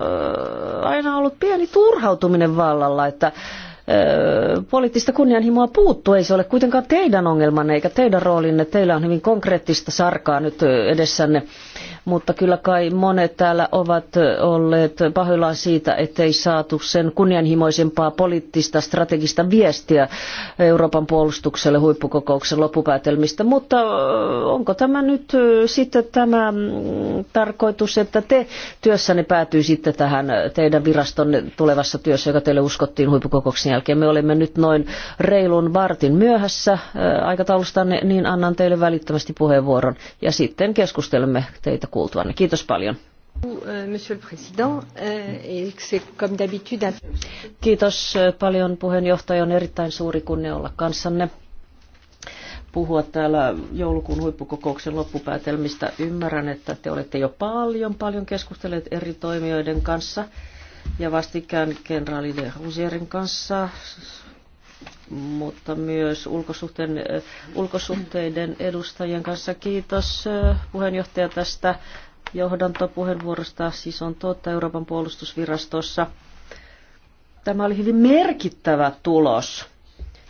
aina ollut pieni turhautuminen vallalla, että poliittista kunnianhimoa puuttuu. Ei se ole kuitenkaan teidän ongelmanne eikä teidän roolinne. Teillä on hyvin konkreettista sarkaa nyt edessänne mutta kyllä kai monet täällä ovat olleet pahoillaan siitä, ettei saatu sen kunnianhimoisempaa poliittista strategista viestiä Euroopan puolustukselle huippukokouksen loppupäätelmistä. Mutta onko tämä nyt sitten tämä mm, tarkoitus, että te työssänne päätyisitte tähän teidän virastonne tulevassa työssä, joka teille uskottiin huippukokouksen jälkeen? Me olemme nyt noin reilun vartin myöhässä aikataulustanne, niin annan teille välittömästi puheenvuoron ja sitten keskustelemme teitä kuultuanne. Kiitos paljon. Eh, Kiitos eh, paljon puheenjohtaja. On erittäin suuri kunnia olla kanssanne puhua täällä joulukuun huippukokouksen loppupäätelmistä. Ymmärrän, että te olette jo paljon, paljon keskustelleet eri toimijoiden kanssa ja vastikään kenraali de Rusierin kanssa, mutta myös ulkosuhteiden, ulkosuhteiden edustajien kanssa. Kiitos puheenjohtaja tästä johdantopuheenvuorosta. Siis on totta Euroopan puolustusvirastossa. Tämä oli hyvin merkittävä tulos.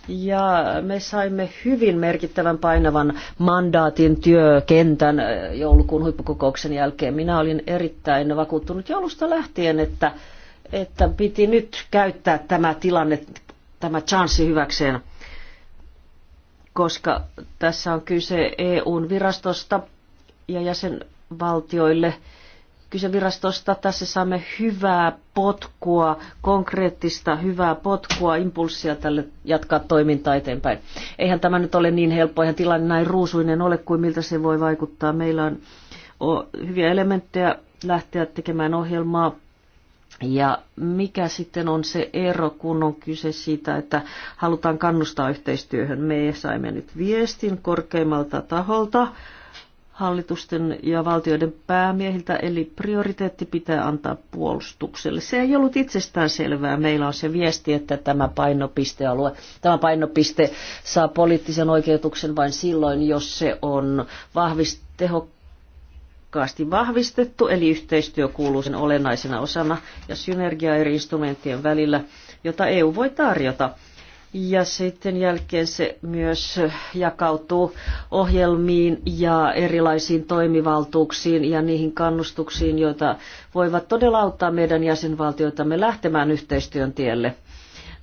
Ja me saimme hyvin merkittävän painavan mandaatin työkentän joulukuun huippukokouksen jälkeen. Minä olin erittäin vakuuttunut joulusta lähtien, että, että piti nyt käyttää tämä tilanne tämä chanssi hyväkseen, koska tässä on kyse EUn virastosta ja jäsenvaltioille kyse virastosta. Tässä saamme hyvää potkua, konkreettista hyvää potkua, impulssia tälle jatkaa toimintaa eteenpäin. Eihän tämä nyt ole niin helppo, eihän tilanne näin ruusuinen ole kuin miltä se voi vaikuttaa. Meillä on hyviä elementtejä lähteä tekemään ohjelmaa ja mikä sitten on se ero, kun on kyse siitä, että halutaan kannustaa yhteistyöhön? Me saimme nyt viestin korkeimmalta taholta hallitusten ja valtioiden päämiehiltä, eli prioriteetti pitää antaa puolustukselle. Se ei ollut itsestään selvää. Meillä on se viesti, että tämä painopistealue, tämä painopiste saa poliittisen oikeutuksen vain silloin, jos se on vahvist, tehokkaasti voimakkaasti vahvistettu, eli yhteistyö kuuluu sen olennaisena osana ja synergia eri instrumenttien välillä, jota EU voi tarjota. Ja sitten jälkeen se myös jakautuu ohjelmiin ja erilaisiin toimivaltuuksiin ja niihin kannustuksiin, joita voivat todella auttaa meidän jäsenvaltioitamme lähtemään yhteistyön tielle –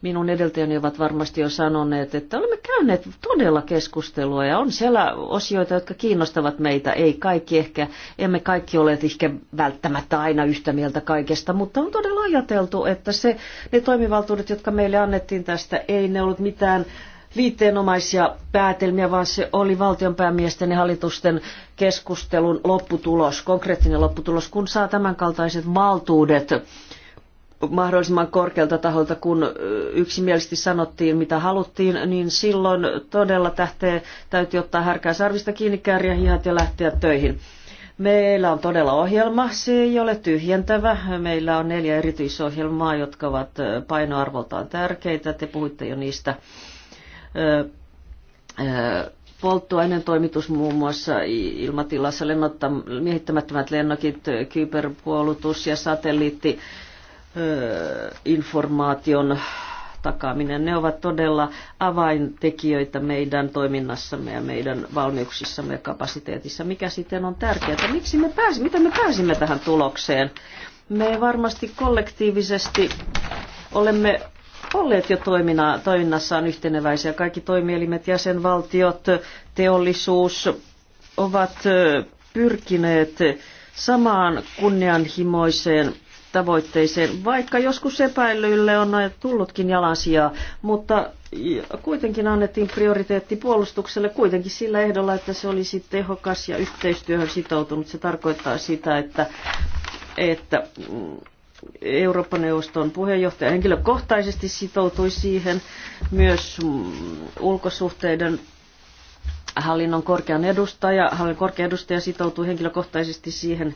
minun edeltäjäni ovat varmasti jo sanoneet, että olemme käyneet todella keskustelua ja on siellä osioita, jotka kiinnostavat meitä. Ei kaikki ehkä, emme kaikki ole ehkä välttämättä aina yhtä mieltä kaikesta, mutta on todella ajateltu, että se, ne toimivaltuudet, jotka meille annettiin tästä, ei ne ollut mitään viitteenomaisia päätelmiä, vaan se oli valtionpäämiesten ja hallitusten keskustelun lopputulos, konkreettinen lopputulos, kun saa tämänkaltaiset valtuudet mahdollisimman korkealta taholta, kun yksimielisesti sanottiin, mitä haluttiin, niin silloin todella tähtee, täytyy ottaa härkää sarvista kiinni, kääriä hihat ja lähteä töihin. Meillä on todella ohjelma, se ei ole tyhjentävä. Meillä on neljä erityisohjelmaa, jotka ovat painoarvoltaan tärkeitä. Te puhuitte jo niistä polttoaineen toimitus muun muassa ilmatilassa, miehittämättömät lennokit, kyberpuolutus ja satelliitti informaation takaaminen. Ne ovat todella avaintekijöitä meidän toiminnassamme ja meidän valmiuksissamme ja kapasiteetissa. Mikä sitten on tärkeää? Miksi me pääsimme, miten me pääsimme tähän tulokseen? Me varmasti kollektiivisesti olemme olleet jo toimina, toiminnassaan yhteneväisiä. Kaikki toimielimet, jäsenvaltiot, teollisuus ovat pyrkineet samaan kunnianhimoiseen tavoitteeseen, vaikka joskus epäilyille on tullutkin jalansijaa, mutta kuitenkin annettiin prioriteetti puolustukselle kuitenkin sillä ehdolla, että se olisi tehokas ja yhteistyöhön sitoutunut. Se tarkoittaa sitä, että, että Eurooppa-neuvoston puheenjohtaja henkilökohtaisesti sitoutui siihen myös ulkosuhteiden hallinnon korkean edustaja, hallinnon korkean edustaja sitoutui henkilökohtaisesti siihen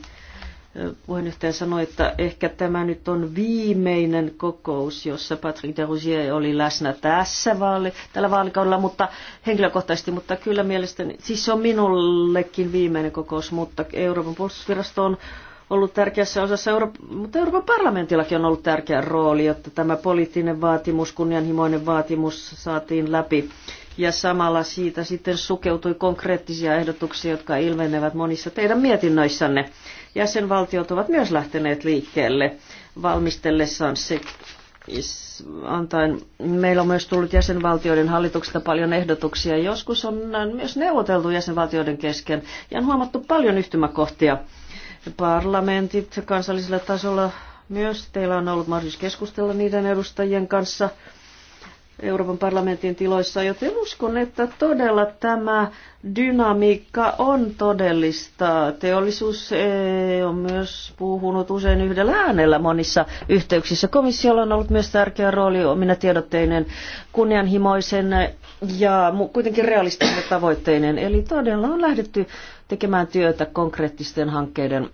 Puheenjohtaja sanoi, että ehkä tämä nyt on viimeinen kokous, jossa Patrick de Rougier oli läsnä tässä vaali, tällä vaalikaudella, mutta henkilökohtaisesti, mutta kyllä mielestäni, siis se on minullekin viimeinen kokous, mutta Euroopan puolustusvirasto on ollut tärkeässä osassa, mutta Euroopan parlamentillakin on ollut tärkeä rooli, jotta tämä poliittinen vaatimus, kunnianhimoinen vaatimus saatiin läpi. Ja samalla siitä sitten sukeutui konkreettisia ehdotuksia, jotka ilmenevät monissa teidän mietinnöissänne jäsenvaltiot ovat myös lähteneet liikkeelle valmistellessaan se antaen. Meillä on myös tullut jäsenvaltioiden hallituksesta paljon ehdotuksia. Joskus on myös neuvoteltu jäsenvaltioiden kesken ja on huomattu paljon yhtymäkohtia. Parlamentit kansallisella tasolla myös. Teillä on ollut mahdollisuus keskustella niiden edustajien kanssa – Euroopan parlamentin tiloissa, joten uskon, että todella tämä dynamiikka on todellista. Teollisuus eh, on myös puhunut usein yhdellä äänellä monissa yhteyksissä. Komissiolla on ollut myös tärkeä rooli minä tiedotteinen, kunnianhimoisen ja kuitenkin realistinen tavoitteinen. Eli todella on lähdetty tekemään työtä konkreettisten hankkeiden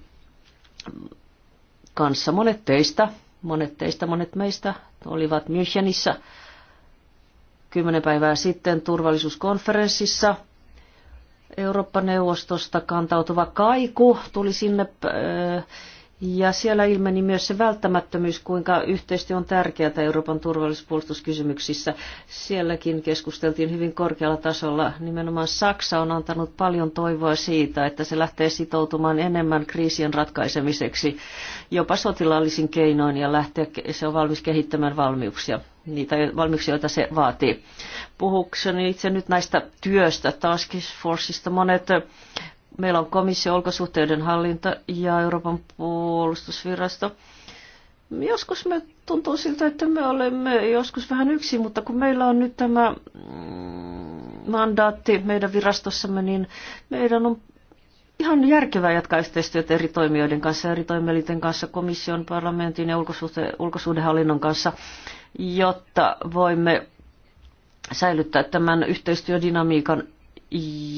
kanssa. Monet teistä, monet teistä, monet meistä olivat Münchenissä – kymmenen päivää sitten turvallisuuskonferenssissa Eurooppa-neuvostosta kantautuva kaiku tuli sinne ja siellä ilmeni myös se välttämättömyys, kuinka yhteistyö on tärkeää Euroopan turvallisuuspuolustuskysymyksissä. Sielläkin keskusteltiin hyvin korkealla tasolla. Nimenomaan Saksa on antanut paljon toivoa siitä, että se lähtee sitoutumaan enemmän kriisien ratkaisemiseksi jopa sotilaallisin keinoin ja lähtee, se on valmis kehittämään valmiuksia niitä valmiuksia, joita se vaatii. Puhukseni itse nyt näistä työstä, Task Forceista, monet Meillä on komissio, ulkosuhteiden hallinta ja Euroopan puolustusvirasto. Joskus me tuntuu siltä, että me olemme joskus vähän yksin, mutta kun meillä on nyt tämä mm, mandaatti meidän virastossamme, niin meidän on ihan järkevää jatkaa yhteistyötä eri toimijoiden kanssa, eri toimielinten kanssa, komission, parlamentin ja ulkosuhde, ulkosuhdehallinnon kanssa, jotta voimme säilyttää tämän yhteistyödynamiikan,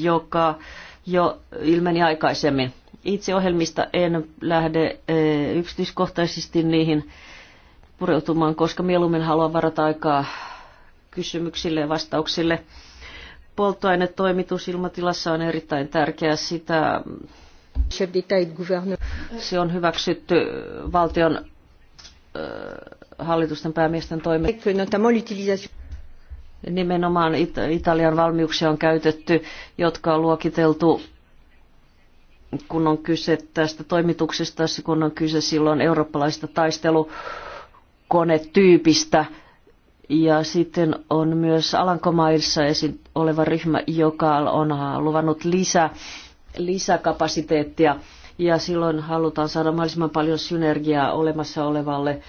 joka jo ilmeni aikaisemmin. Itse ohjelmista en lähde eh, yksityiskohtaisesti niihin pureutumaan, koska mieluummin haluan varata aikaa kysymyksille ja vastauksille. Polttoainetoimitus ilmatilassa on erittäin tärkeä. Sitä se on hyväksytty valtion eh, hallitusten päämiesten toimesta Nimenomaan Italian valmiuksia on käytetty, jotka on luokiteltu kun on kyse tästä toimituksesta, kun on kyse silloin eurooppalaista taistelukonetyypistä. Ja sitten on myös Alankomaissa esiin oleva ryhmä, joka on luvannut lisä, lisäkapasiteettia. Ja silloin halutaan saada mahdollisimman paljon synergiaa olemassa olevalle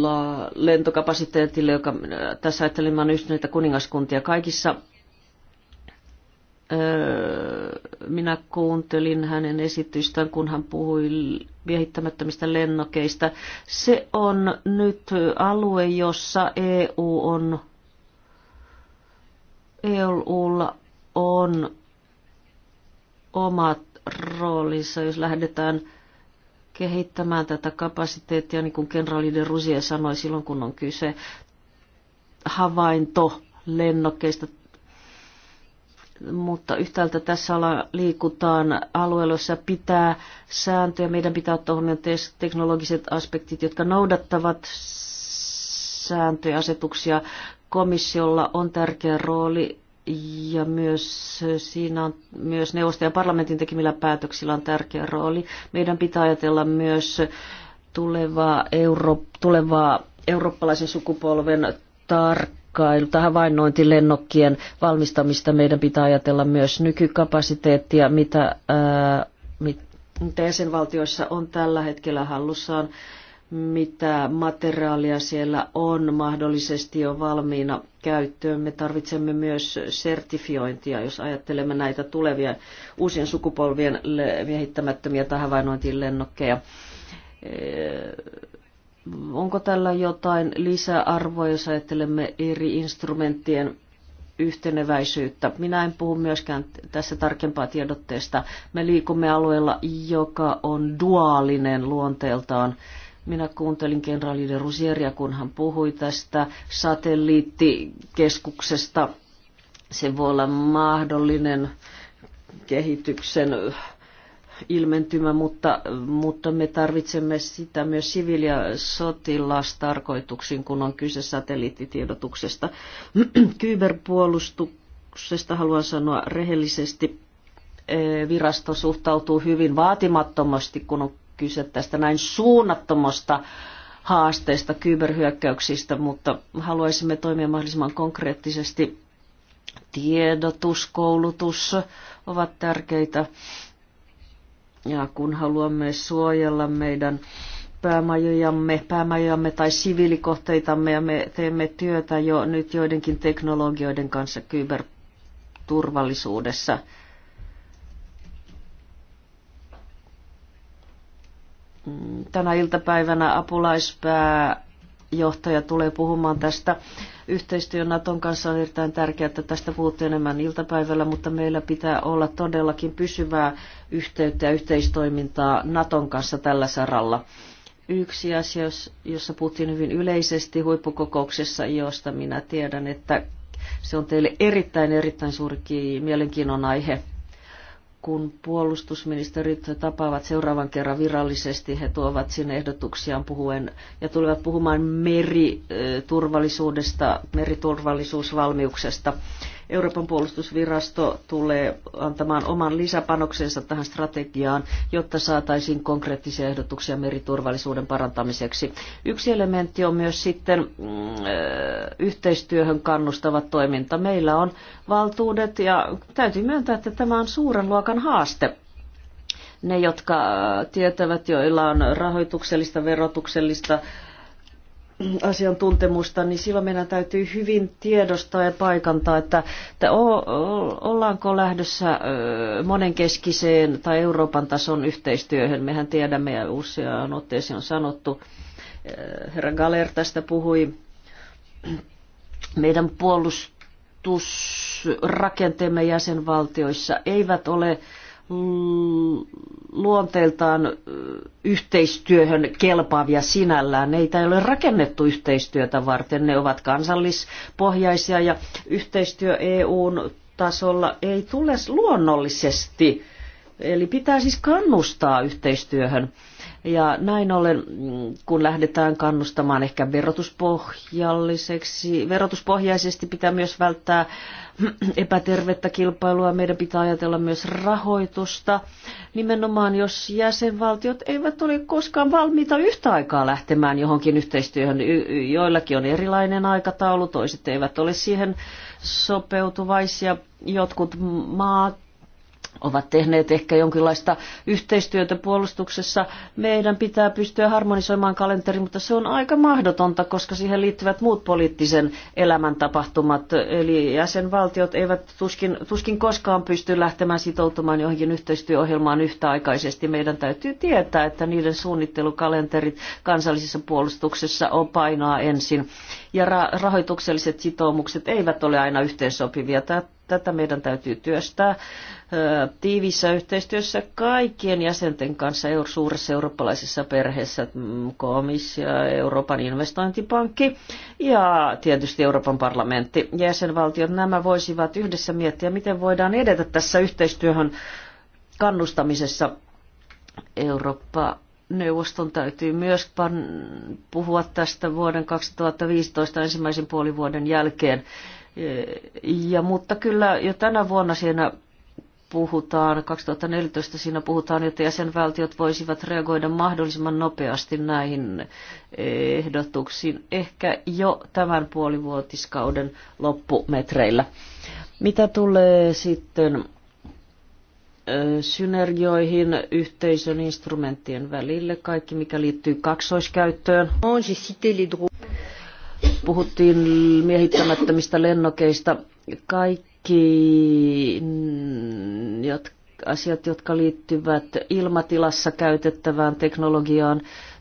la, lentokapasiteetille, joka tässä ajattelin, mä yhdistyneitä kuningaskuntia kaikissa. Öö, minä kuuntelin hänen esitystään, kun hän puhui viehittämättömistä lennokeista. Se on nyt alue, jossa EU on, EUlla on omat roolinsa, jos lähdetään kehittämään tätä kapasiteettia, niin kuin kenraali de Rusie sanoi silloin, kun on kyse havainto lennokkeista. Mutta yhtäältä tässä ala liikutaan alueella, jossa pitää sääntöjä. Meidän pitää ottaa huomioon teknologiset aspektit, jotka noudattavat sääntöjä, asetuksia. Komissiolla on tärkeä rooli ja myös siinä on myös neuvoston ja parlamentin tekemillä päätöksillä on tärkeä rooli. Meidän pitää ajatella myös tulevaa, euro, tulevaa eurooppalaisen sukupolven tarkkailu tai lennokkien valmistamista. Meidän pitää ajatella myös nykykapasiteettia, mitä, ää, mit, mitä jäsenvaltioissa on tällä hetkellä hallussaan, mitä materiaalia siellä on mahdollisesti jo valmiina käyttöön. Me tarvitsemme myös sertifiointia, jos ajattelemme näitä tulevia uusien sukupolvien viehittämättömiä tai havainnointilennokkeja. Eh, onko tällä jotain lisäarvoa, jos ajattelemme eri instrumenttien yhteneväisyyttä. Minä en puhu myöskään tässä tarkempaa tiedotteesta. Me liikumme alueella, joka on duaalinen luonteeltaan. Minä kuuntelin kenraali de Rusieria, kun hän puhui tästä satelliittikeskuksesta. Se voi olla mahdollinen kehityksen äh, ilmentymä, mutta, mutta me tarvitsemme sitä myös siviili- ja sotilastarkoituksiin, kun on kyse satelliittitiedotuksesta. Kyberpuolustuksesta haluan sanoa rehellisesti, eh, virasto suhtautuu hyvin vaatimattomasti, kun on kyse tästä näin suunnattomasta haasteesta kyberhyökkäyksistä, mutta haluaisimme toimia mahdollisimman konkreettisesti. Tiedotus, koulutus ovat tärkeitä. Ja kun haluamme suojella meidän päämajojamme, päämajojamme tai siviilikohteitamme ja me teemme työtä jo nyt joidenkin teknologioiden kanssa kyberturvallisuudessa – Tänä iltapäivänä apulaispääjohtaja tulee puhumaan tästä. Yhteistyö Naton kanssa on erittäin tärkeää, että tästä puhutte enemmän iltapäivällä, mutta meillä pitää olla todellakin pysyvää yhteyttä ja yhteistoimintaa Naton kanssa tällä saralla yksi asia, jossa puhuttiin hyvin yleisesti huippukokouksessa, josta minä tiedän, että se on teille erittäin, erittäin suuri mielenkiinnon aihe kun puolustusministerit tapaavat seuraavan kerran virallisesti, he tuovat sinne ehdotuksiaan puhuen ja tulevat puhumaan meriturvallisuudesta, meriturvallisuusvalmiuksesta. Euroopan puolustusvirasto tulee antamaan oman lisäpanoksensa tähän strategiaan, jotta saataisiin konkreettisia ehdotuksia meriturvallisuuden parantamiseksi. Yksi elementti on myös sitten mm, yhteistyöhön kannustava toiminta. Meillä on valtuudet ja täytyy myöntää, että tämä on suuren luokan haaste ne, jotka tietävät, joilla on rahoituksellista, verotuksellista asiantuntemusta, niin silloin meidän täytyy hyvin tiedostaa ja paikantaa, että, että ollaanko lähdössä monenkeskiseen tai Euroopan tason yhteistyöhön. Mehän tiedämme ja useaan otteeseen on sanottu, herra Galer tästä puhui, meidän puolustusrakenteemme jäsenvaltioissa eivät ole luonteeltaan yhteistyöhön kelpaavia sinällään. Neitä ei ole rakennettu yhteistyötä varten. Ne ovat kansallispohjaisia ja yhteistyö EUn tasolla ei tule luonnollisesti Eli pitää siis kannustaa yhteistyöhön. Ja näin ollen, mm, kun lähdetään kannustamaan ehkä verotuspohjalliseksi, verotuspohjaisesti pitää myös välttää epätervettä kilpailua, meidän pitää ajatella myös rahoitusta. Nimenomaan, jos jäsenvaltiot eivät ole koskaan valmiita yhtä aikaa lähtemään johonkin yhteistyöhön, joillakin on erilainen aikataulu, toiset eivät ole siihen sopeutuvaisia, jotkut maat ovat tehneet ehkä jonkinlaista yhteistyötä puolustuksessa. Meidän pitää pystyä harmonisoimaan kalenteri, mutta se on aika mahdotonta, koska siihen liittyvät muut poliittisen elämän tapahtumat. Eli jäsenvaltiot eivät tuskin, tuskin koskaan pysty lähtemään sitoutumaan johonkin yhteistyöohjelmaan yhtäaikaisesti. Meidän täytyy tietää, että niiden suunnittelukalenterit kansallisessa puolustuksessa on painaa ensin. Ja ra- rahoitukselliset sitoumukset eivät ole aina yhteensopivia. Tämä Tätä meidän täytyy työstää tiivissä yhteistyössä kaikkien jäsenten kanssa suuressa eurooppalaisessa perheessä, mm, komissio, Euroopan investointipankki ja tietysti Euroopan parlamentti. Jäsenvaltiot nämä voisivat yhdessä miettiä, miten voidaan edetä tässä yhteistyöhön kannustamisessa. Eurooppa neuvoston täytyy myös puhua tästä vuoden 2015 ensimmäisen puolivuoden jälkeen ja, mutta kyllä jo tänä vuonna siinä puhutaan, 2014 siinä puhutaan, että jäsenvaltiot voisivat reagoida mahdollisimman nopeasti näihin ehdotuksiin, ehkä jo tämän puolivuotiskauden loppumetreillä. Mitä tulee sitten synergioihin yhteisön instrumenttien välille, kaikki mikä liittyy kaksoiskäyttöön puhuttiin miehittämättömistä lennokeista. Kaikki asiat, jotka liittyvät ilmatilassa käytettävään teknologiaan,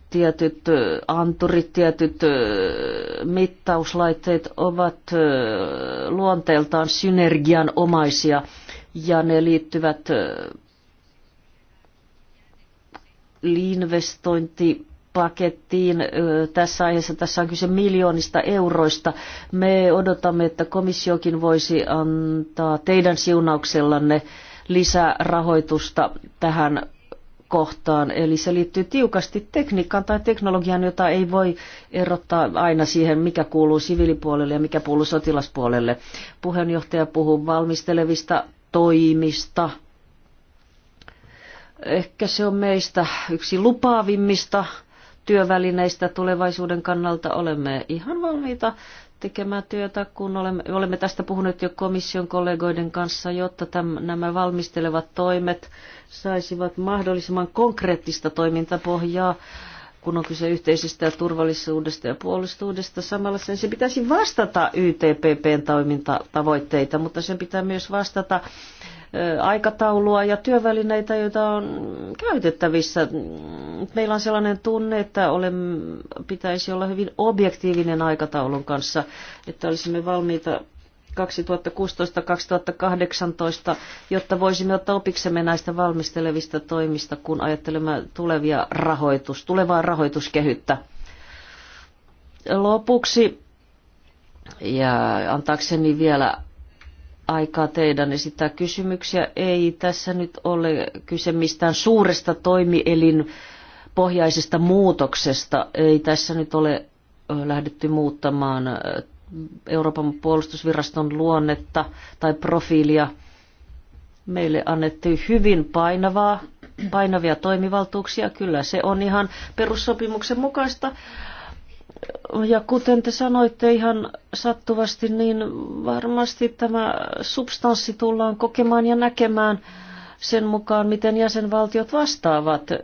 tietyt anturit, tietyt mittauslaitteet ovat luonteeltaan synergianomaisia ja ne liittyvät investointi pakettiin. Tässä aiheessa tässä on kyse miljoonista euroista. Me odotamme, että komissiokin voisi antaa teidän siunauksellanne lisärahoitusta tähän kohtaan. Eli se liittyy tiukasti tekniikkaan tai teknologiaan, jota ei voi erottaa aina siihen, mikä kuuluu siviilipuolelle ja mikä kuuluu sotilaspuolelle. Puheenjohtaja puhuu valmistelevista toimista. Ehkä se on meistä yksi lupaavimmista työvälineistä tulevaisuuden kannalta olemme ihan valmiita tekemään työtä, kun olemme, olemme tästä puhuneet jo komission kollegoiden kanssa, jotta täm, nämä valmistelevat toimet saisivat mahdollisimman konkreettista toimintapohjaa, kun on kyse yhteisestä ja turvallisuudesta ja puolustuudesta. Samalla sen se pitäisi vastata YTPPn toimintatavoitteita, mutta sen pitää myös vastata äh, aikataulua ja työvälineitä, joita on käytettävissä. Meillä on sellainen tunne, että olemme, pitäisi olla hyvin objektiivinen aikataulun kanssa, että olisimme valmiita 2016-2018, jotta voisimme ottaa opiksemme näistä valmistelevista toimista, kun ajattelemme tulevia rahoitus, tulevaa rahoituskehyttä. Lopuksi ja antaakseni vielä aikaa teidän esittää kysymyksiä. Ei tässä nyt ole kyse mistään suuresta toimielin pohjaisesta muutoksesta. Ei tässä nyt ole lähdetty muuttamaan Euroopan puolustusviraston luonnetta tai profiilia. Meille annettiin hyvin painavaa, painavia toimivaltuuksia. Kyllä se on ihan perussopimuksen mukaista ja kuten te sanoitte ihan sattuvasti, niin varmasti tämä substanssi tullaan kokemaan ja näkemään sen mukaan, miten jäsenvaltiot vastaavat ö,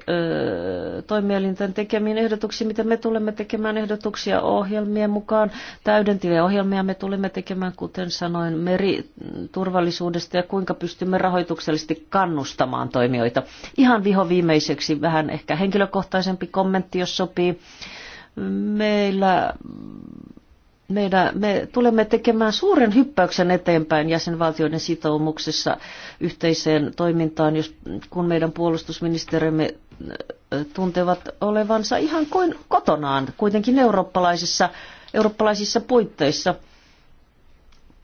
toimielinten tekemiin ehdotuksiin, miten me tulemme tekemään ehdotuksia ohjelmien mukaan, täydentäviä ohjelmia me tulemme tekemään, kuten sanoin, meriturvallisuudesta ja kuinka pystymme rahoituksellisesti kannustamaan toimijoita. Ihan viho viimeiseksi vähän ehkä henkilökohtaisempi kommentti, jos sopii. Ö, meillä meidän, me tulemme tekemään suuren hyppäyksen eteenpäin jäsenvaltioiden sitoumuksessa yhteiseen toimintaan, jos, kun meidän puolustusministerimme äh, tuntevat olevansa ihan kuin kotonaan, kuitenkin eurooppalaisissa, eurooppalaisissa puitteissa.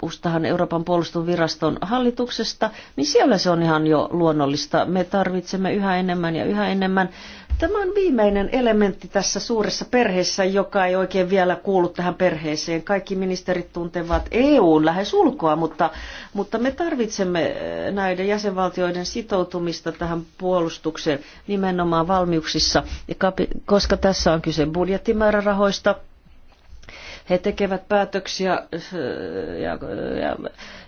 Ustahan Euroopan puolustusviraston hallituksesta, niin siellä se on ihan jo luonnollista. Me tarvitsemme yhä enemmän ja yhä enemmän Tämä on viimeinen elementti tässä suuressa perheessä, joka ei oikein vielä kuulu tähän perheeseen. Kaikki ministerit tuntevat EUn lähes ulkoa, mutta, mutta me tarvitsemme eh, näiden jäsenvaltioiden sitoutumista tähän puolustukseen nimenomaan valmiuksissa, koska tässä on kyse budjettimäärärahoista. He tekevät päätöksiä eh, ja, ja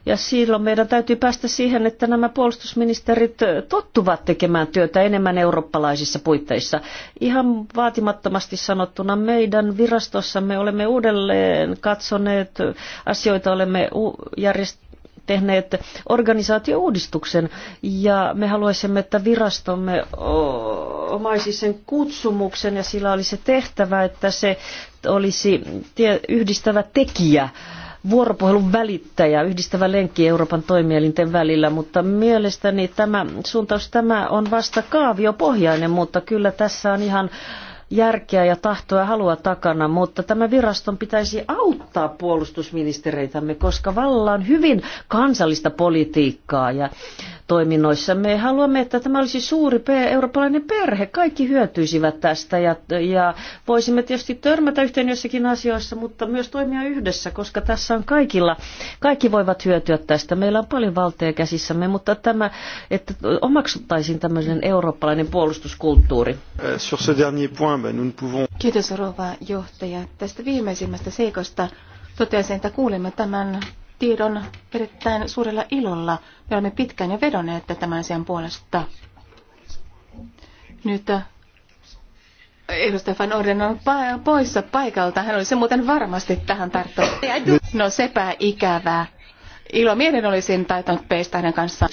ja silloin meidän täytyy päästä siihen, että nämä puolustusministerit tottuvat tekemään työtä enemmän eurooppalaisissa puitteissa. Ihan vaatimattomasti sanottuna meidän virastossamme olemme uudelleen katsoneet asioita, olemme järjestäneet tehneet organisaatiouudistuksen ja me haluaisimme, että virastomme omaisi sen kutsumuksen ja sillä se tehtävä, että se olisi yhdistävä tekijä vuoropuhelun välittäjä, yhdistävä lenkki Euroopan toimielinten välillä, mutta mielestäni tämä suuntaus tämä on vasta kaaviopohjainen, mutta kyllä tässä on ihan järkeä ja tahtoa ja halua takana, mutta tämä viraston pitäisi auttaa puolustusministereitämme, koska vallan hyvin kansallista politiikkaa ja toiminnoissamme. Haluamme, että tämä olisi suuri eurooppalainen perhe. Kaikki hyötyisivät tästä ja, ja voisimme tietysti törmätä yhteen jossakin asioissa, mutta myös toimia yhdessä, koska tässä on kaikilla, kaikki voivat hyötyä tästä. Meillä on paljon valtaa käsissämme, mutta tämä, että omaksuttaisiin tämmöisen eurooppalainen puolustuskulttuuri. Eh, Kiitos rova johtaja. Tästä viimeisimmästä seikosta toteaisin, että kuulimme tämän tiedon erittäin suurella ilolla. Me olemme pitkään jo vedonneet tämän asian puolesta. Nyt äh, Edustaja Van Orden on pa- poissa paikalta. Hän olisi muuten varmasti tähän tarttunut. No sepä ikävää. Ilo mielen olisin taitanut peistä hänen kanssaan.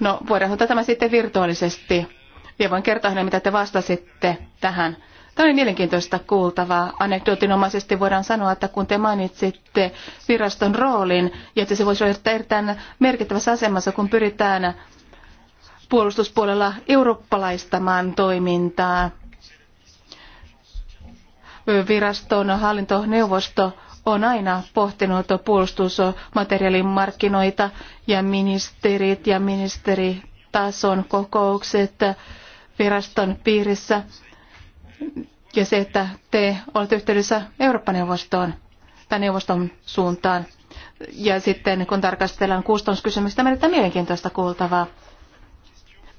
No voidaan ottaa tämä sitten virtuaalisesti. Ja voin kertoa hänelle, mitä te vastasitte tähän. Tämä oli mielenkiintoista kuultavaa. Anekdootinomaisesti voidaan sanoa, että kun te mainitsitte viraston roolin, ja että se voisi olla erittäin merkittävässä asemassa, kun pyritään puolustuspuolella eurooppalaistamaan toimintaa. Viraston hallintoneuvosto on aina pohtinut puolustusmateriaalin markkinoita ja ministerit ja ministeritason kokoukset viraston piirissä ja se, että te olette yhteydessä Eurooppa-neuvostoon tai neuvoston suuntaan. Ja sitten kun tarkastellaan kustannuskysymystä, tämä on mielenkiintoista kuultavaa.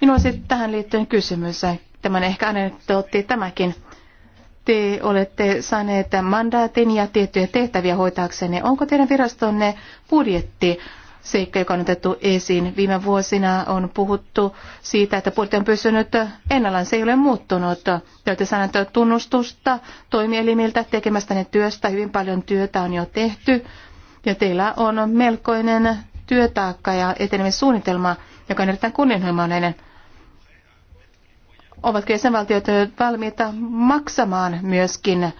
Minulla on sitten tähän liittyen kysymys. Tämän ehkä anekdootti tämäkin. Te olette saaneet mandaatin ja tiettyjä tehtäviä hoitaaksenne. Onko teidän virastonne budjetti seikka, joka on otettu esiin. Viime vuosina on puhuttu siitä, että budjetti on pysynyt ennallaan, se ei ole muuttunut. Täytyy sanoa tunnustusta toimielimiltä tekemästäne työstä. Hyvin paljon työtä on jo tehty ja teillä on melkoinen työtaakka ja etenemissuunnitelma, joka on erittäin kunnianhimoinen. Ovatko jäsenvaltiot valmiita maksamaan myöskin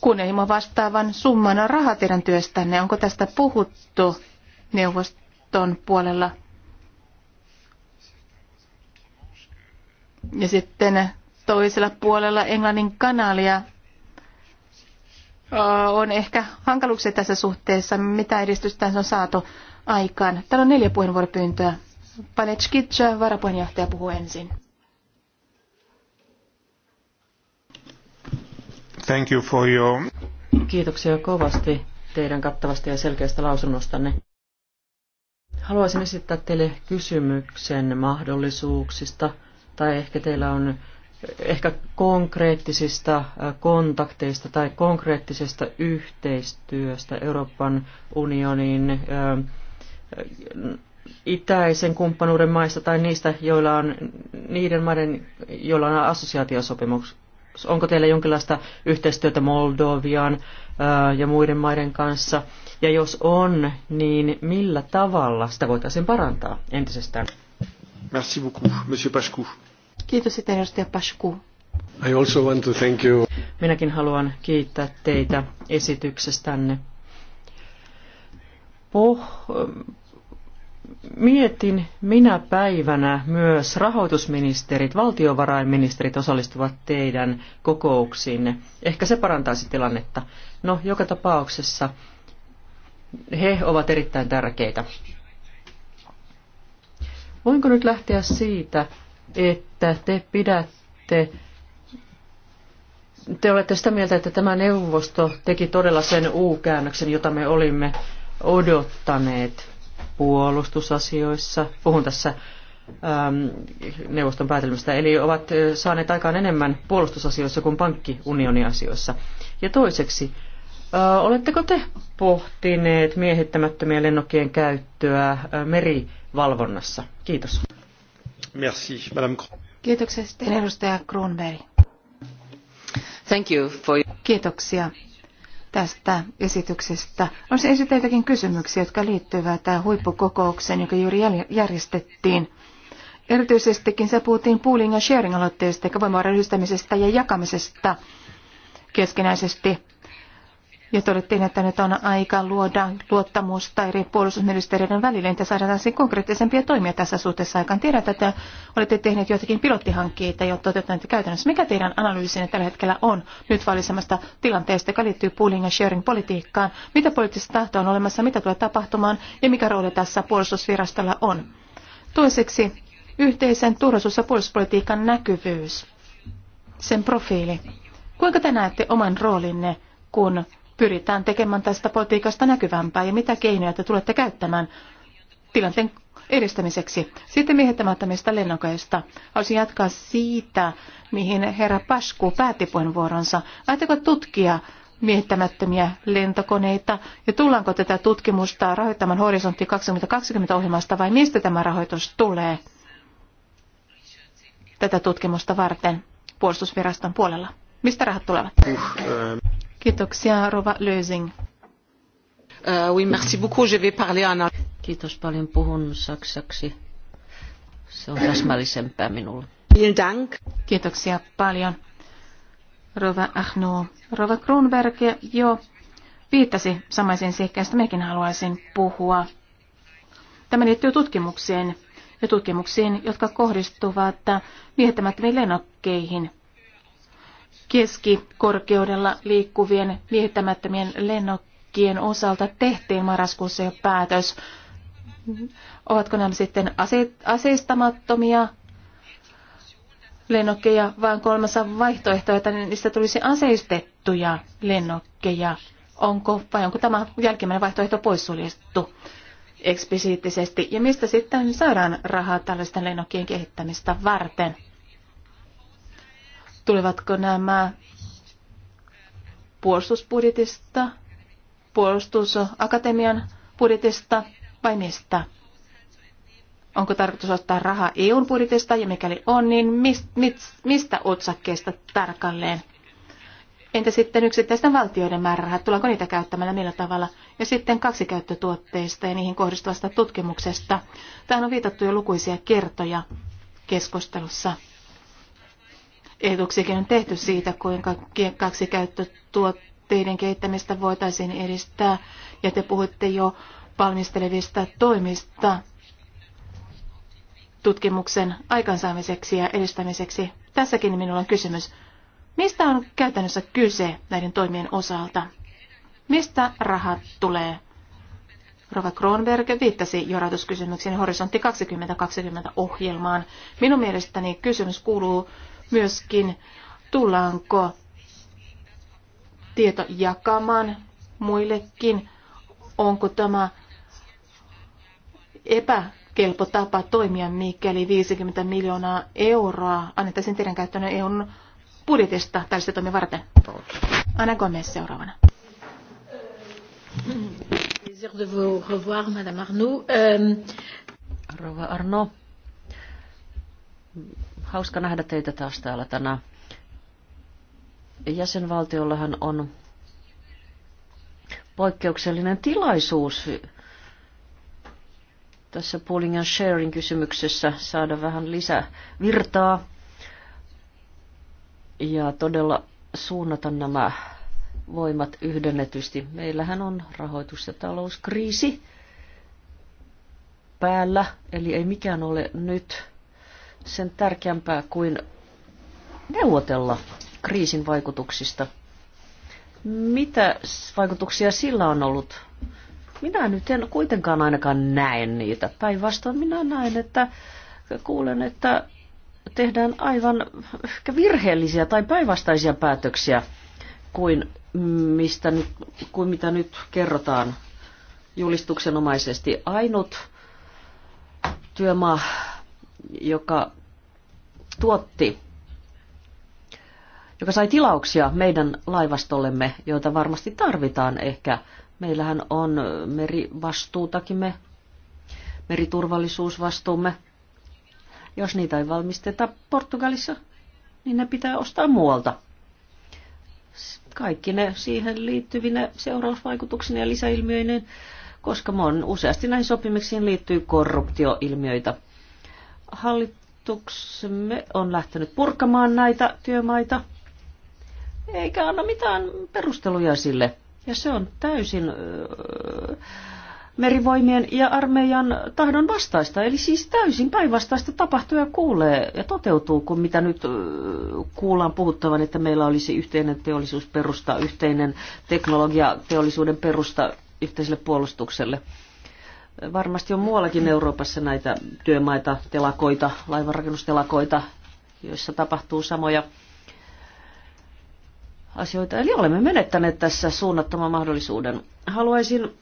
kunnianhimo vastaavan summan rahaa teidän työstänne? Onko tästä puhuttu? neuvoston puolella. Ja sitten toisella puolella Englannin kanalia on ehkä hankaluuksia tässä suhteessa, mitä edistystä on saatu aikaan. Täällä on neljä puheenvuoropyyntöä. Panechkic, varapuheenjohtaja, puhuu ensin. Thank you for your... Kiitoksia kovasti teidän kattavasta ja selkeästä lausunnostanne. Haluaisin esittää teille kysymyksen mahdollisuuksista, tai ehkä teillä on ehkä konkreettisista äh, kontakteista tai konkreettisesta yhteistyöstä Euroopan unionin äh, itäisen kumppanuuden maista tai niistä, joilla on niiden maiden, joilla on assosiaatiosopimus. Onko teillä jonkinlaista yhteistyötä Moldovian äh, ja muiden maiden kanssa? Ja jos on, niin millä tavalla sitä voitaisiin parantaa entisestään? Merci beaucoup, Monsieur Pascu. Kiitos sitten edustaja Pascu. I also want to thank you. Minäkin haluan kiittää teitä esityksestänne. Poh- mietin, minä päivänä myös rahoitusministerit, valtiovarainministerit osallistuvat teidän kokouksiinne. Ehkä se parantaisi tilannetta. No, joka tapauksessa he ovat erittäin tärkeitä. Voinko nyt lähteä siitä, että te pidätte, te olette sitä mieltä, että tämä neuvosto teki todella sen U-käännöksen, jota me olimme odottaneet puolustusasioissa. Puhun tässä äm, neuvoston päätelmistä, eli ovat äh, saaneet aikaan enemmän puolustusasioissa kuin pankkiunioniasioissa. Ja toiseksi, Äh, oletteko te pohtineet miehittämättömien lennokkien käyttöä äh, merivalvonnassa? Kiitos. Merci, Madame. Kiitoksia sitten edustaja Kronberg. Thank you for... Kiitoksia tästä esityksestä. se esiteitäkin kysymyksiä, jotka liittyvät tähän huippukokoukseen, joka juuri järjestettiin. Erityisestikin se puhuttiin pooling ja sharing aloitteesta, eli voimavaran yhdistämisestä ja jakamisesta keskinäisesti ja todettiin, että nyt on aika luoda luottamusta eri puolustusministeriöiden välille, että saadaan konkreettisempia toimia tässä suhteessa aikaan. Tiedät, että olette tehneet joitakin pilottihankkeita ja toteuttaneet käytännössä. Mikä teidän analyysinne tällä hetkellä on nyt valitsemasta tilanteesta, joka liittyy pooling ja sharing politiikkaan? Mitä poliittista tahtoa on olemassa, mitä tulee tapahtumaan ja mikä rooli tässä puolustusvirastolla on? Toiseksi yhteisen turvallisuus- ja puolustuspolitiikan näkyvyys, sen profiili. Kuinka te näette oman roolinne, kun pyritään tekemään tästä politiikasta näkyvämpää ja mitä keinoja te tulette käyttämään tilanteen edistämiseksi. Sitten miehittämättömistä lennokeista. Haluaisin jatkaa siitä, mihin herra Pasku päätti puheenvuoronsa. Ajatteko tutkia miehittämättömiä lentokoneita ja tullaanko tätä tutkimusta rahoittamaan horisontti 2020 ohjelmasta vai mistä tämä rahoitus tulee tätä tutkimusta varten puolustusviraston puolella? Mistä rahat tulevat? Uh, uh. Kiitoksia, Rova Lösing. Uh, oui, merci beaucoup. Je vais parler en... Kiitos paljon. Puhun saksaksi. Se on täsmällisempää minulle. Dank. Kiitoksia paljon. Rova Ahno. Rova Kronberg jo viittasi samaisen että mekin haluaisin puhua. Tämä liittyy tutkimukseen ja tutkimuksiin, jotka kohdistuvat miehittämättömiin lennokkeihin – keskikorkeudella liikkuvien miehittämättömien lennokkien osalta tehtiin marraskuussa jo päätös. Ovatko nämä sitten ase- aseistamattomia lennokkeja, vaan kolmas vaihtoehto, että niistä tulisi aseistettuja lennokkeja. Onko, vai onko tämä jälkimmäinen vaihtoehto poissuljettu eksplisiittisesti? Ja mistä sitten saadaan rahaa tällaisten lennokkien kehittämistä varten? Tulevatko nämä puolustusbudjetista, puolustusakatemian budjetista vai mistä? Onko tarkoitus ottaa rahaa EUn budjetista ja mikäli on, niin mistä otsakkeesta tarkalleen? Entä sitten yksittäisten valtioiden määrärahat, tullaanko niitä käyttämällä millä tavalla? Ja sitten käyttötuotteista ja niihin kohdistuvasta tutkimuksesta. Tähän on viitattu jo lukuisia kertoja keskustelussa ehdotuksiakin on tehty siitä, kuinka kaksikäyttötuotteiden kehittämistä voitaisiin edistää. Ja te puhuitte jo valmistelevista toimista tutkimuksen aikansaamiseksi ja edistämiseksi. Tässäkin minulla on kysymys. Mistä on käytännössä kyse näiden toimien osalta? Mistä rahat tulee? Rova Kronberg viittasi jo rahoituskysymykseen Horisontti 2020 ohjelmaan. Minun mielestäni kysymys kuuluu, myöskin tullaanko tieto jakamaan muillekin, onko tämä epäkelpo tapa toimia, mikäli 50 miljoonaa euroa annettaisiin teidän käyttöön EUn budjetista tällaista toimia varten. Anna Gomez seuraavana. Euh, Rova Arno. Hauska nähdä teitä taas täällä tänään. Jäsenvaltiollahan on poikkeuksellinen tilaisuus tässä pooling and sharing kysymyksessä saada vähän lisää virtaa ja todella suunnata nämä voimat yhdennetysti. Meillähän on rahoitus- ja talouskriisi päällä, eli ei mikään ole nyt sen tärkeämpää kuin neuvotella kriisin vaikutuksista. Mitä vaikutuksia sillä on ollut? Minä nyt en kuitenkaan ainakaan näe niitä. Päinvastoin minä näen, että kuulen, että tehdään aivan ehkä virheellisiä tai päinvastaisia päätöksiä kuin, mistä nyt, kuin mitä nyt kerrotaan julistuksenomaisesti. Ainut työmaa joka tuotti joka sai tilauksia meidän laivastollemme, joita varmasti tarvitaan ehkä. Meillähän on merivastuutakimme, meriturvallisuusvastuumme. Jos niitä ei valmisteta Portugalissa, niin ne pitää ostaa muualta. Kaikki ne siihen liittyvine seurausvaikutuksine ja lisäilmiöineen, koska mon useasti näihin sopimuksiin liittyy korruptioilmiöitä – Hallituksemme on lähtenyt purkamaan näitä työmaita, eikä anna mitään perusteluja sille. Ja se on täysin öö, merivoimien ja armeijan tahdon vastaista, eli siis täysin päinvastaista tapahtuu ja kuulee ja toteutuu, kun mitä nyt kuullaan puhuttavan, että meillä olisi yhteinen teollisuusperusta, yhteinen teknologia teollisuuden perusta yhteiselle puolustukselle. Varmasti on muuallakin Euroopassa näitä työmaita, telakoita, laivanrakennustelakoita, joissa tapahtuu samoja asioita. Eli olemme menettäneet tässä suunnattoman mahdollisuuden. Haluaisin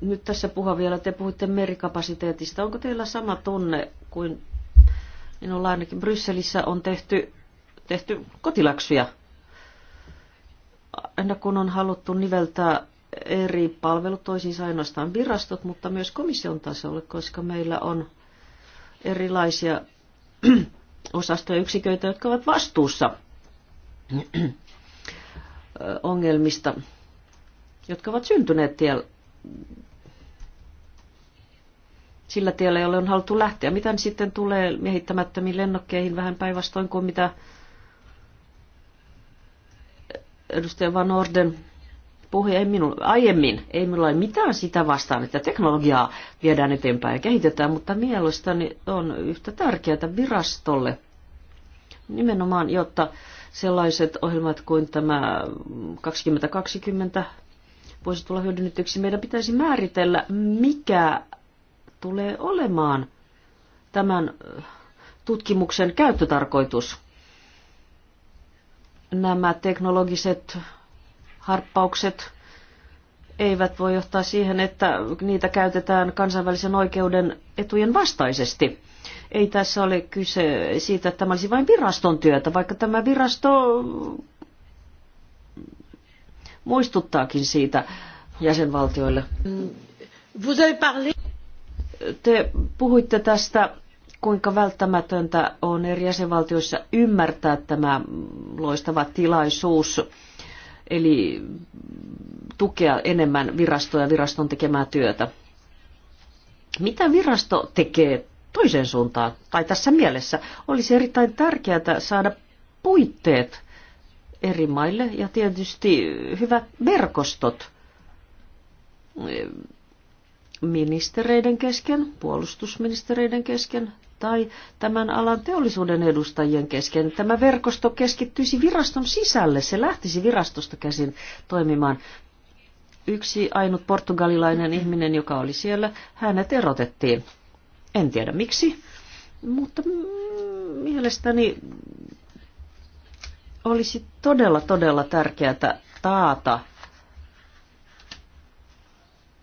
nyt tässä puhua vielä, te puhuitte merikapasiteetista. Onko teillä sama tunne kuin minulla ainakin Brysselissä on tehty, tehty kotiläksyjä? Aina kun on haluttu niveltää eri palvelut toisiinsa ainoastaan virastot, mutta myös komission tasolle, koska meillä on erilaisia osastoja yksiköitä, jotka ovat vastuussa ongelmista, jotka ovat syntyneet tiellä, sillä tiellä, jolle on haluttu lähteä. Mitä sitten tulee miehittämättömiin lennokkeihin vähän päinvastoin kuin mitä edustaja Van Orden Puhuja ei minun aiemmin ei minulla ole mitään sitä vastaan, että teknologiaa viedään eteenpäin ja kehitetään, mutta mielestäni on yhtä tärkeää virastolle nimenomaan, jotta sellaiset ohjelmat kuin tämä 2020 voisi tulla hyödynnetyksi. Meidän pitäisi määritellä, mikä tulee olemaan tämän äh, tutkimuksen käyttötarkoitus. Nämä teknologiset harppaukset eivät voi johtaa siihen, että niitä käytetään kansainvälisen oikeuden etujen vastaisesti. Ei tässä ole kyse siitä, että tämä olisi vain viraston työtä, vaikka tämä virasto muistuttaakin siitä jäsenvaltioille. Te puhuitte tästä, kuinka välttämätöntä on eri jäsenvaltioissa ymmärtää tämä loistava tilaisuus eli tukea enemmän virastoja viraston tekemää työtä. Mitä virasto tekee toiseen suuntaan tai tässä mielessä? Olisi erittäin tärkeää saada puitteet eri maille ja tietysti hyvät verkostot ministereiden kesken, puolustusministereiden kesken tai tämän alan teollisuuden edustajien kesken. Tämä verkosto keskittyisi viraston sisälle, se lähtisi virastosta käsin toimimaan. Yksi ainut portugalilainen ihminen, joka oli siellä, hänet erotettiin. En tiedä miksi, mutta mielestäni olisi todella, todella tärkeää taata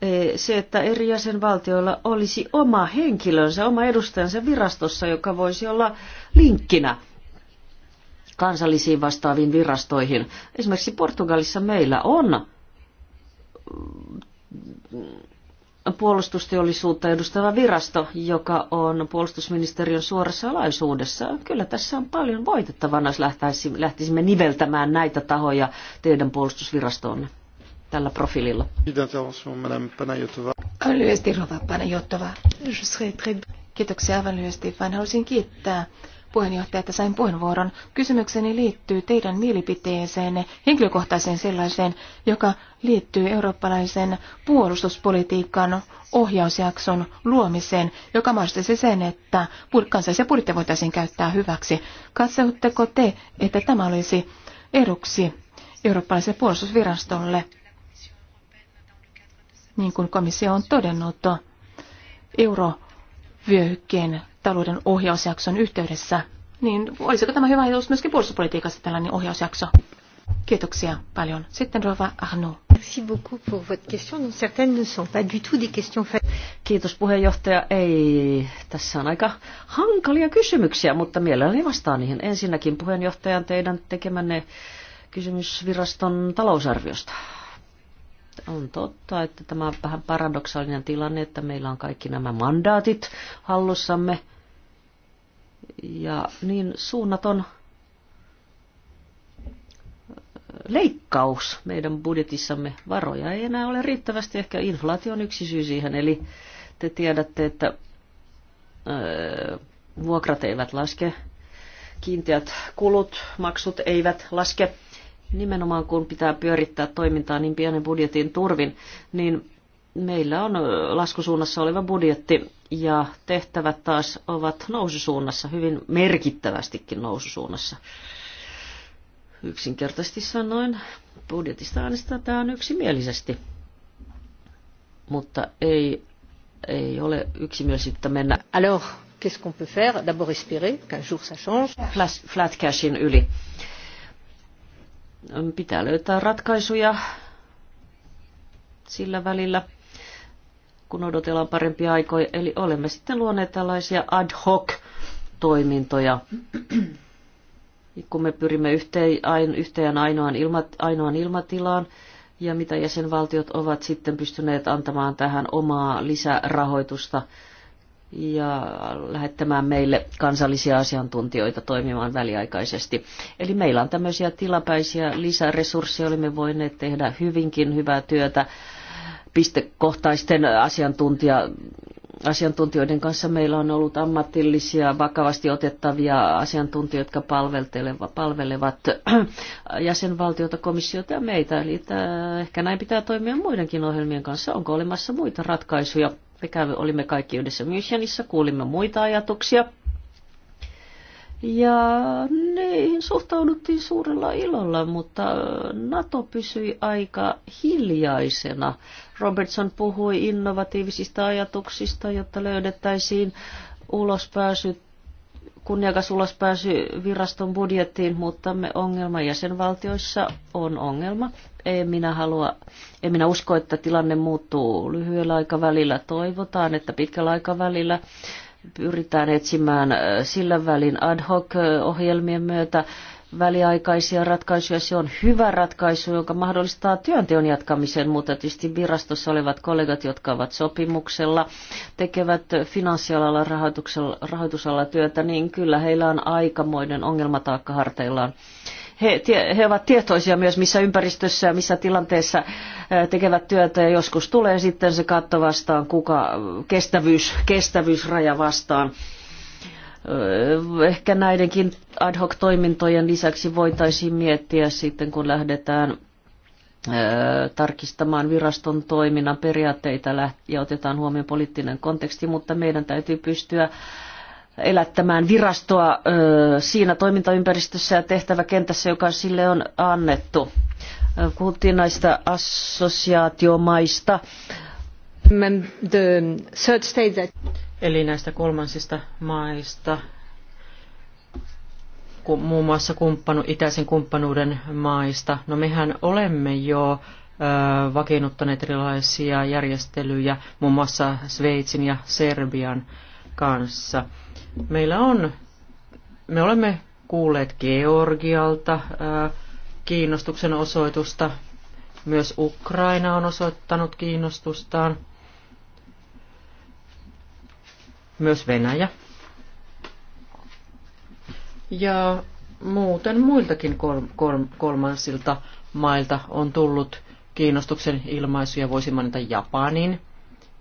Eh, se, että eri jäsenvaltioilla olisi oma henkilönsä, oma edustajansa virastossa, joka voisi olla linkkinä kansallisiin vastaaviin virastoihin. Esimerkiksi Portugalissa meillä on mm, puolustusteollisuutta edustava virasto, joka on puolustusministeriön suorassa alaisuudessa. Kyllä tässä on paljon voitettavana, jos lähtisimme niveltämään näitä tahoja teidän puolustusvirastoonne tällä profiililla. Lyhyesti Rova Panajotova. Kiitoksia aivan lyhyesti. Vain haluaisin kiittää puheenjohtaja, että sain puheenvuoron. Kysymykseni liittyy teidän mielipiteeseenne, henkilökohtaiseen sellaiseen, joka liittyy eurooppalaisen puolustuspolitiikan ohjausjakson luomiseen, joka mahdollistaisi sen, että kansallisia budjetteja voitaisiin käyttää hyväksi. Katsotteko te, että tämä olisi eduksi eurooppalaiselle puolustusvirastolle? niin kuin komissio on todennut eurovyöhykkeen talouden ohjausjakson yhteydessä, niin olisiko tämä hyvä ajatus myöskin puolustuspolitiikassa tällainen ohjausjakso? Kiitoksia paljon. Sitten Rova Arno. Merci beaucoup pour votre question. Non, certaines ne sont pas du tout des questions Kiitos puheenjohtaja. Ei, tässä on aika hankalia kysymyksiä, mutta mielelläni vastaan niihin. Ensinnäkin puheenjohtajan teidän tekemänne kysymys viraston talousarviosta. On totta, että tämä on vähän paradoksaalinen tilanne, että meillä on kaikki nämä mandaatit hallussamme ja niin suunnaton leikkaus meidän budjetissamme. Varoja ei enää ole riittävästi, ehkä inflaatio on yksi syy siihen, eli te tiedätte, että öö, vuokrat eivät laske, kiinteät kulut, maksut eivät laske nimenomaan kun pitää pyörittää toimintaa niin pienen budjetin turvin, niin meillä on laskusuunnassa oleva budjetti ja tehtävät taas ovat noususuunnassa, hyvin merkittävästikin noususuunnassa. Yksinkertaisesti sanoen, budjetista äänestetään yksimielisesti, mutta ei, ei ole yksimielisyyttä mennä. Alors, qu'est-ce qu'on peut faire? D'abord espérer qu'un jour ça change. Flat cashin yli. Pitää löytää ratkaisuja sillä välillä, kun odotellaan parempia aikoja. Eli olemme sitten luoneet tällaisia ad hoc toimintoja, kun me pyrimme yhteen, ainoan, ilma, ainoan ilmatilaan ja mitä jäsenvaltiot ovat sitten pystyneet antamaan tähän omaa lisärahoitusta – ja lähettämään meille kansallisia asiantuntijoita toimimaan väliaikaisesti. Eli meillä on tämmöisiä tilapäisiä lisäresursseja, olemme voineet tehdä hyvinkin hyvää työtä pistekohtaisten asiantuntija asiantuntijoiden kanssa meillä on ollut ammatillisia, vakavasti otettavia asiantuntijoita, jotka palvelevat jäsenvaltiota, komissiota ja meitä. Eli ehkä näin pitää toimia muidenkin ohjelmien kanssa. Onko olemassa muita ratkaisuja me kävi, olimme kaikki yhdessä Münchenissä, kuulimme muita ajatuksia. Ja niihin suhtauduttiin suurella ilolla, mutta NATO pysyi aika hiljaisena. Robertson puhui innovatiivisista ajatuksista, jotta löydettäisiin ulospääsyt kunniakas ulospääsy viraston budjettiin, mutta me ongelma jäsenvaltioissa on ongelma. Ei minä, halua, ei minä usko, että tilanne muuttuu lyhyellä aikavälillä. Toivotaan, että pitkällä aikavälillä pyritään etsimään äh, sillä välin ad hoc äh, ohjelmien myötä väliaikaisia ratkaisuja. Se on hyvä ratkaisu, joka mahdollistaa työnteon jatkamisen, mutta tietysti virastossa olevat kollegat, jotka ovat sopimuksella, tekevät finanssialalla rahoitusalalla työtä, niin kyllä heillä on aikamoinen ongelmataakka harteillaan. He, tie, he ovat tietoisia myös, missä ympäristössä ja missä tilanteessa tekevät työtä ja joskus tulee sitten se katto vastaan, kuka kestävyys, kestävyysraja vastaan ehkä näidenkin ad hoc toimintojen lisäksi voitaisiin miettiä sitten, kun lähdetään tarkistamaan viraston toiminnan periaatteita ja otetaan huomioon poliittinen konteksti, mutta meidän täytyy pystyä elättämään virastoa siinä toimintaympäristössä ja tehtäväkentässä, joka sille on annettu. Puhuttiin näistä assosiaatiomaista. The third state that eli näistä kolmansista maista, muun muassa kumppanu, itäisen kumppanuuden maista. No mehän olemme jo ö, vakiinnuttaneet erilaisia järjestelyjä muun muassa Sveitsin ja Serbian kanssa. Meillä on, me olemme kuulleet Georgialta ö, kiinnostuksen osoitusta, myös Ukraina on osoittanut kiinnostustaan myös Venäjä. Ja muuten muiltakin kolmansilta mailta on tullut kiinnostuksen ilmaisuja. Voisin mainita Japanin,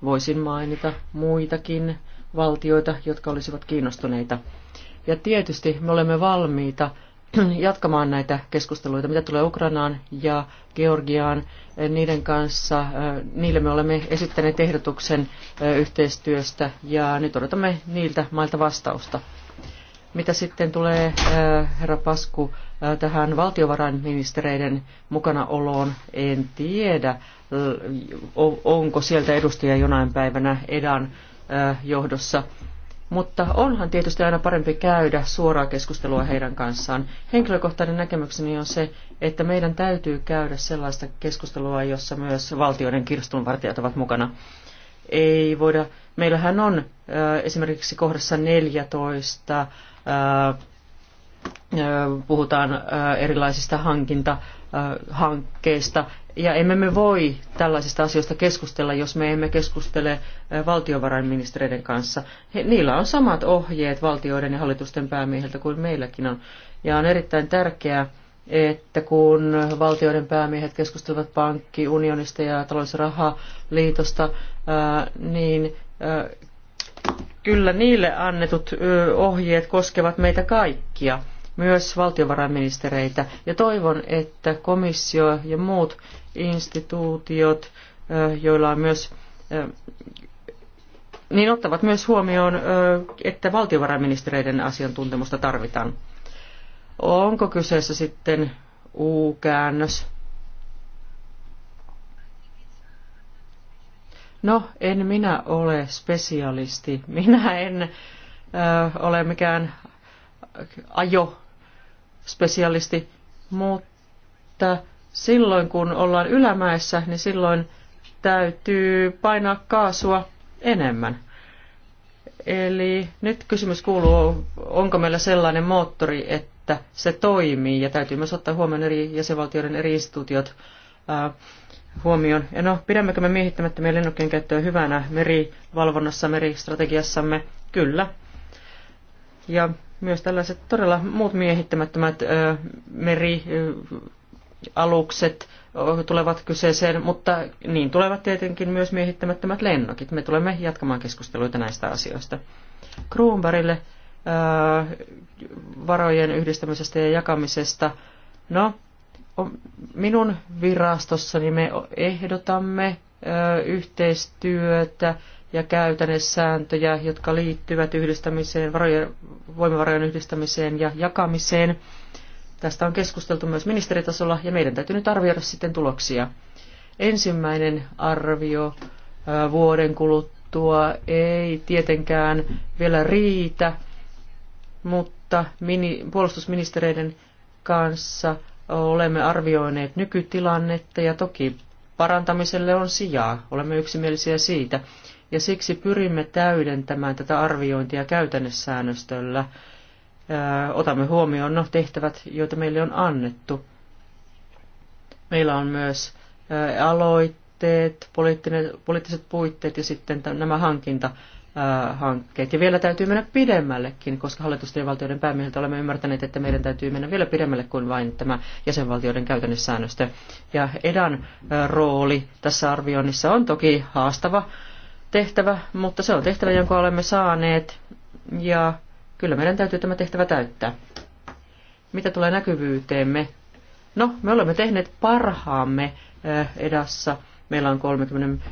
voisin mainita muitakin valtioita, jotka olisivat kiinnostuneita. Ja tietysti me olemme valmiita jatkamaan näitä keskusteluita, mitä tulee Ukrainaan ja Georgiaan. Niiden kanssa, äh, niille me olemme esittäneet ehdotuksen äh, yhteistyöstä ja nyt odotamme niiltä mailta vastausta. Mitä sitten tulee, äh, herra Pasku, tähän valtiovarainministereiden mukanaoloon, en tiedä, onko sieltä edustaja jonain päivänä edan johdossa – mutta onhan tietysti aina parempi käydä suoraa keskustelua heidän kanssaan. Henkilökohtainen näkemykseni on se, että meidän täytyy käydä sellaista keskustelua, jossa myös valtioiden kirstunvartijat ovat mukana. Ei voida, meillähän on äh, esimerkiksi kohdassa 14 äh, puhutaan erilaisista hankintahankkeista, ja emme me voi tällaisista asioista keskustella, jos me emme keskustele valtiovarainministereiden kanssa. He, niillä on samat ohjeet valtioiden ja hallitusten päämiehiltä kuin meilläkin on. Ja on erittäin tärkeää, että kun valtioiden päämiehet keskustelevat pankkiunionista ja talous- ja niin kyllä niille annetut ohjeet koskevat meitä kaikkia, myös valtiovarainministereitä. Ja toivon, että komissio ja muut instituutiot, joilla on myös niin ottavat myös huomioon, että valtiovarainministereiden asiantuntemusta tarvitaan. Onko kyseessä sitten U-käännös? No, en minä ole spesialisti. Minä en ö, ole mikään ajo-spesialisti, mutta silloin kun ollaan ylämäessä, niin silloin täytyy painaa kaasua enemmän. Eli nyt kysymys kuuluu, onko meillä sellainen moottori, että se toimii ja täytyy myös ottaa huomioon eri jäsenvaltioiden eri instituutiot ää, huomioon. Ja no, pidämmekö me miehittämättömiä lennokkien käyttöä hyvänä merivalvonnassa, meristrategiassamme? Kyllä. Ja myös tällaiset todella muut miehittämättömät ää, meri... Ää, alukset tulevat kyseeseen, mutta niin tulevat tietenkin myös miehittämättömät lennokit. Me tulemme jatkamaan keskusteluita näistä asioista. Kruunberille äh, varojen yhdistämisestä ja jakamisesta. No, minun virastossani me ehdotamme äh, yhteistyötä ja käytännessääntöjä, jotka liittyvät yhdistämiseen, varojen, voimavarojen yhdistämiseen ja jakamiseen. Tästä on keskusteltu myös ministeritasolla ja meidän täytyy nyt arvioida sitten tuloksia. Ensimmäinen arvio vuoden kuluttua ei tietenkään vielä riitä, mutta puolustusministereiden kanssa olemme arvioineet nykytilannetta ja toki parantamiselle on sijaa. Olemme yksimielisiä siitä. Ja siksi pyrimme täydentämään tätä arviointia käytännössäännöstöllä. säännöstöllä otamme huomioon no, tehtävät, joita meille on annettu. Meillä on myös aloitteet, poliittiset puitteet ja sitten nämä hankinta hankkeet. Ja vielä täytyy mennä pidemmällekin, koska hallitusten ja valtioiden päämiehiltä olemme ymmärtäneet, että meidän täytyy mennä vielä pidemmälle kuin vain tämä jäsenvaltioiden käytännössäännöstö. Ja EDAN rooli tässä arvioinnissa on toki haastava tehtävä, mutta se on tehtävä, jonka olemme saaneet. Ja Kyllä meidän täytyy tämä tehtävä täyttää. Mitä tulee näkyvyyteemme? No, me olemme tehneet parhaamme eh, edassa. Meillä on 30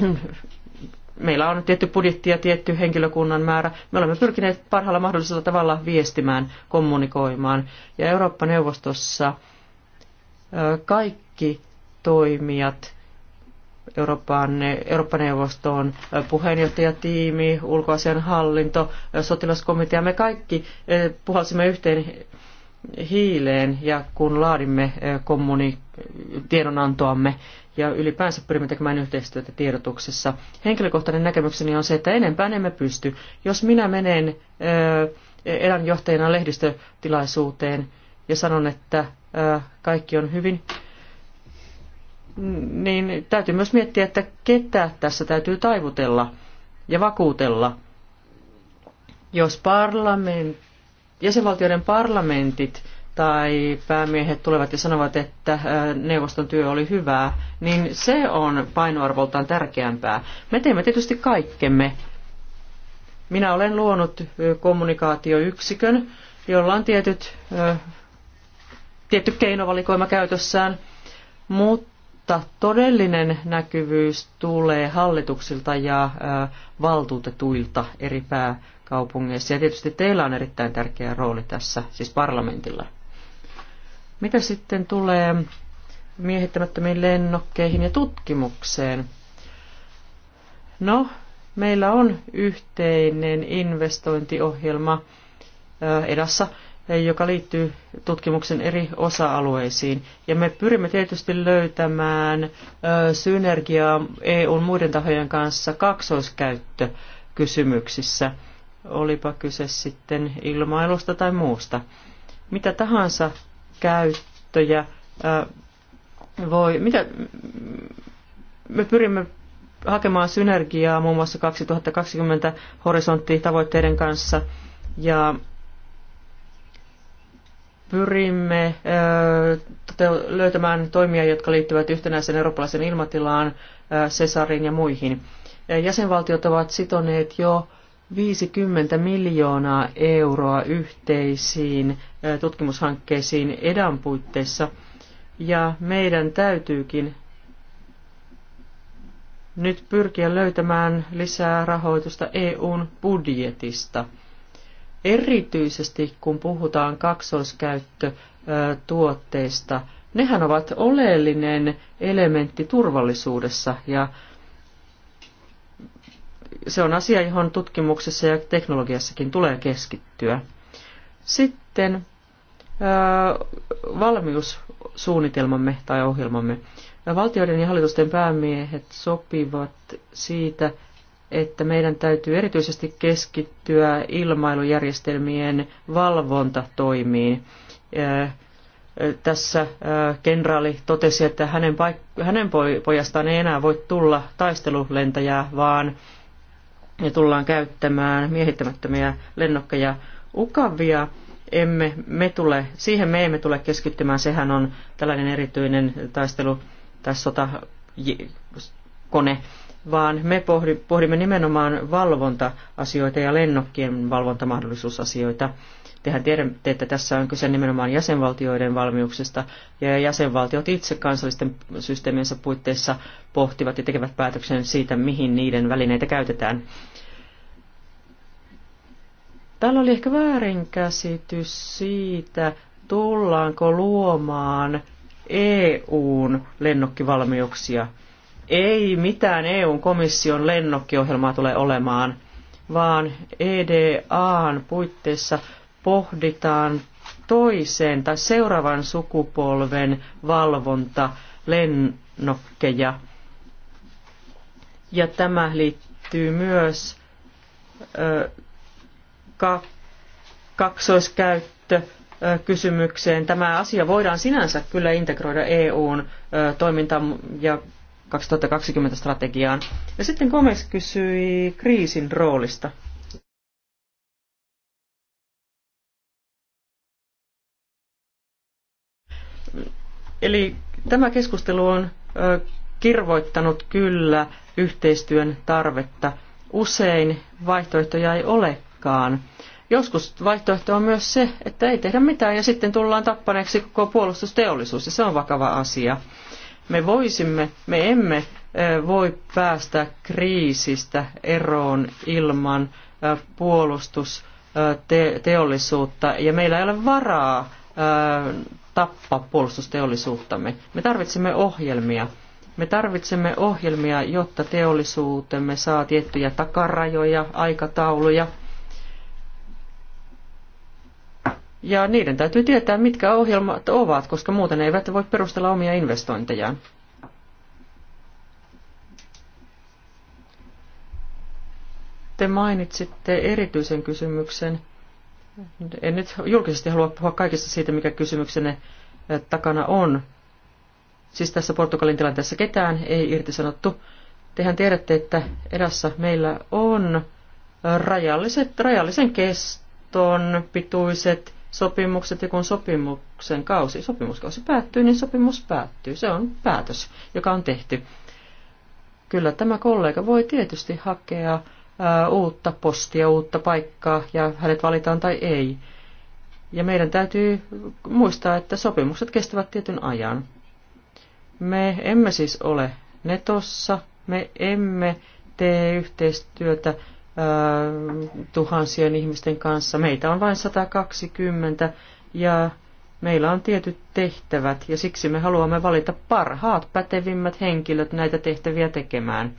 eh, meillä on tietty budjetti ja tietty henkilökunnan määrä. Me olemme pyrkineet parhaalla mahdollisella tavalla viestimään, kommunikoimaan. Ja Eurooppa-neuvostossa eh, kaikki toimijat Euroopan, eurooppa neuvostoon puheenjohtajatiimi, ulkoasian hallinto, sotilaskomitea, me kaikki eh, puhalsimme yhteen hiileen ja kun laadimme eh, kommuni tiedonantoamme ja ylipäänsä pyrimme tekemään yhteistyötä tiedotuksessa. Henkilökohtainen näkemykseni on se, että enempää emme pysty. Jos minä menen eh, elänjohtajana lehdistötilaisuuteen ja sanon, että kaikki on hyvin, niin täytyy myös miettiä, että ketä tässä täytyy taivutella ja vakuutella. Jos parlament, jäsenvaltioiden parlamentit tai päämiehet tulevat ja sanovat, että äh, neuvoston työ oli hyvää, niin se on painoarvoltaan tärkeämpää. Me teemme tietysti kaikkemme. Minä olen luonut äh, kommunikaatioyksikön, jolla on tietyt, äh, tietty keinovalikoima käytössään, mutta mutta todellinen näkyvyys tulee hallituksilta ja valtuutetuilta eri pääkaupungeissa. Ja tietysti teillä on erittäin tärkeä rooli tässä, siis parlamentilla. Mitä sitten tulee miehittämättömiin lennokkeihin ja tutkimukseen? No, meillä on yhteinen investointiohjelma edassa joka liittyy tutkimuksen eri osa-alueisiin. Ja me pyrimme tietysti löytämään synergiaa EUn muiden tahojen kanssa kaksoiskäyttökysymyksissä, olipa kyse sitten ilmailusta tai muusta. Mitä tahansa käyttöjä voi, mitä, me pyrimme hakemaan synergiaa muun muassa 2020 horisonttitavoitteiden kanssa ja pyrimme löytämään toimia, jotka liittyvät yhtenäisen eurooppalaisen ilmatilaan, Cesariin ja muihin. Jäsenvaltiot ovat sitoneet jo 50 miljoonaa euroa yhteisiin tutkimushankkeisiin edan puitteissa, ja meidän täytyykin nyt pyrkiä löytämään lisää rahoitusta EUn budjetista – Erityisesti kun puhutaan kaksoiskäyttötuotteista, nehän ovat oleellinen elementti turvallisuudessa ja se on asia, johon tutkimuksessa ja teknologiassakin tulee keskittyä. Sitten valmiussuunnitelmamme tai ohjelmamme. Valtioiden ja hallitusten päämiehet sopivat siitä, että meidän täytyy erityisesti keskittyä ilmailujärjestelmien valvontatoimiin. Tässä kenraali totesi, että hänen, paik- hänen pojastaan ei enää voi tulla taistelulentäjää, vaan ja tullaan käyttämään miehittämättömiä lennokkeja ukavia. Emme, me tule, siihen me emme tule keskittymään, sehän on tällainen erityinen taistelu tai sotakone vaan me pohdimme nimenomaan valvonta-asioita ja lennokkien valvontamahdollisuusasioita. Tehän tiedätte, että tässä on kyse nimenomaan jäsenvaltioiden valmiuksista, ja jäsenvaltiot itse kansallisten systeemiensä puitteissa pohtivat ja tekevät päätöksen siitä, mihin niiden välineitä käytetään. Täällä oli ehkä väärinkäsitys siitä, tullaanko luomaan EUn lennokkivalmiuksia ei mitään EUn komission lennokkiohjelmaa tule olemaan, vaan EDAn puitteissa pohditaan toisen tai seuraavan sukupolven valvonta lennokkeja. Ja tämä liittyy myös ö, ka, kaksoiskäyttö kysymykseen. Tämä asia voidaan sinänsä kyllä integroida EUn toimintaan ja 2020 strategiaan. Ja sitten Gomez kysyi kriisin roolista. Eli tämä keskustelu on kirvoittanut kyllä yhteistyön tarvetta. Usein vaihtoehtoja ei olekaan. Joskus vaihtoehto on myös se, että ei tehdä mitään ja sitten tullaan tappaneeksi koko puolustusteollisuus ja se on vakava asia. Me voisimme, me emme voi päästä kriisistä eroon ilman puolustusteollisuutta ja meillä ei ole varaa tappaa puolustusteollisuuttamme. Me tarvitsemme ohjelmia. Me tarvitsemme ohjelmia, jotta teollisuutemme saa tiettyjä takarajoja, aikatauluja – Ja niiden täytyy tietää, mitkä ohjelmat ovat, koska muuten ne eivät voi perustella omia investointejaan. Te mainitsitte erityisen kysymyksen. En nyt julkisesti halua puhua kaikista siitä, mikä kysymyksenne eh, takana on. Siis tässä Portugalin tilanteessa ketään ei irtisanottu. Tehän tiedätte, että edessä meillä on rajalliset, rajallisen keston pituiset sopimukset ja kun sopimuksen kausi, sopimuskausi päättyy, niin sopimus päättyy. Se on päätös, joka on tehty. Kyllä tämä kollega voi tietysti hakea ää, uutta postia, uutta paikkaa ja hänet valitaan tai ei. Ja meidän täytyy muistaa, että sopimukset kestävät tietyn ajan. Me emme siis ole netossa, me emme tee yhteistyötä tuhansien ihmisten kanssa. Meitä on vain 120 ja meillä on tietyt tehtävät ja siksi me haluamme valita parhaat pätevimmät henkilöt näitä tehtäviä tekemään.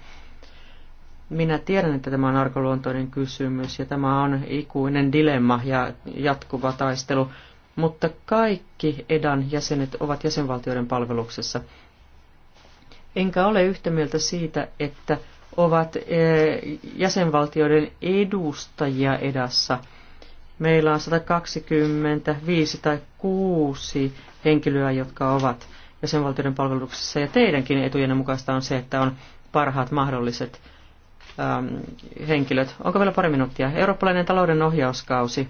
Minä tiedän, että tämä on arkaluontoinen kysymys ja tämä on ikuinen dilemma ja jatkuva taistelu, mutta kaikki EDAN jäsenet ovat jäsenvaltioiden palveluksessa. Enkä ole yhtä mieltä siitä, että ovat eh, jäsenvaltioiden edustajia edassa. Meillä on 125 tai 6 henkilöä, jotka ovat jäsenvaltioiden palveluksessa. Ja teidänkin etujenne mukaista on se, että on parhaat mahdolliset äm, henkilöt. Onko vielä pari minuuttia? Eurooppalainen talouden ohjauskausi.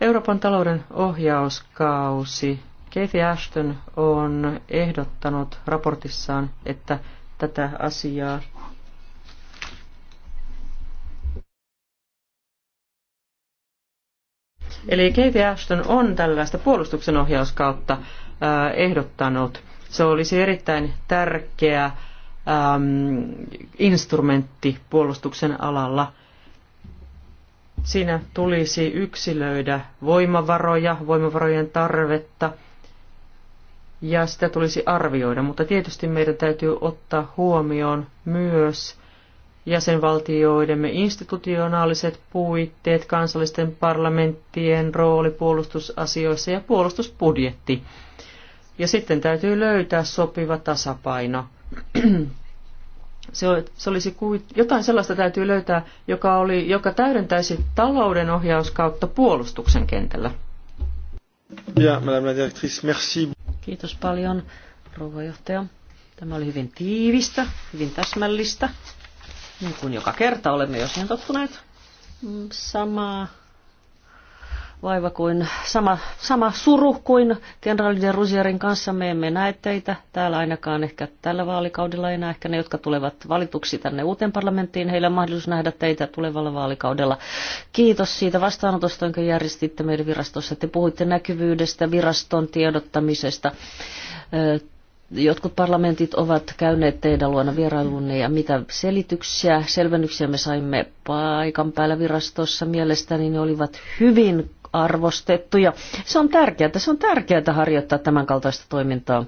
Euroopan talouden ohjauskausi. Kathy Ashton on ehdottanut raportissaan, että tätä asiaa. Eli Katie Ashton on tällaista puolustuksen ohjauskautta äh, ehdottanut. Se olisi erittäin tärkeä ähm, instrumentti puolustuksen alalla. Siinä tulisi yksilöidä voimavaroja, voimavarojen tarvetta – ja sitä tulisi arvioida, mutta tietysti meidän täytyy ottaa huomioon myös jäsenvaltioidemme institutionaaliset puitteet, kansallisten parlamenttien rooli puolustusasioissa ja puolustusbudjetti. Ja sitten täytyy löytää sopiva tasapaino. Se, se olisi jotain sellaista täytyy löytää, joka, oli, joka täydentäisi talouden ohjauskautta puolustuksen kentällä. Bien, madame la directrice, merci. Kiitos paljon, rouva Tämä oli hyvin tiivistä, hyvin täsmällistä, niin kuin joka kerta olemme jo siihen tottuneet. Mm, samaa vaiva kuin sama, sama suru kuin kenraali de Rusierin kanssa. Me emme näe teitä täällä ainakaan ehkä tällä vaalikaudella enää. Ehkä ne, jotka tulevat valituksi tänne uuteen parlamenttiin, heillä on mahdollisuus nähdä teitä tulevalla vaalikaudella. Kiitos siitä vastaanotosta, jonka järjestitte meidän virastossa. Te puhuitte näkyvyydestä, viraston tiedottamisesta jotkut parlamentit ovat käyneet teidän luona vierailunne ja mitä selityksiä, selvennyksiä me saimme paikan päällä virastossa mielestäni ne olivat hyvin arvostettuja. Se on tärkeää, se on tärkeää harjoittaa tämän kaltaista toimintaa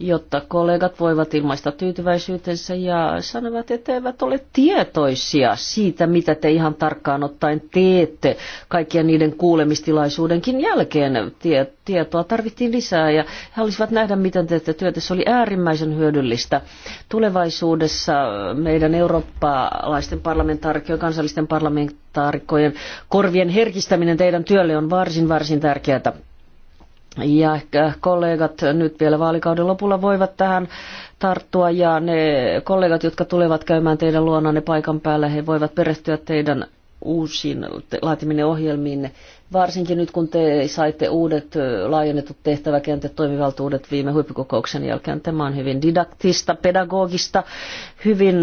jotta kollegat voivat ilmaista tyytyväisyytensä ja sanovat, että eivät ole tietoisia siitä, mitä te ihan tarkkaan ottaen teette kaikkien niiden kuulemistilaisuudenkin jälkeen. Tie, tietoa tarvittiin lisää ja he olisivat nähdä, miten teette työtä. Se oli äärimmäisen hyödyllistä. Tulevaisuudessa meidän eurooppalaisten parlamentaarikkojen kansallisten parlamentaarikkojen parlamentaarikkojen korvien herkistäminen teidän työlle on varsin, varsin tärkeää. Ja ehkä kollegat nyt vielä vaalikauden lopulla voivat tähän tarttua ja ne kollegat, jotka tulevat käymään teidän luonanne paikan päällä, he voivat perehtyä teidän uusiin laatiminen ohjelmiinne varsinkin nyt kun te saitte uudet laajennetut tehtäväkentät toimivaltuudet viime huippukokouksen jälkeen. Tämä on hyvin didaktista, pedagogista, hyvin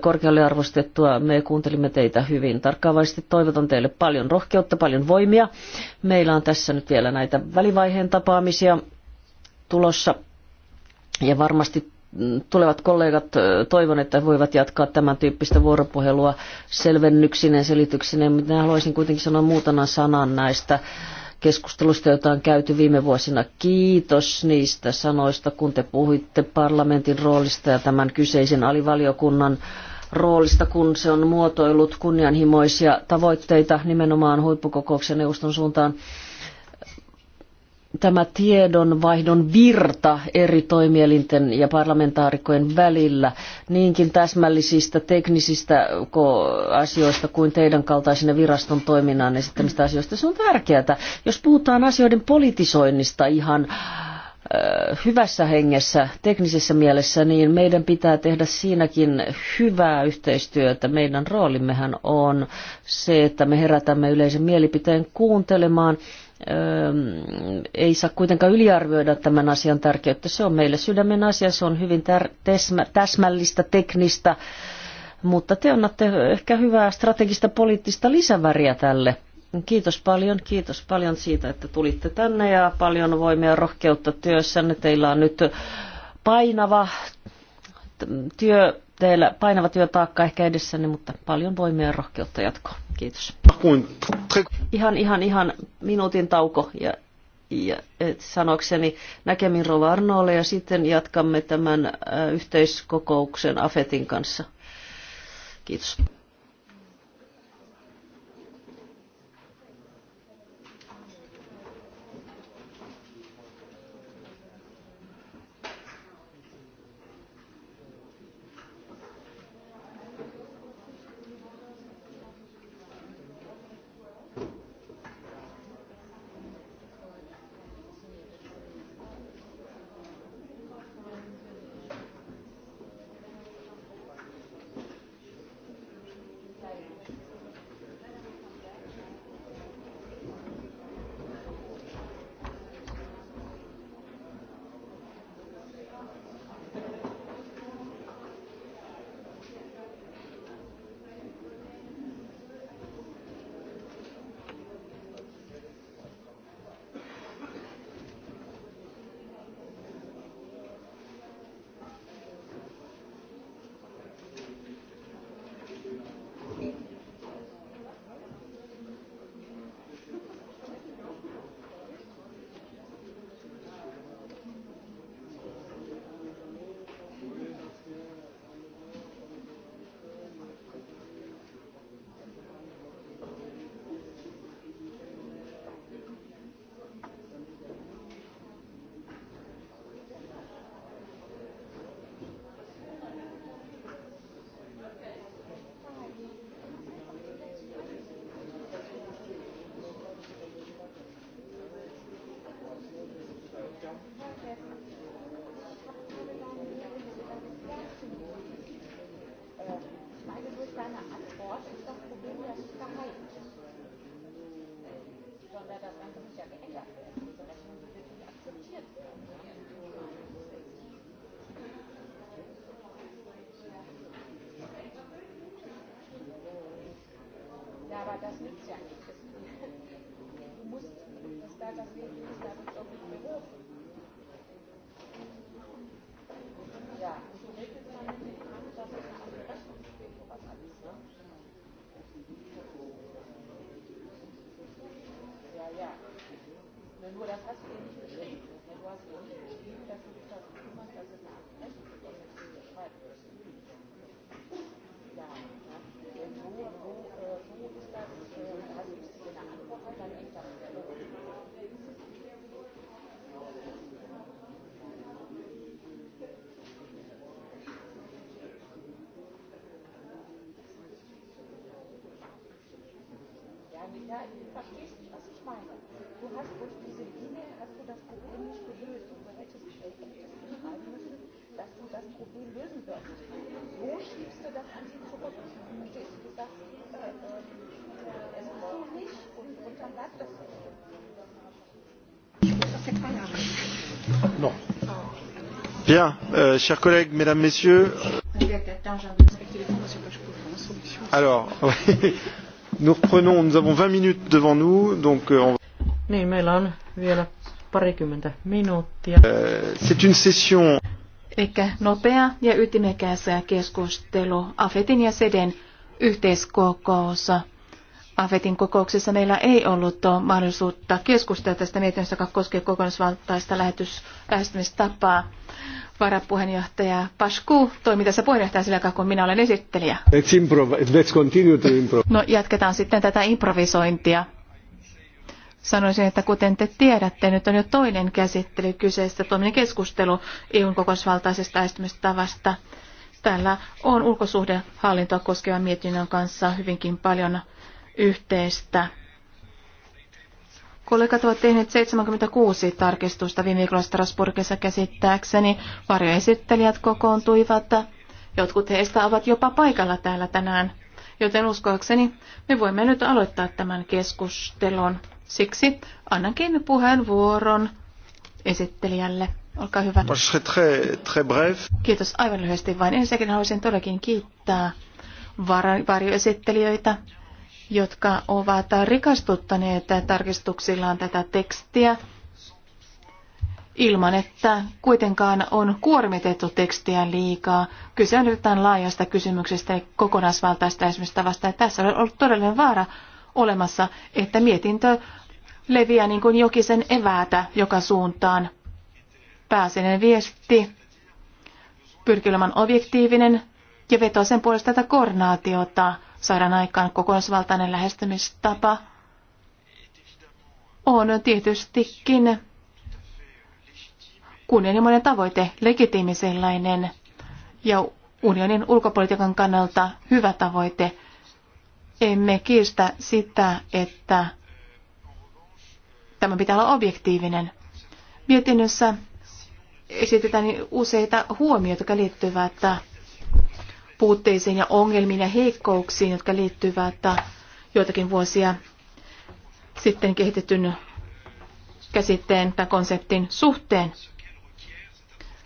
korkealle arvostettua. Me kuuntelimme teitä hyvin tarkkaavaisesti. Toivotan teille paljon rohkeutta, paljon voimia. Meillä on tässä nyt vielä näitä välivaiheen tapaamisia tulossa ja varmasti tulevat kollegat toivon, että voivat jatkaa tämän tyyppistä vuoropuhelua selvennyksineen, selityksineen. mutta haluaisin kuitenkin sanoa muutaman sanan näistä keskustelusta, jota on käyty viime vuosina. Kiitos niistä sanoista, kun te puhuitte parlamentin roolista ja tämän kyseisen alivaliokunnan roolista, kun se on muotoillut kunnianhimoisia tavoitteita nimenomaan huippukokouksen neuvoston suuntaan tämä tiedonvaihdon virta eri toimielinten ja parlamentaarikkojen välillä niinkin täsmällisistä teknisistä asioista kuin teidän kaltaisenne viraston toiminnan esittämistä asioista. Se on tärkeää. Jos puhutaan asioiden politisoinnista ihan äh, hyvässä hengessä, teknisessä mielessä, niin meidän pitää tehdä siinäkin hyvää yhteistyötä. Meidän roolimmehan on se, että me herätämme yleisen mielipiteen kuuntelemaan ei saa kuitenkaan yliarvioida tämän asian tärkeyttä. Se on meille sydämen asia, se on hyvin täsmällistä, teknistä, mutta te annatte ehkä hyvää strategista poliittista lisäväriä tälle. Kiitos paljon, kiitos paljon siitä, että tulitte tänne ja paljon voimia ja rohkeutta työssänne. Teillä on nyt painava työ teillä painava työtaakka ehkä edessäni, mutta paljon voimia ja rohkeutta jatkoa. Kiitos. Ihan, ihan, ihan minuutin tauko ja, ja sanokseni näkemin Rova Arnoolle ja sitten jatkamme tämän äh, yhteiskokouksen AFETin kanssa. Kiitos. verstehst nicht, was ich meine. Du hast uns No. Bien, euh, chers collègues, mesdames, messieurs. Alors, nous reprenons, nous avons 20 minutes devant nous, donc euh, on va. Niin, euh, C'est une session. Eikä nopea ja ytimekäs keskustelu AFETin ja SEDen yhteiskokous AFETin kokouksessa meillä ei ollut mahdollisuutta keskustella tästä mietinnöstä, joka koskee kokonaisvaltaista lähetys, lähestymistapaa. Varapuheenjohtaja Pasku toimii tässä puheenjohtaja sillä kun minä olen esittelijä. Let's improv- let's continue to improv- no jatketaan sitten tätä improvisointia. Sanoisin, että kuten te tiedätte, nyt on jo toinen käsittely kyseessä, toinen keskustelu EUn kokonaisvaltaisesta lähestymistavasta. Täällä on ulkosuhdehallintoa koskevan mietinnön kanssa hyvinkin paljon yhteistä. Kollegat ovat tehneet 76 tarkistusta viime viikolla Strasbourgissa käsittääkseni. Varjoesittelijät kokoontuivat. Jotkut heistä ovat jopa paikalla täällä tänään. Joten uskoakseni me voimme nyt aloittaa tämän keskustelun. Siksi annankin puheenvuoron esittelijälle. Olkaa hyvä. Kiitos aivan lyhyesti vain. Ensinnäkin haluaisin todellakin kiittää varjoesittelijöitä jotka ovat rikastuttaneet tarkistuksillaan tätä tekstiä ilman, että kuitenkaan on kuormitettu tekstiä liikaa. Kyse on nyt laajasta kysymyksestä ja kokonaisvaltaista esimerkiksi tavasta. Ja tässä on ollut todellinen vaara olemassa, että mietintö leviää niin kuin jokisen eväätä joka suuntaan. Pääsinen viesti pyrkilöman objektiivinen ja vetoa sen puolesta tätä koordinaatiota saadaan aikaan kokonaisvaltainen lähestymistapa, on tietystikin kunnianhimoinen tavoite, legitiimi sellainen ja unionin ulkopolitiikan kannalta hyvä tavoite. Emme kiistä sitä, että tämä pitää olla objektiivinen. Mietinnössä esitetään useita huomioita, jotka liittyvät puutteisiin ja ongelmiin ja heikkouksiin, jotka liittyvät äh, joitakin vuosia sitten kehitetyn käsitteen tai konseptin suhteen.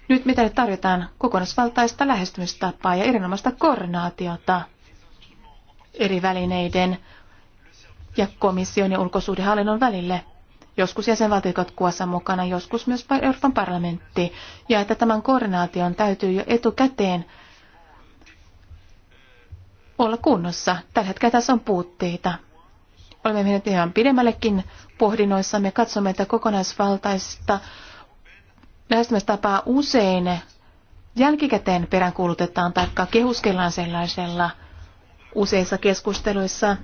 Nyt mitä tarjotaan kokonaisvaltaista lähestymistapaa ja erinomaista koordinaatiota eri välineiden ja komission ja ulkosuhdehallinnon välille. Joskus jäsenvaltiot kuossa mukana, joskus myös Euroopan parlamentti. Ja että tämän koordinaation täytyy jo etukäteen olla kunnossa. Tällä hetkellä tässä on puutteita. Olemme menneet ihan pidemmällekin pohdinnoissamme. Katsomme, että kokonaisvaltaista lähestymistapaa usein jälkikäteen peräänkuulutetaan tai kehuskellaan sellaisella useissa keskusteluissa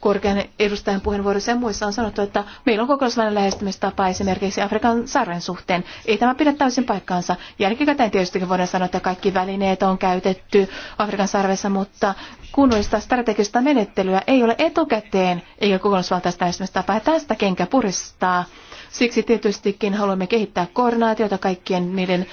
korkean edustajan puheenvuorossa ja muissa on sanottu, että meillä on kokonaisvaltainen lähestymistapa esimerkiksi Afrikan sarven suhteen. Ei tämä pidä täysin paikkaansa. Jälkikäteen tietysti voidaan sanoa, että kaikki välineet on käytetty Afrikan sarvessa, mutta kunnollista strategista menettelyä ei ole etukäteen eikä kokonaisvaltaista lähestymistapaa. Ja tästä kenkä puristaa. Siksi tietystikin haluamme kehittää koordinaatiota kaikkien niiden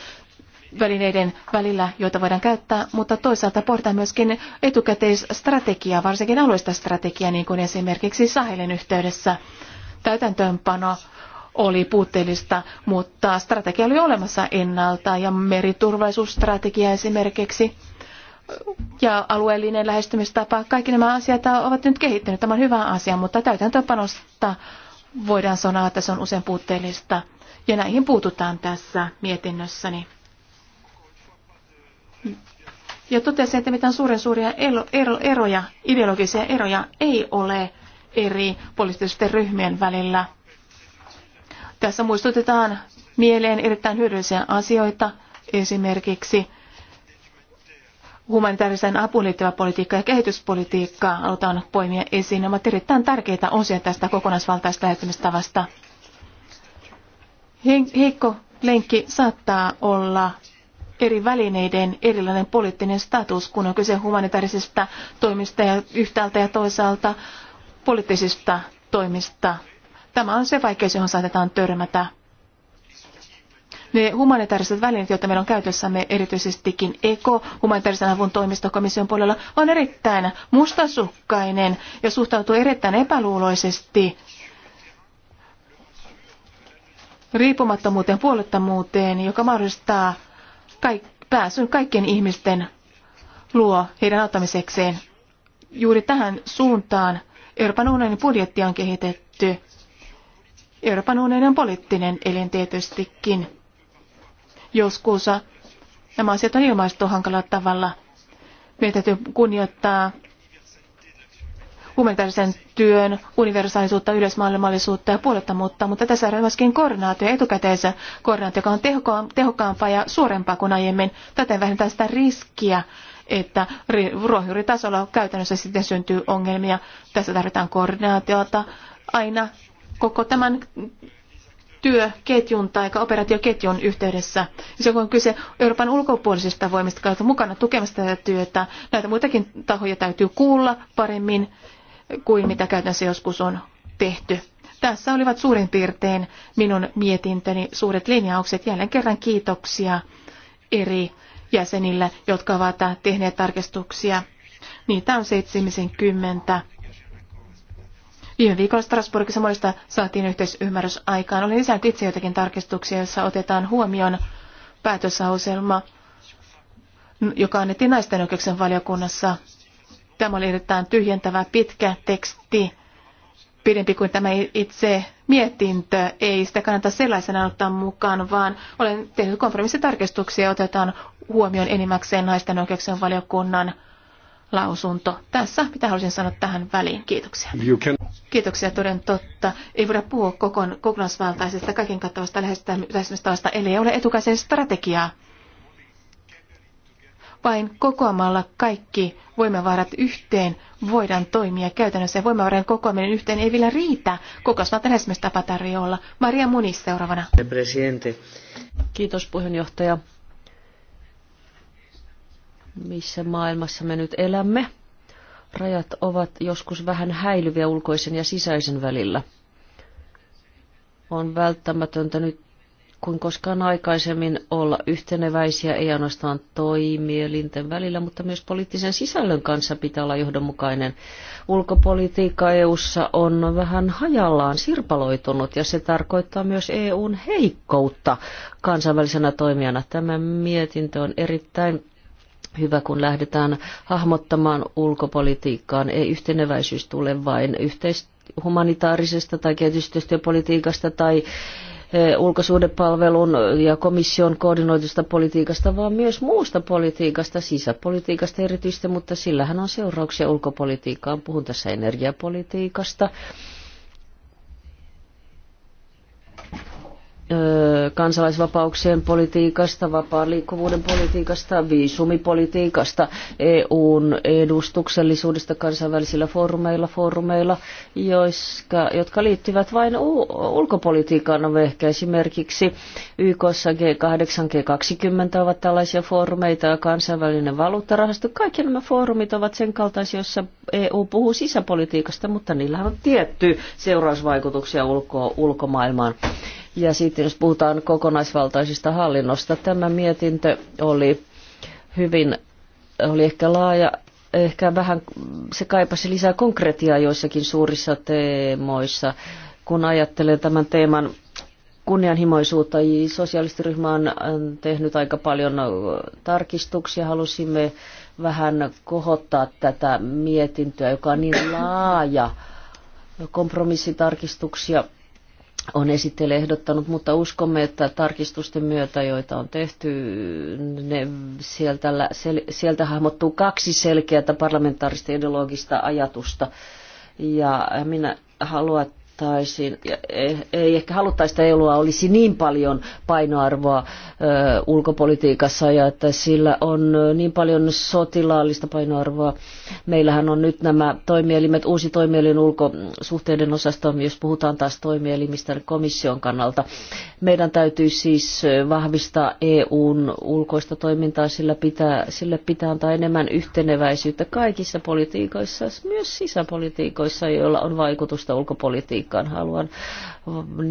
välineiden välillä, joita voidaan käyttää, mutta toisaalta pohditaan myöskin etukäteisstrategiaa, varsinkin alueista strategiaa, niin kuin esimerkiksi Sahelin yhteydessä. Täytäntöönpano oli puutteellista, mutta strategia oli olemassa ennalta ja meriturvallisuusstrategia esimerkiksi ja alueellinen lähestymistapa. Kaikki nämä asiat ovat nyt kehittyneet. Tämä on hyvä asia, mutta täytäntöönpanosta voidaan sanoa, että se on usein puutteellista. Ja näihin puututaan tässä mietinnössäni ja totesi, että mitään suuren suuria eroja, ideologisia eroja ei ole eri poliittisten ryhmien välillä. Tässä muistutetaan mieleen erittäin hyödyllisiä asioita, esimerkiksi humanitaarisen apuun liittyvä politiikka ja kehityspolitiikka halutaan poimia esiin. Ne ovat erittäin tärkeitä osia tästä kokonaisvaltaista lähettämistavasta. Heikko lenkki saattaa olla eri välineiden erilainen poliittinen status, kun on kyse humanitaarisista toimista ja yhtäältä ja toisaalta poliittisista toimista. Tämä on se vaikeus, johon saatetaan törmätä. Ne humanitaariset välineet, joita meillä on käytössämme erityisestikin ECO, humanitaarisen avun toimisto komission puolella, on erittäin mustasukkainen ja suhtautuu erittäin epäluuloisesti riippumattomuuteen, puolettomuuteen, joka mahdollistaa kaik, pääsyn kaikkien ihmisten luo heidän auttamisekseen. Juuri tähän suuntaan Euroopan unionin budjettia on kehitetty. Euroopan unionin poliittinen elin tietystikin. Joskus äh, nämä asiat on ilmaistu hankala tavalla. Meidän täytyy kunnioittaa humanitaarisen työn universaalisuutta, yleismaailmallisuutta ja puolettomuutta, mutta tässä on myöskin koordinaatio, etukäteisen koordinaatio, joka on tehokka- tehokkaampaa ja suurempaa kuin aiemmin. Täten vähentää sitä riskiä, että ruohonjuuritasolla käytännössä sitten syntyy ongelmia. Tässä tarvitaan koordinaatiota aina koko tämän työketjun tai operaatioketjun yhteydessä. Se on kyse Euroopan ulkopuolisista voimista, jotka ovat mukana tukemassa tätä työtä. Näitä muitakin tahoja täytyy kuulla paremmin kuin mitä käytännössä joskus on tehty. Tässä olivat suurin piirtein minun mietintöni suuret linjaukset. Jälleen kerran kiitoksia eri jäsenille, jotka ovat tehneet tarkistuksia. Niitä on 70. Viime viikolla Strasbourgissa monista saatiin yhteisymmärrys aikaan. Olen lisännyt itse jotakin tarkistuksia, joissa otetaan huomioon päätösauselma, joka annettiin naisten oikeuksien valiokunnassa Tämä oli erittäin tyhjentävä pitkä teksti, pidempi kuin tämä itse mietintö. Ei sitä kannata sellaisena ottaa mukaan, vaan olen tehnyt kompromissitarkistuksia ja otetaan huomioon enimmäkseen naisten oikeuksien valiokunnan lausunto. Tässä, mitä haluaisin sanoa tähän väliin. Kiitoksia. Can... Kiitoksia toden totta. Ei voida puhua kokon, kokonaisvaltaisesta, kaiken kattavasta lähestymistavasta, eli ei ole etukäisen strategiaa. Vain kokoamalla kaikki voimavarat yhteen voidaan toimia käytännössä. Voimavarojen kokoaminen yhteen ei vielä riitä. Kokousvalta lähestymistapa tarvitsee olla. Maria Munis seuraavana. Presidente. Kiitos puheenjohtaja. Missä maailmassa me nyt elämme? Rajat ovat joskus vähän häilyviä ulkoisen ja sisäisen välillä on välttämätöntä nyt kuin koskaan aikaisemmin olla yhteneväisiä, ei ainoastaan toimielinten välillä, mutta myös poliittisen sisällön kanssa pitää olla johdonmukainen. Ulkopolitiikka EU:ssa on vähän hajallaan sirpaloitunut ja se tarkoittaa myös EUn heikkoutta kansainvälisenä toimijana. Tämä mietintö on erittäin hyvä, kun lähdetään hahmottamaan ulkopolitiikkaan. Ei yhteneväisyys tule vain yhteistyöstä humanitaarisesta tai kehitystyöpolitiikasta tai ulkosuhdepalvelun ja komission koordinoidusta politiikasta, vaan myös muusta politiikasta, sisäpolitiikasta erityisesti, mutta sillähän on seurauksia ulkopolitiikkaan. Puhun tässä energiapolitiikasta kansalaisvapauksien politiikasta, vapaan liikkuvuuden politiikasta, viisumipolitiikasta, EUn edustuksellisuudesta kansainvälisillä foorumeilla, foorumeilla joiska, jotka liittyvät vain ulkopolitiikan ulkopolitiikan no, ehkä esimerkiksi YKssa G8, G20 ovat tällaisia foorumeita ja kansainvälinen valuuttarahasto. Kaikki nämä foorumit ovat sen kaltaisia, joissa EU puhuu sisäpolitiikasta, mutta niillä on tietty seurausvaikutuksia ulko, ulkomaailmaan. Ja sitten jos puhutaan kokonaisvaltaisista hallinnosta, tämä mietintö oli hyvin, oli ehkä laaja, ehkä vähän, se kaipasi lisää konkretiaa joissakin suurissa teemoissa. Kun ajattelen tämän teeman kunnianhimoisuutta, sosiaalistiryhmä on äh, tehnyt aika paljon äh, tarkistuksia, halusimme vähän kohottaa tätä mietintöä, joka on niin laaja, kompromissitarkistuksia – on esittele ehdottanut, mutta uskomme, että tarkistusten myötä, joita on tehty, ne sieltä, sieltä hahmottuu kaksi selkeää parlamentaarista ideologista ajatusta. Ja minä haluan haluttaisiin, eh, ei ehkä haluttaisi, että EUlla olisi niin paljon painoarvoa ö, ulkopolitiikassa ja että sillä on niin paljon sotilaallista painoarvoa. Meillähän on nyt nämä toimielimet, uusi toimielin ulkosuhteiden osasto, jos puhutaan taas toimielimistä komission kannalta. Meidän täytyy siis vahvistaa EUn ulkoista toimintaa, sillä pitää, sille pitää antaa enemmän yhteneväisyyttä kaikissa politiikoissa, myös sisäpolitiikoissa, joilla on vaikutusta ulkopolitiikkaan politiikkaan. Haluan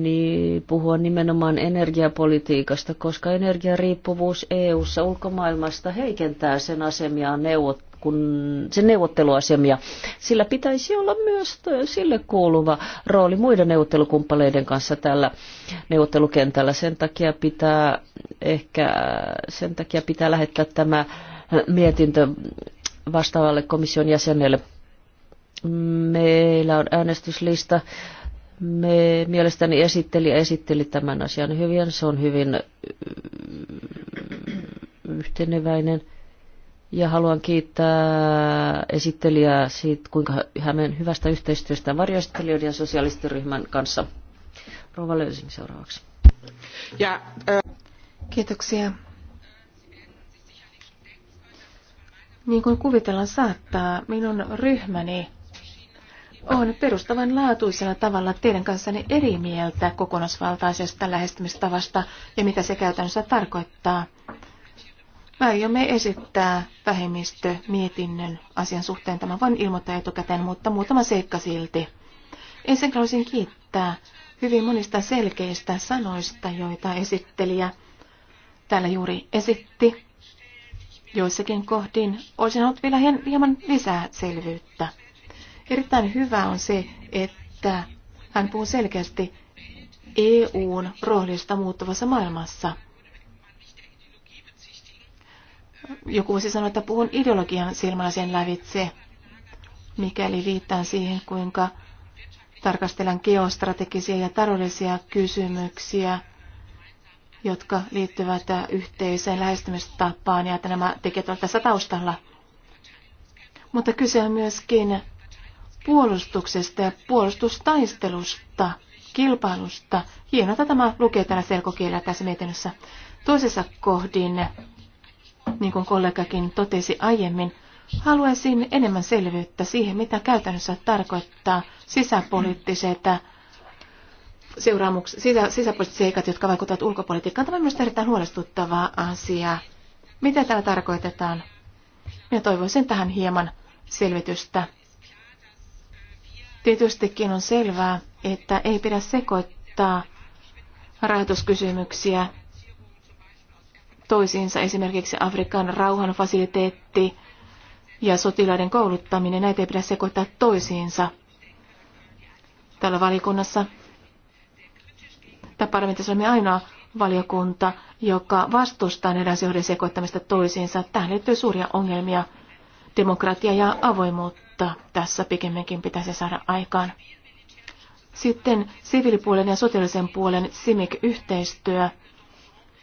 niin puhua nimenomaan energiapolitiikasta, koska energiariippuvuus EU-ssa ulkomaailmasta heikentää sen asemia, neuvot kun sen neuvotteluasemia. Sillä pitäisi olla myös sille kuuluva rooli muiden neuvottelukumppaneiden kanssa tällä neuvottelukentällä. Sen takia pitää ehkä sen takia pitää lähettää tämä mietintö vastaavalle komission jäsenelle. Meillä on äänestyslista me, mielestäni esitteli esitteli tämän asian hyvin. Se on hyvin yhteneväinen. Ja haluan kiittää esittelijää siitä, kuinka hänen hyvästä yhteistyöstä varjoistelijoiden ja sosialistiryhmän kanssa. Rouva löysin seuraavaksi. Ja, ää... Kiitoksia. Niin kuin kuvitella saattaa, minun ryhmäni on perustavanlaatuisella tavalla teidän kanssanne eri mieltä kokonaisvaltaisesta lähestymistavasta ja mitä se käytännössä tarkoittaa. Mä aiomme esittää vähemmistö mietinnön asian suhteen. Tämä voin ilmoittaa etukäteen, mutta muutama seikka silti. Ensin haluaisin kiittää hyvin monista selkeistä sanoista, joita esittelijä täällä juuri esitti. Joissakin kohdin olisin ollut vielä hieman lisää selvyyttä. Erittäin hyvä on se, että hän puhuu selkeästi EUn roolista muuttuvassa maailmassa. Joku voisi sanoa, että puhun ideologian sen lävitse, mikäli viittaan siihen, kuinka tarkastelen geostrategisia ja taloudellisia kysymyksiä, jotka liittyvät yhteiseen lähestymistapaan ja että nämä tekijät ovat tässä taustalla. Mutta kyse on myöskin puolustuksesta ja puolustustaistelusta, kilpailusta. Hienoa, että tämä lukee täällä selkokielellä tässä mietinnössä. Toisessa kohdin, niin kuin kollegakin totesi aiemmin, haluaisin enemmän selvyyttä siihen, mitä käytännössä tarkoittaa sisäpoliittiset seuraamukset, sisä, sisäpoliittiset seikat, jotka vaikuttavat ulkopolitiikkaan. Tämä on myös erittäin huolestuttava asia. Mitä täällä tarkoitetaan? Minä toivoisin tähän hieman selvitystä Tietystikin on selvää, että ei pidä sekoittaa rahoituskysymyksiä toisiinsa, esimerkiksi Afrikan fasiliteetti ja sotilaiden kouluttaminen, näitä ei pidä sekoittaa toisiinsa. tällä valikunnassa Tämä parlamentissa on ainoa valiokunta, joka vastustaa näiden asioiden sekoittamista toisiinsa. Tähän liittyy suuria ongelmia demokratia ja avoimuutta tässä pikemminkin pitäisi saada aikaan. Sitten siviilipuolen ja sotilaisen puolen SIMIC-yhteistyö.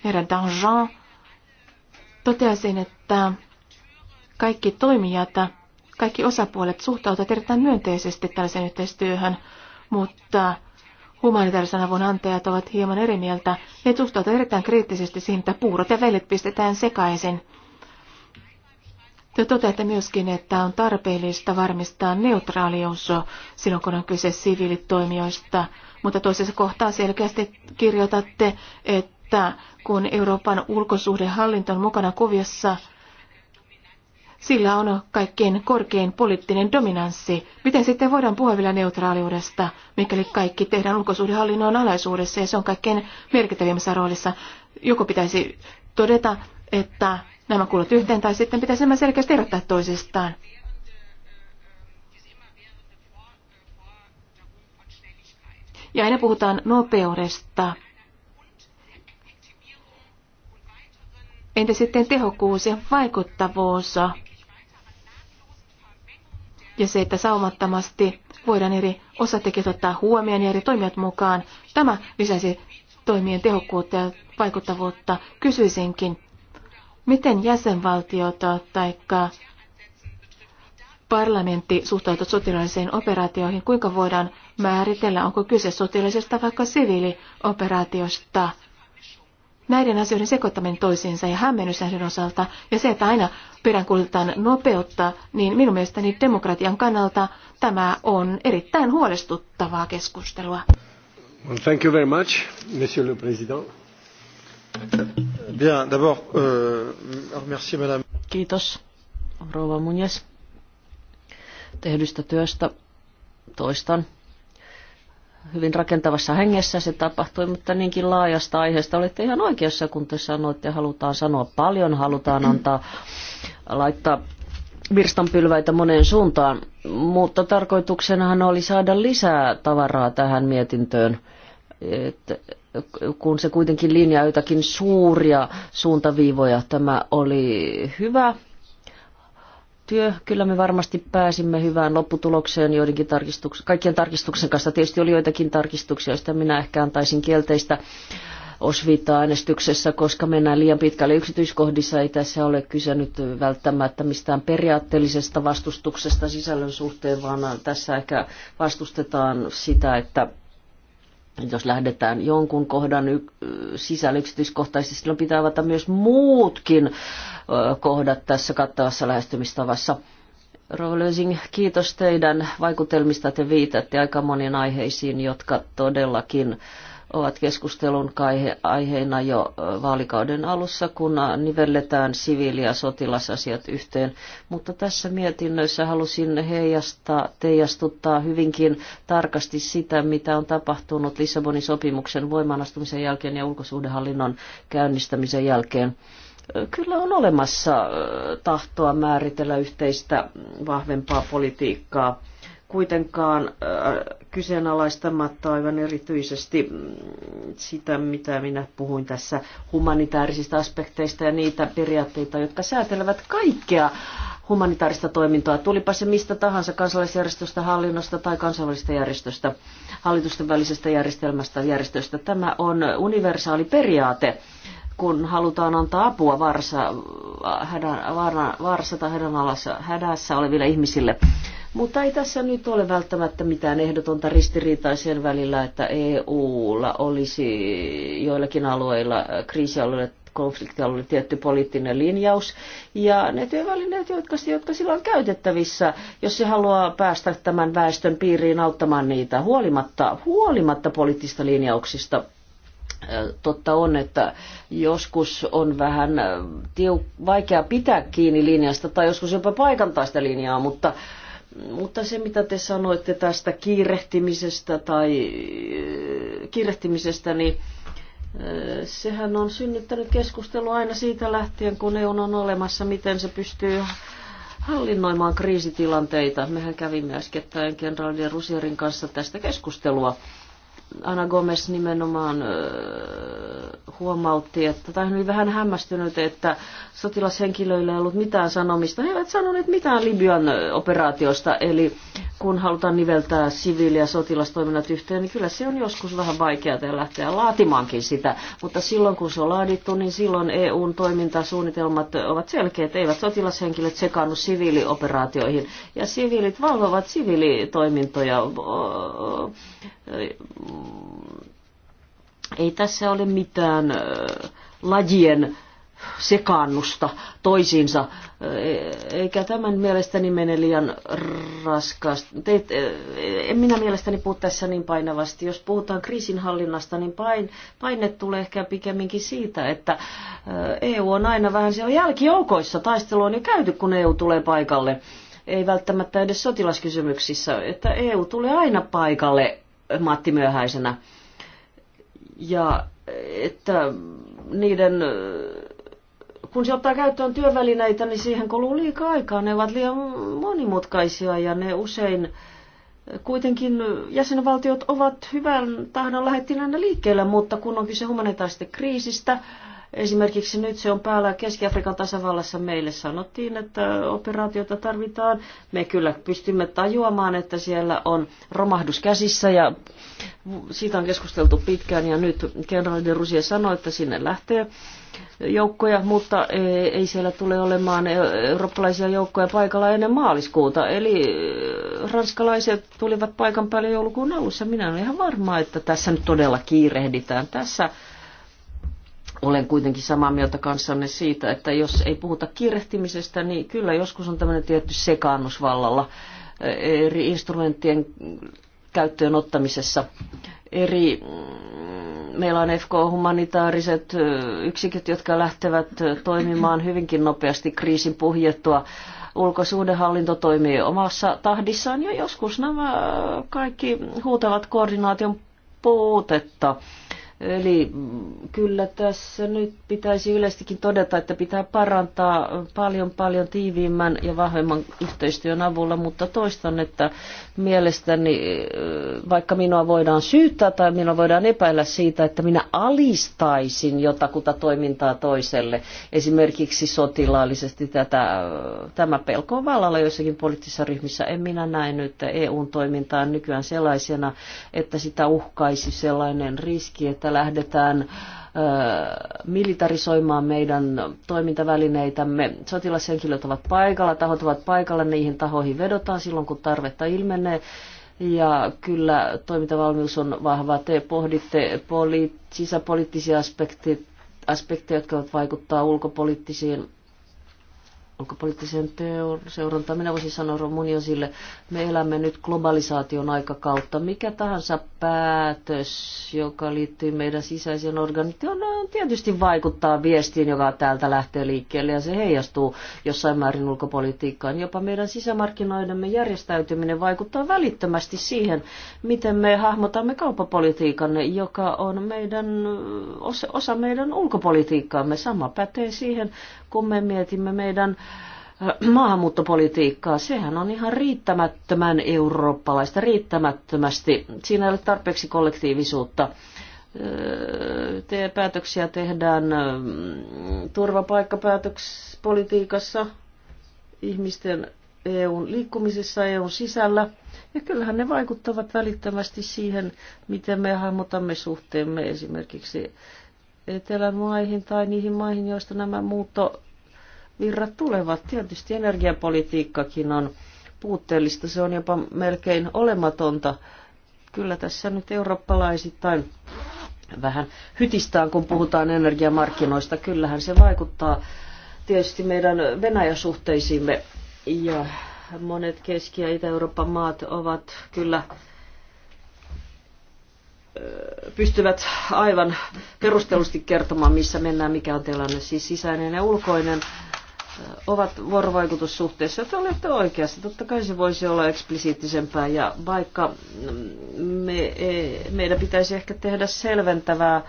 Herra Danjean toteaisin, että kaikki toimijat, kaikki osapuolet suhtautuvat erittäin myönteisesti tällaiseen yhteistyöhön, mutta humanitaarisen avun antajat ovat hieman eri mieltä. Ne suhtautuvat erittäin kriittisesti siihen, että puurot ja veljet pistetään sekaisin te toteatte myöskin, että on tarpeellista varmistaa neutraalius silloin, kun on kyse siviilitoimijoista, mutta toisessa kohtaa selkeästi kirjoitatte, että kun Euroopan ulkosuhdehallinto on mukana kuviossa, sillä on kaikkein korkein poliittinen dominanssi. Miten sitten voidaan puhua vielä neutraaliudesta, mikäli kaikki tehdään ulkosuhdehallinnon alaisuudessa ja se on kaikkein merkittävimmässä roolissa? Joko pitäisi todeta, että nämä kulut yhteen, tai sitten pitäisi nämä selkeästi erottaa toisistaan. Ja aina puhutaan nopeudesta. Entä sitten tehokkuus ja vaikuttavuus? Ja se, että saumattomasti voidaan eri osatekijät ottaa huomioon ja eri toimijat mukaan. Tämä lisäisi toimien tehokkuutta ja vaikuttavuutta. Kysyisinkin, Miten jäsenvaltiot tai parlamentti suhtautuu sotilaallisiin operaatioihin? Kuinka voidaan määritellä, onko kyse sotilaisesta vaikka siviilioperaatiosta? Näiden asioiden sekoittaminen toisiinsa ja hämmennys näiden osalta ja se, että aina peräänkuljetaan nopeutta, niin minun mielestäni demokratian kannalta tämä on erittäin huolestuttavaa keskustelua. Well, thank you very much, Monsieur le Président. Bien, d'abord, euh, madame. Kiitos, rouva Munjes, tehdystä työstä. Toistan hyvin rakentavassa hengessä se tapahtui, mutta niinkin laajasta aiheesta olette ihan oikeassa, kun te sanoitte, halutaan sanoa paljon, halutaan antaa, laittaa virstanpylväitä moneen suuntaan, mutta tarkoituksenahan oli saada lisää tavaraa tähän mietintöön. Että kun se kuitenkin linjaa jotakin suuria suuntaviivoja. Tämä oli hyvä työ. Kyllä me varmasti pääsimme hyvään lopputulokseen joidenkin tarkistuksen, kaikkien tarkistuksen kanssa. Tietysti oli joitakin tarkistuksia, joista minä ehkä antaisin kielteistä osviittaa äänestyksessä, koska mennään liian pitkälle yksityiskohdissa. Ei tässä ole kyse nyt välttämättä mistään periaatteellisesta vastustuksesta sisällön suhteen, vaan tässä ehkä vastustetaan sitä, että jos lähdetään jonkun kohdan sisällä yksityiskohtaisesti, silloin pitää avata myös muutkin kohdat tässä kattavassa lähestymistavassa. Rowlesing, kiitos teidän vaikutelmista. Te viitatte aika monien aiheisiin, jotka todellakin ovat keskustelun aiheena jo vaalikauden alussa, kun nivelletään siviili- ja sotilasasiat yhteen. Mutta tässä mietinnössä halusin heijastaa, teijastuttaa hyvinkin tarkasti sitä, mitä on tapahtunut Lissabonin sopimuksen voimaanastumisen jälkeen ja ulkosuhdehallinnon käynnistämisen jälkeen kyllä on olemassa tahtoa määritellä yhteistä vahvempaa politiikkaa kuitenkaan äh, kyseenalaistamatta aivan erityisesti mm, sitä, mitä minä puhuin tässä humanitaarisista aspekteista ja niitä periaatteita, jotka säätelevät kaikkea humanitaarista toimintaa, tulipa se mistä tahansa kansalaisjärjestöstä, hallinnosta tai kansainvälisestä järjestöstä, hallitusten välisestä järjestelmästä järjestöstä. Tämä on universaali periaate kun halutaan antaa apua varsa, hädän, vaarassa tai hädän alassa, hädässä oleville ihmisille. Mutta ei tässä nyt ole välttämättä mitään ehdotonta ristiriitaisen välillä, että EUlla olisi joillakin alueilla, kriisialueilla, konfliktialueilla tietty poliittinen linjaus. Ja ne työvälineet, jotka, jotka sillä on käytettävissä, jos se haluaa päästä tämän väestön piiriin auttamaan niitä huolimatta, huolimatta poliittista linjauksista, totta on, että joskus on vähän tiu- vaikea pitää kiinni linjasta tai joskus jopa paikantaa sitä linjaa, mutta mutta se, mitä te sanoitte tästä kiirehtimisestä tai äh, kiirehtimisestä, niin äh, sehän on synnyttänyt keskustelua aina siitä lähtien, kun EU on olemassa, miten se pystyy hallinnoimaan kriisitilanteita. Mehän kävimme äskettäin kenraali Rusierin kanssa tästä keskustelua. Ana Gomes nimenomaan huomautti, että tai hän oli vähän hämmästynyt, että sotilashenkilöillä ei ollut mitään sanomista. He eivät sanoneet mitään Libyan operaatiosta, eli kun halutaan niveltää siviili- ja sotilastoiminnat yhteen, niin kyllä se on joskus vähän vaikeaa lähteä laatimaankin sitä. Mutta silloin kun se on laadittu, niin silloin EUn toimintasuunnitelmat ovat selkeät. Eivät sotilashenkilöt sekaannut siviilioperaatioihin. Ja siviilit valvovat siviilitoimintoja ei tässä ole mitään lajien sekaannusta toisiinsa, eikä tämän mielestäni mene liian raskaasti. En minä mielestäni puhu tässä niin painavasti. Jos puhutaan kriisinhallinnasta, niin pain, paine tulee ehkä pikemminkin siitä, että EU on aina vähän siellä jälkijoukoissa. Taistelu on jo käyty, kun EU tulee paikalle. Ei välttämättä edes sotilaskysymyksissä, että EU tulee aina paikalle Matti Myöhäisenä. Ja että niiden, kun se ottaa käyttöön työvälineitä, niin siihen kuluu liikaa aikaa. Ne ovat liian monimutkaisia ja ne usein kuitenkin jäsenvaltiot ovat hyvän tahdon lähettiläänä liikkeelle, mutta kun on kyse humanitaarisesta kriisistä, Esimerkiksi nyt se on päällä Keski-Afrikan tasavallassa. Meille sanottiin, että operaatiota tarvitaan. Me kyllä pystymme tajuamaan, että siellä on romahdus käsissä ja siitä on keskusteltu pitkään ja nyt kenraali de Rusia sanoi, että sinne lähtee joukkoja, mutta ei siellä tule olemaan eurooppalaisia joukkoja paikalla ennen maaliskuuta. Eli äh, ranskalaiset tulivat paikan päälle joulukuun alussa. Minä olen ihan varma, että tässä nyt todella kiirehditään. Tässä olen kuitenkin samaa mieltä kanssanne siitä, että jos ei puhuta kiirehtimisestä, niin kyllä joskus on tämmöinen tietty sekaannus vallalla eh, eri instrumenttien käyttöön ottamisessa. Eri, mm, meillä on FK-humanitaariset eh, yksiköt, jotka lähtevät eh, toimimaan hyvinkin nopeasti kriisin puhjettua. Ulkosuhdehallinto toimii omassa tahdissaan ja joskus nämä kaikki huutavat koordinaation puutetta Eli mm, kyllä tässä nyt pitäisi yleistikin todeta, että pitää parantaa paljon paljon tiiviimmän ja vahvemman yhteistyön avulla, mutta toistan, että Mielestäni, vaikka minua voidaan syyttää tai minua voidaan epäillä siitä, että minä alistaisin jotakuta toimintaa toiselle, esimerkiksi sotilaallisesti tätä, tämä pelko on vallalla joissakin poliittisissa ryhmissä. En minä näe nyt EUn toimintaa nykyään sellaisena, että sitä uhkaisi sellainen riski, että lähdetään militarisoimaan meidän toimintavälineitämme. Sotilashenkilöt ovat paikalla, tahot ovat paikalla, niihin tahoihin vedotaan silloin, kun tarvetta ilmenee. Ja kyllä toimintavalmius on vahva. Te pohditte poli- sisäpoliittisia aspekteja, aspekteja, jotka vaikuttaa ulkopoliittisiin ulkopoliittiseen seurantaan. Minä voisin sanoa sille, me elämme nyt globalisaation aikakautta. Mikä tahansa päätös, joka liittyy meidän sisäiseen organisaatioon, no, tietysti vaikuttaa viestiin, joka täältä lähtee liikkeelle ja se heijastuu jossain määrin ulkopolitiikkaan. Jopa meidän sisämarkkinoidemme järjestäytyminen vaikuttaa välittömästi siihen, miten me hahmotamme kauppapolitiikan, joka on meidän, osa meidän ulkopolitiikkaamme. Sama pätee siihen, kun me mietimme meidän äh, maahanmuuttopolitiikkaa. Sehän on ihan riittämättömän eurooppalaista, riittämättömästi. Siinä ei ole tarpeeksi kollektiivisuutta te päätöksiä tehdään turvapaikkapäätöksipolitiikassa ihmisten EUn liikkumisessa EUn sisällä. Ja kyllähän ne vaikuttavat välittömästi siihen, miten me hahmotamme suhteemme esimerkiksi etelän maihin tai niihin maihin, joista nämä muutto virrat tulevat. Tietysti energiapolitiikkakin on puutteellista, se on jopa melkein olematonta. Kyllä tässä nyt eurooppalaisittain vähän hytistään, kun puhutaan energiamarkkinoista. Kyllähän se vaikuttaa tietysti meidän Venäjä-suhteisiimme ja monet Keski- ja Itä-Euroopan maat ovat kyllä pystyvät aivan perustellusti kertomaan, missä mennään, mikä on tilanne, siis sisäinen ja ulkoinen ovat vuorovaikutussuhteessa. että olette oikeassa. Totta kai se voisi olla eksplisiittisempää. Ja vaikka me, e, meidän pitäisi ehkä tehdä selventävää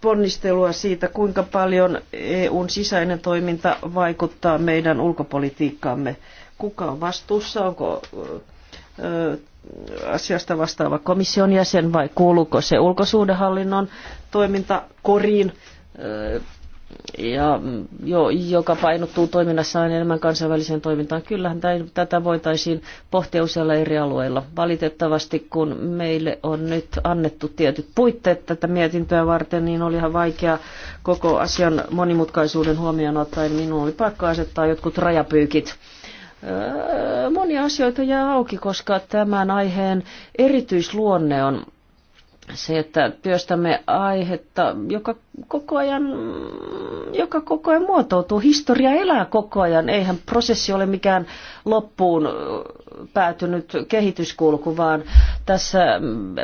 ponnistelua siitä, kuinka paljon EUn sisäinen toiminta vaikuttaa meidän ulkopolitiikkaamme. Kuka on vastuussa? Onko asiasta vastaava komission jäsen vai kuuluuko se ulkosuudenhallinnon toimintakoriin? ja mm, jo, joka painottuu toiminnassaan enemmän kansainväliseen toimintaan. Kyllähän tämän, tätä voitaisiin pohtia useilla eri alueilla. Valitettavasti kun meille on nyt annettu tietyt puitteet tätä mietintöä varten, niin oli ihan vaikea koko asian monimutkaisuuden huomioon ottaen. Minun oli pakko asettaa jotkut rajapyykit. Öö, monia asioita jää auki, koska tämän aiheen erityisluonne on se, että työstämme aihetta, joka koko ajan, joka koko ajan muotoutuu. Historia elää koko ajan. Eihän prosessi ole mikään loppuun päätynyt kehityskulku, vaan tässä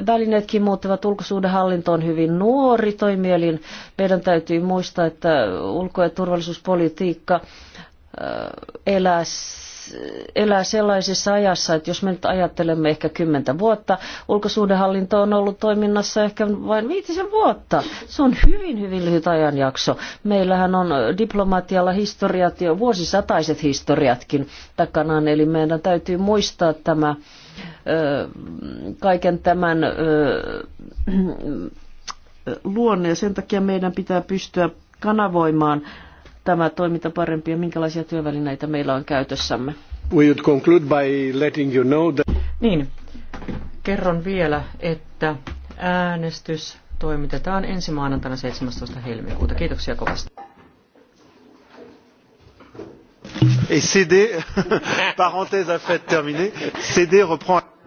välineetkin muuttuvat. Ulkosuudenhallinto on hyvin nuori toimielin. Meidän täytyy muistaa, että ulko- ja turvallisuuspolitiikka elää elää sellaisessa ajassa, että jos me nyt ajattelemme ehkä kymmentä vuotta, ulkosuhdehallinto on ollut toiminnassa ehkä vain viitisen vuotta. Se on hyvin, hyvin lyhyt ajanjakso. Meillähän on diplomatialla historiat jo vuosisataiset historiatkin takanaan, eli meidän täytyy muistaa tämä kaiken tämän luonne ja sen takia meidän pitää pystyä kanavoimaan tämä toiminta parempi ja minkälaisia työvälineitä meillä on käytössämme. We would conclude by letting you know that... Niin, kerron vielä, että äänestys toimitetaan ensi maanantaina 17. helmikuuta. Kiitoksia kovasti. Et CD, parenthèse à fait terminée, CD reprend...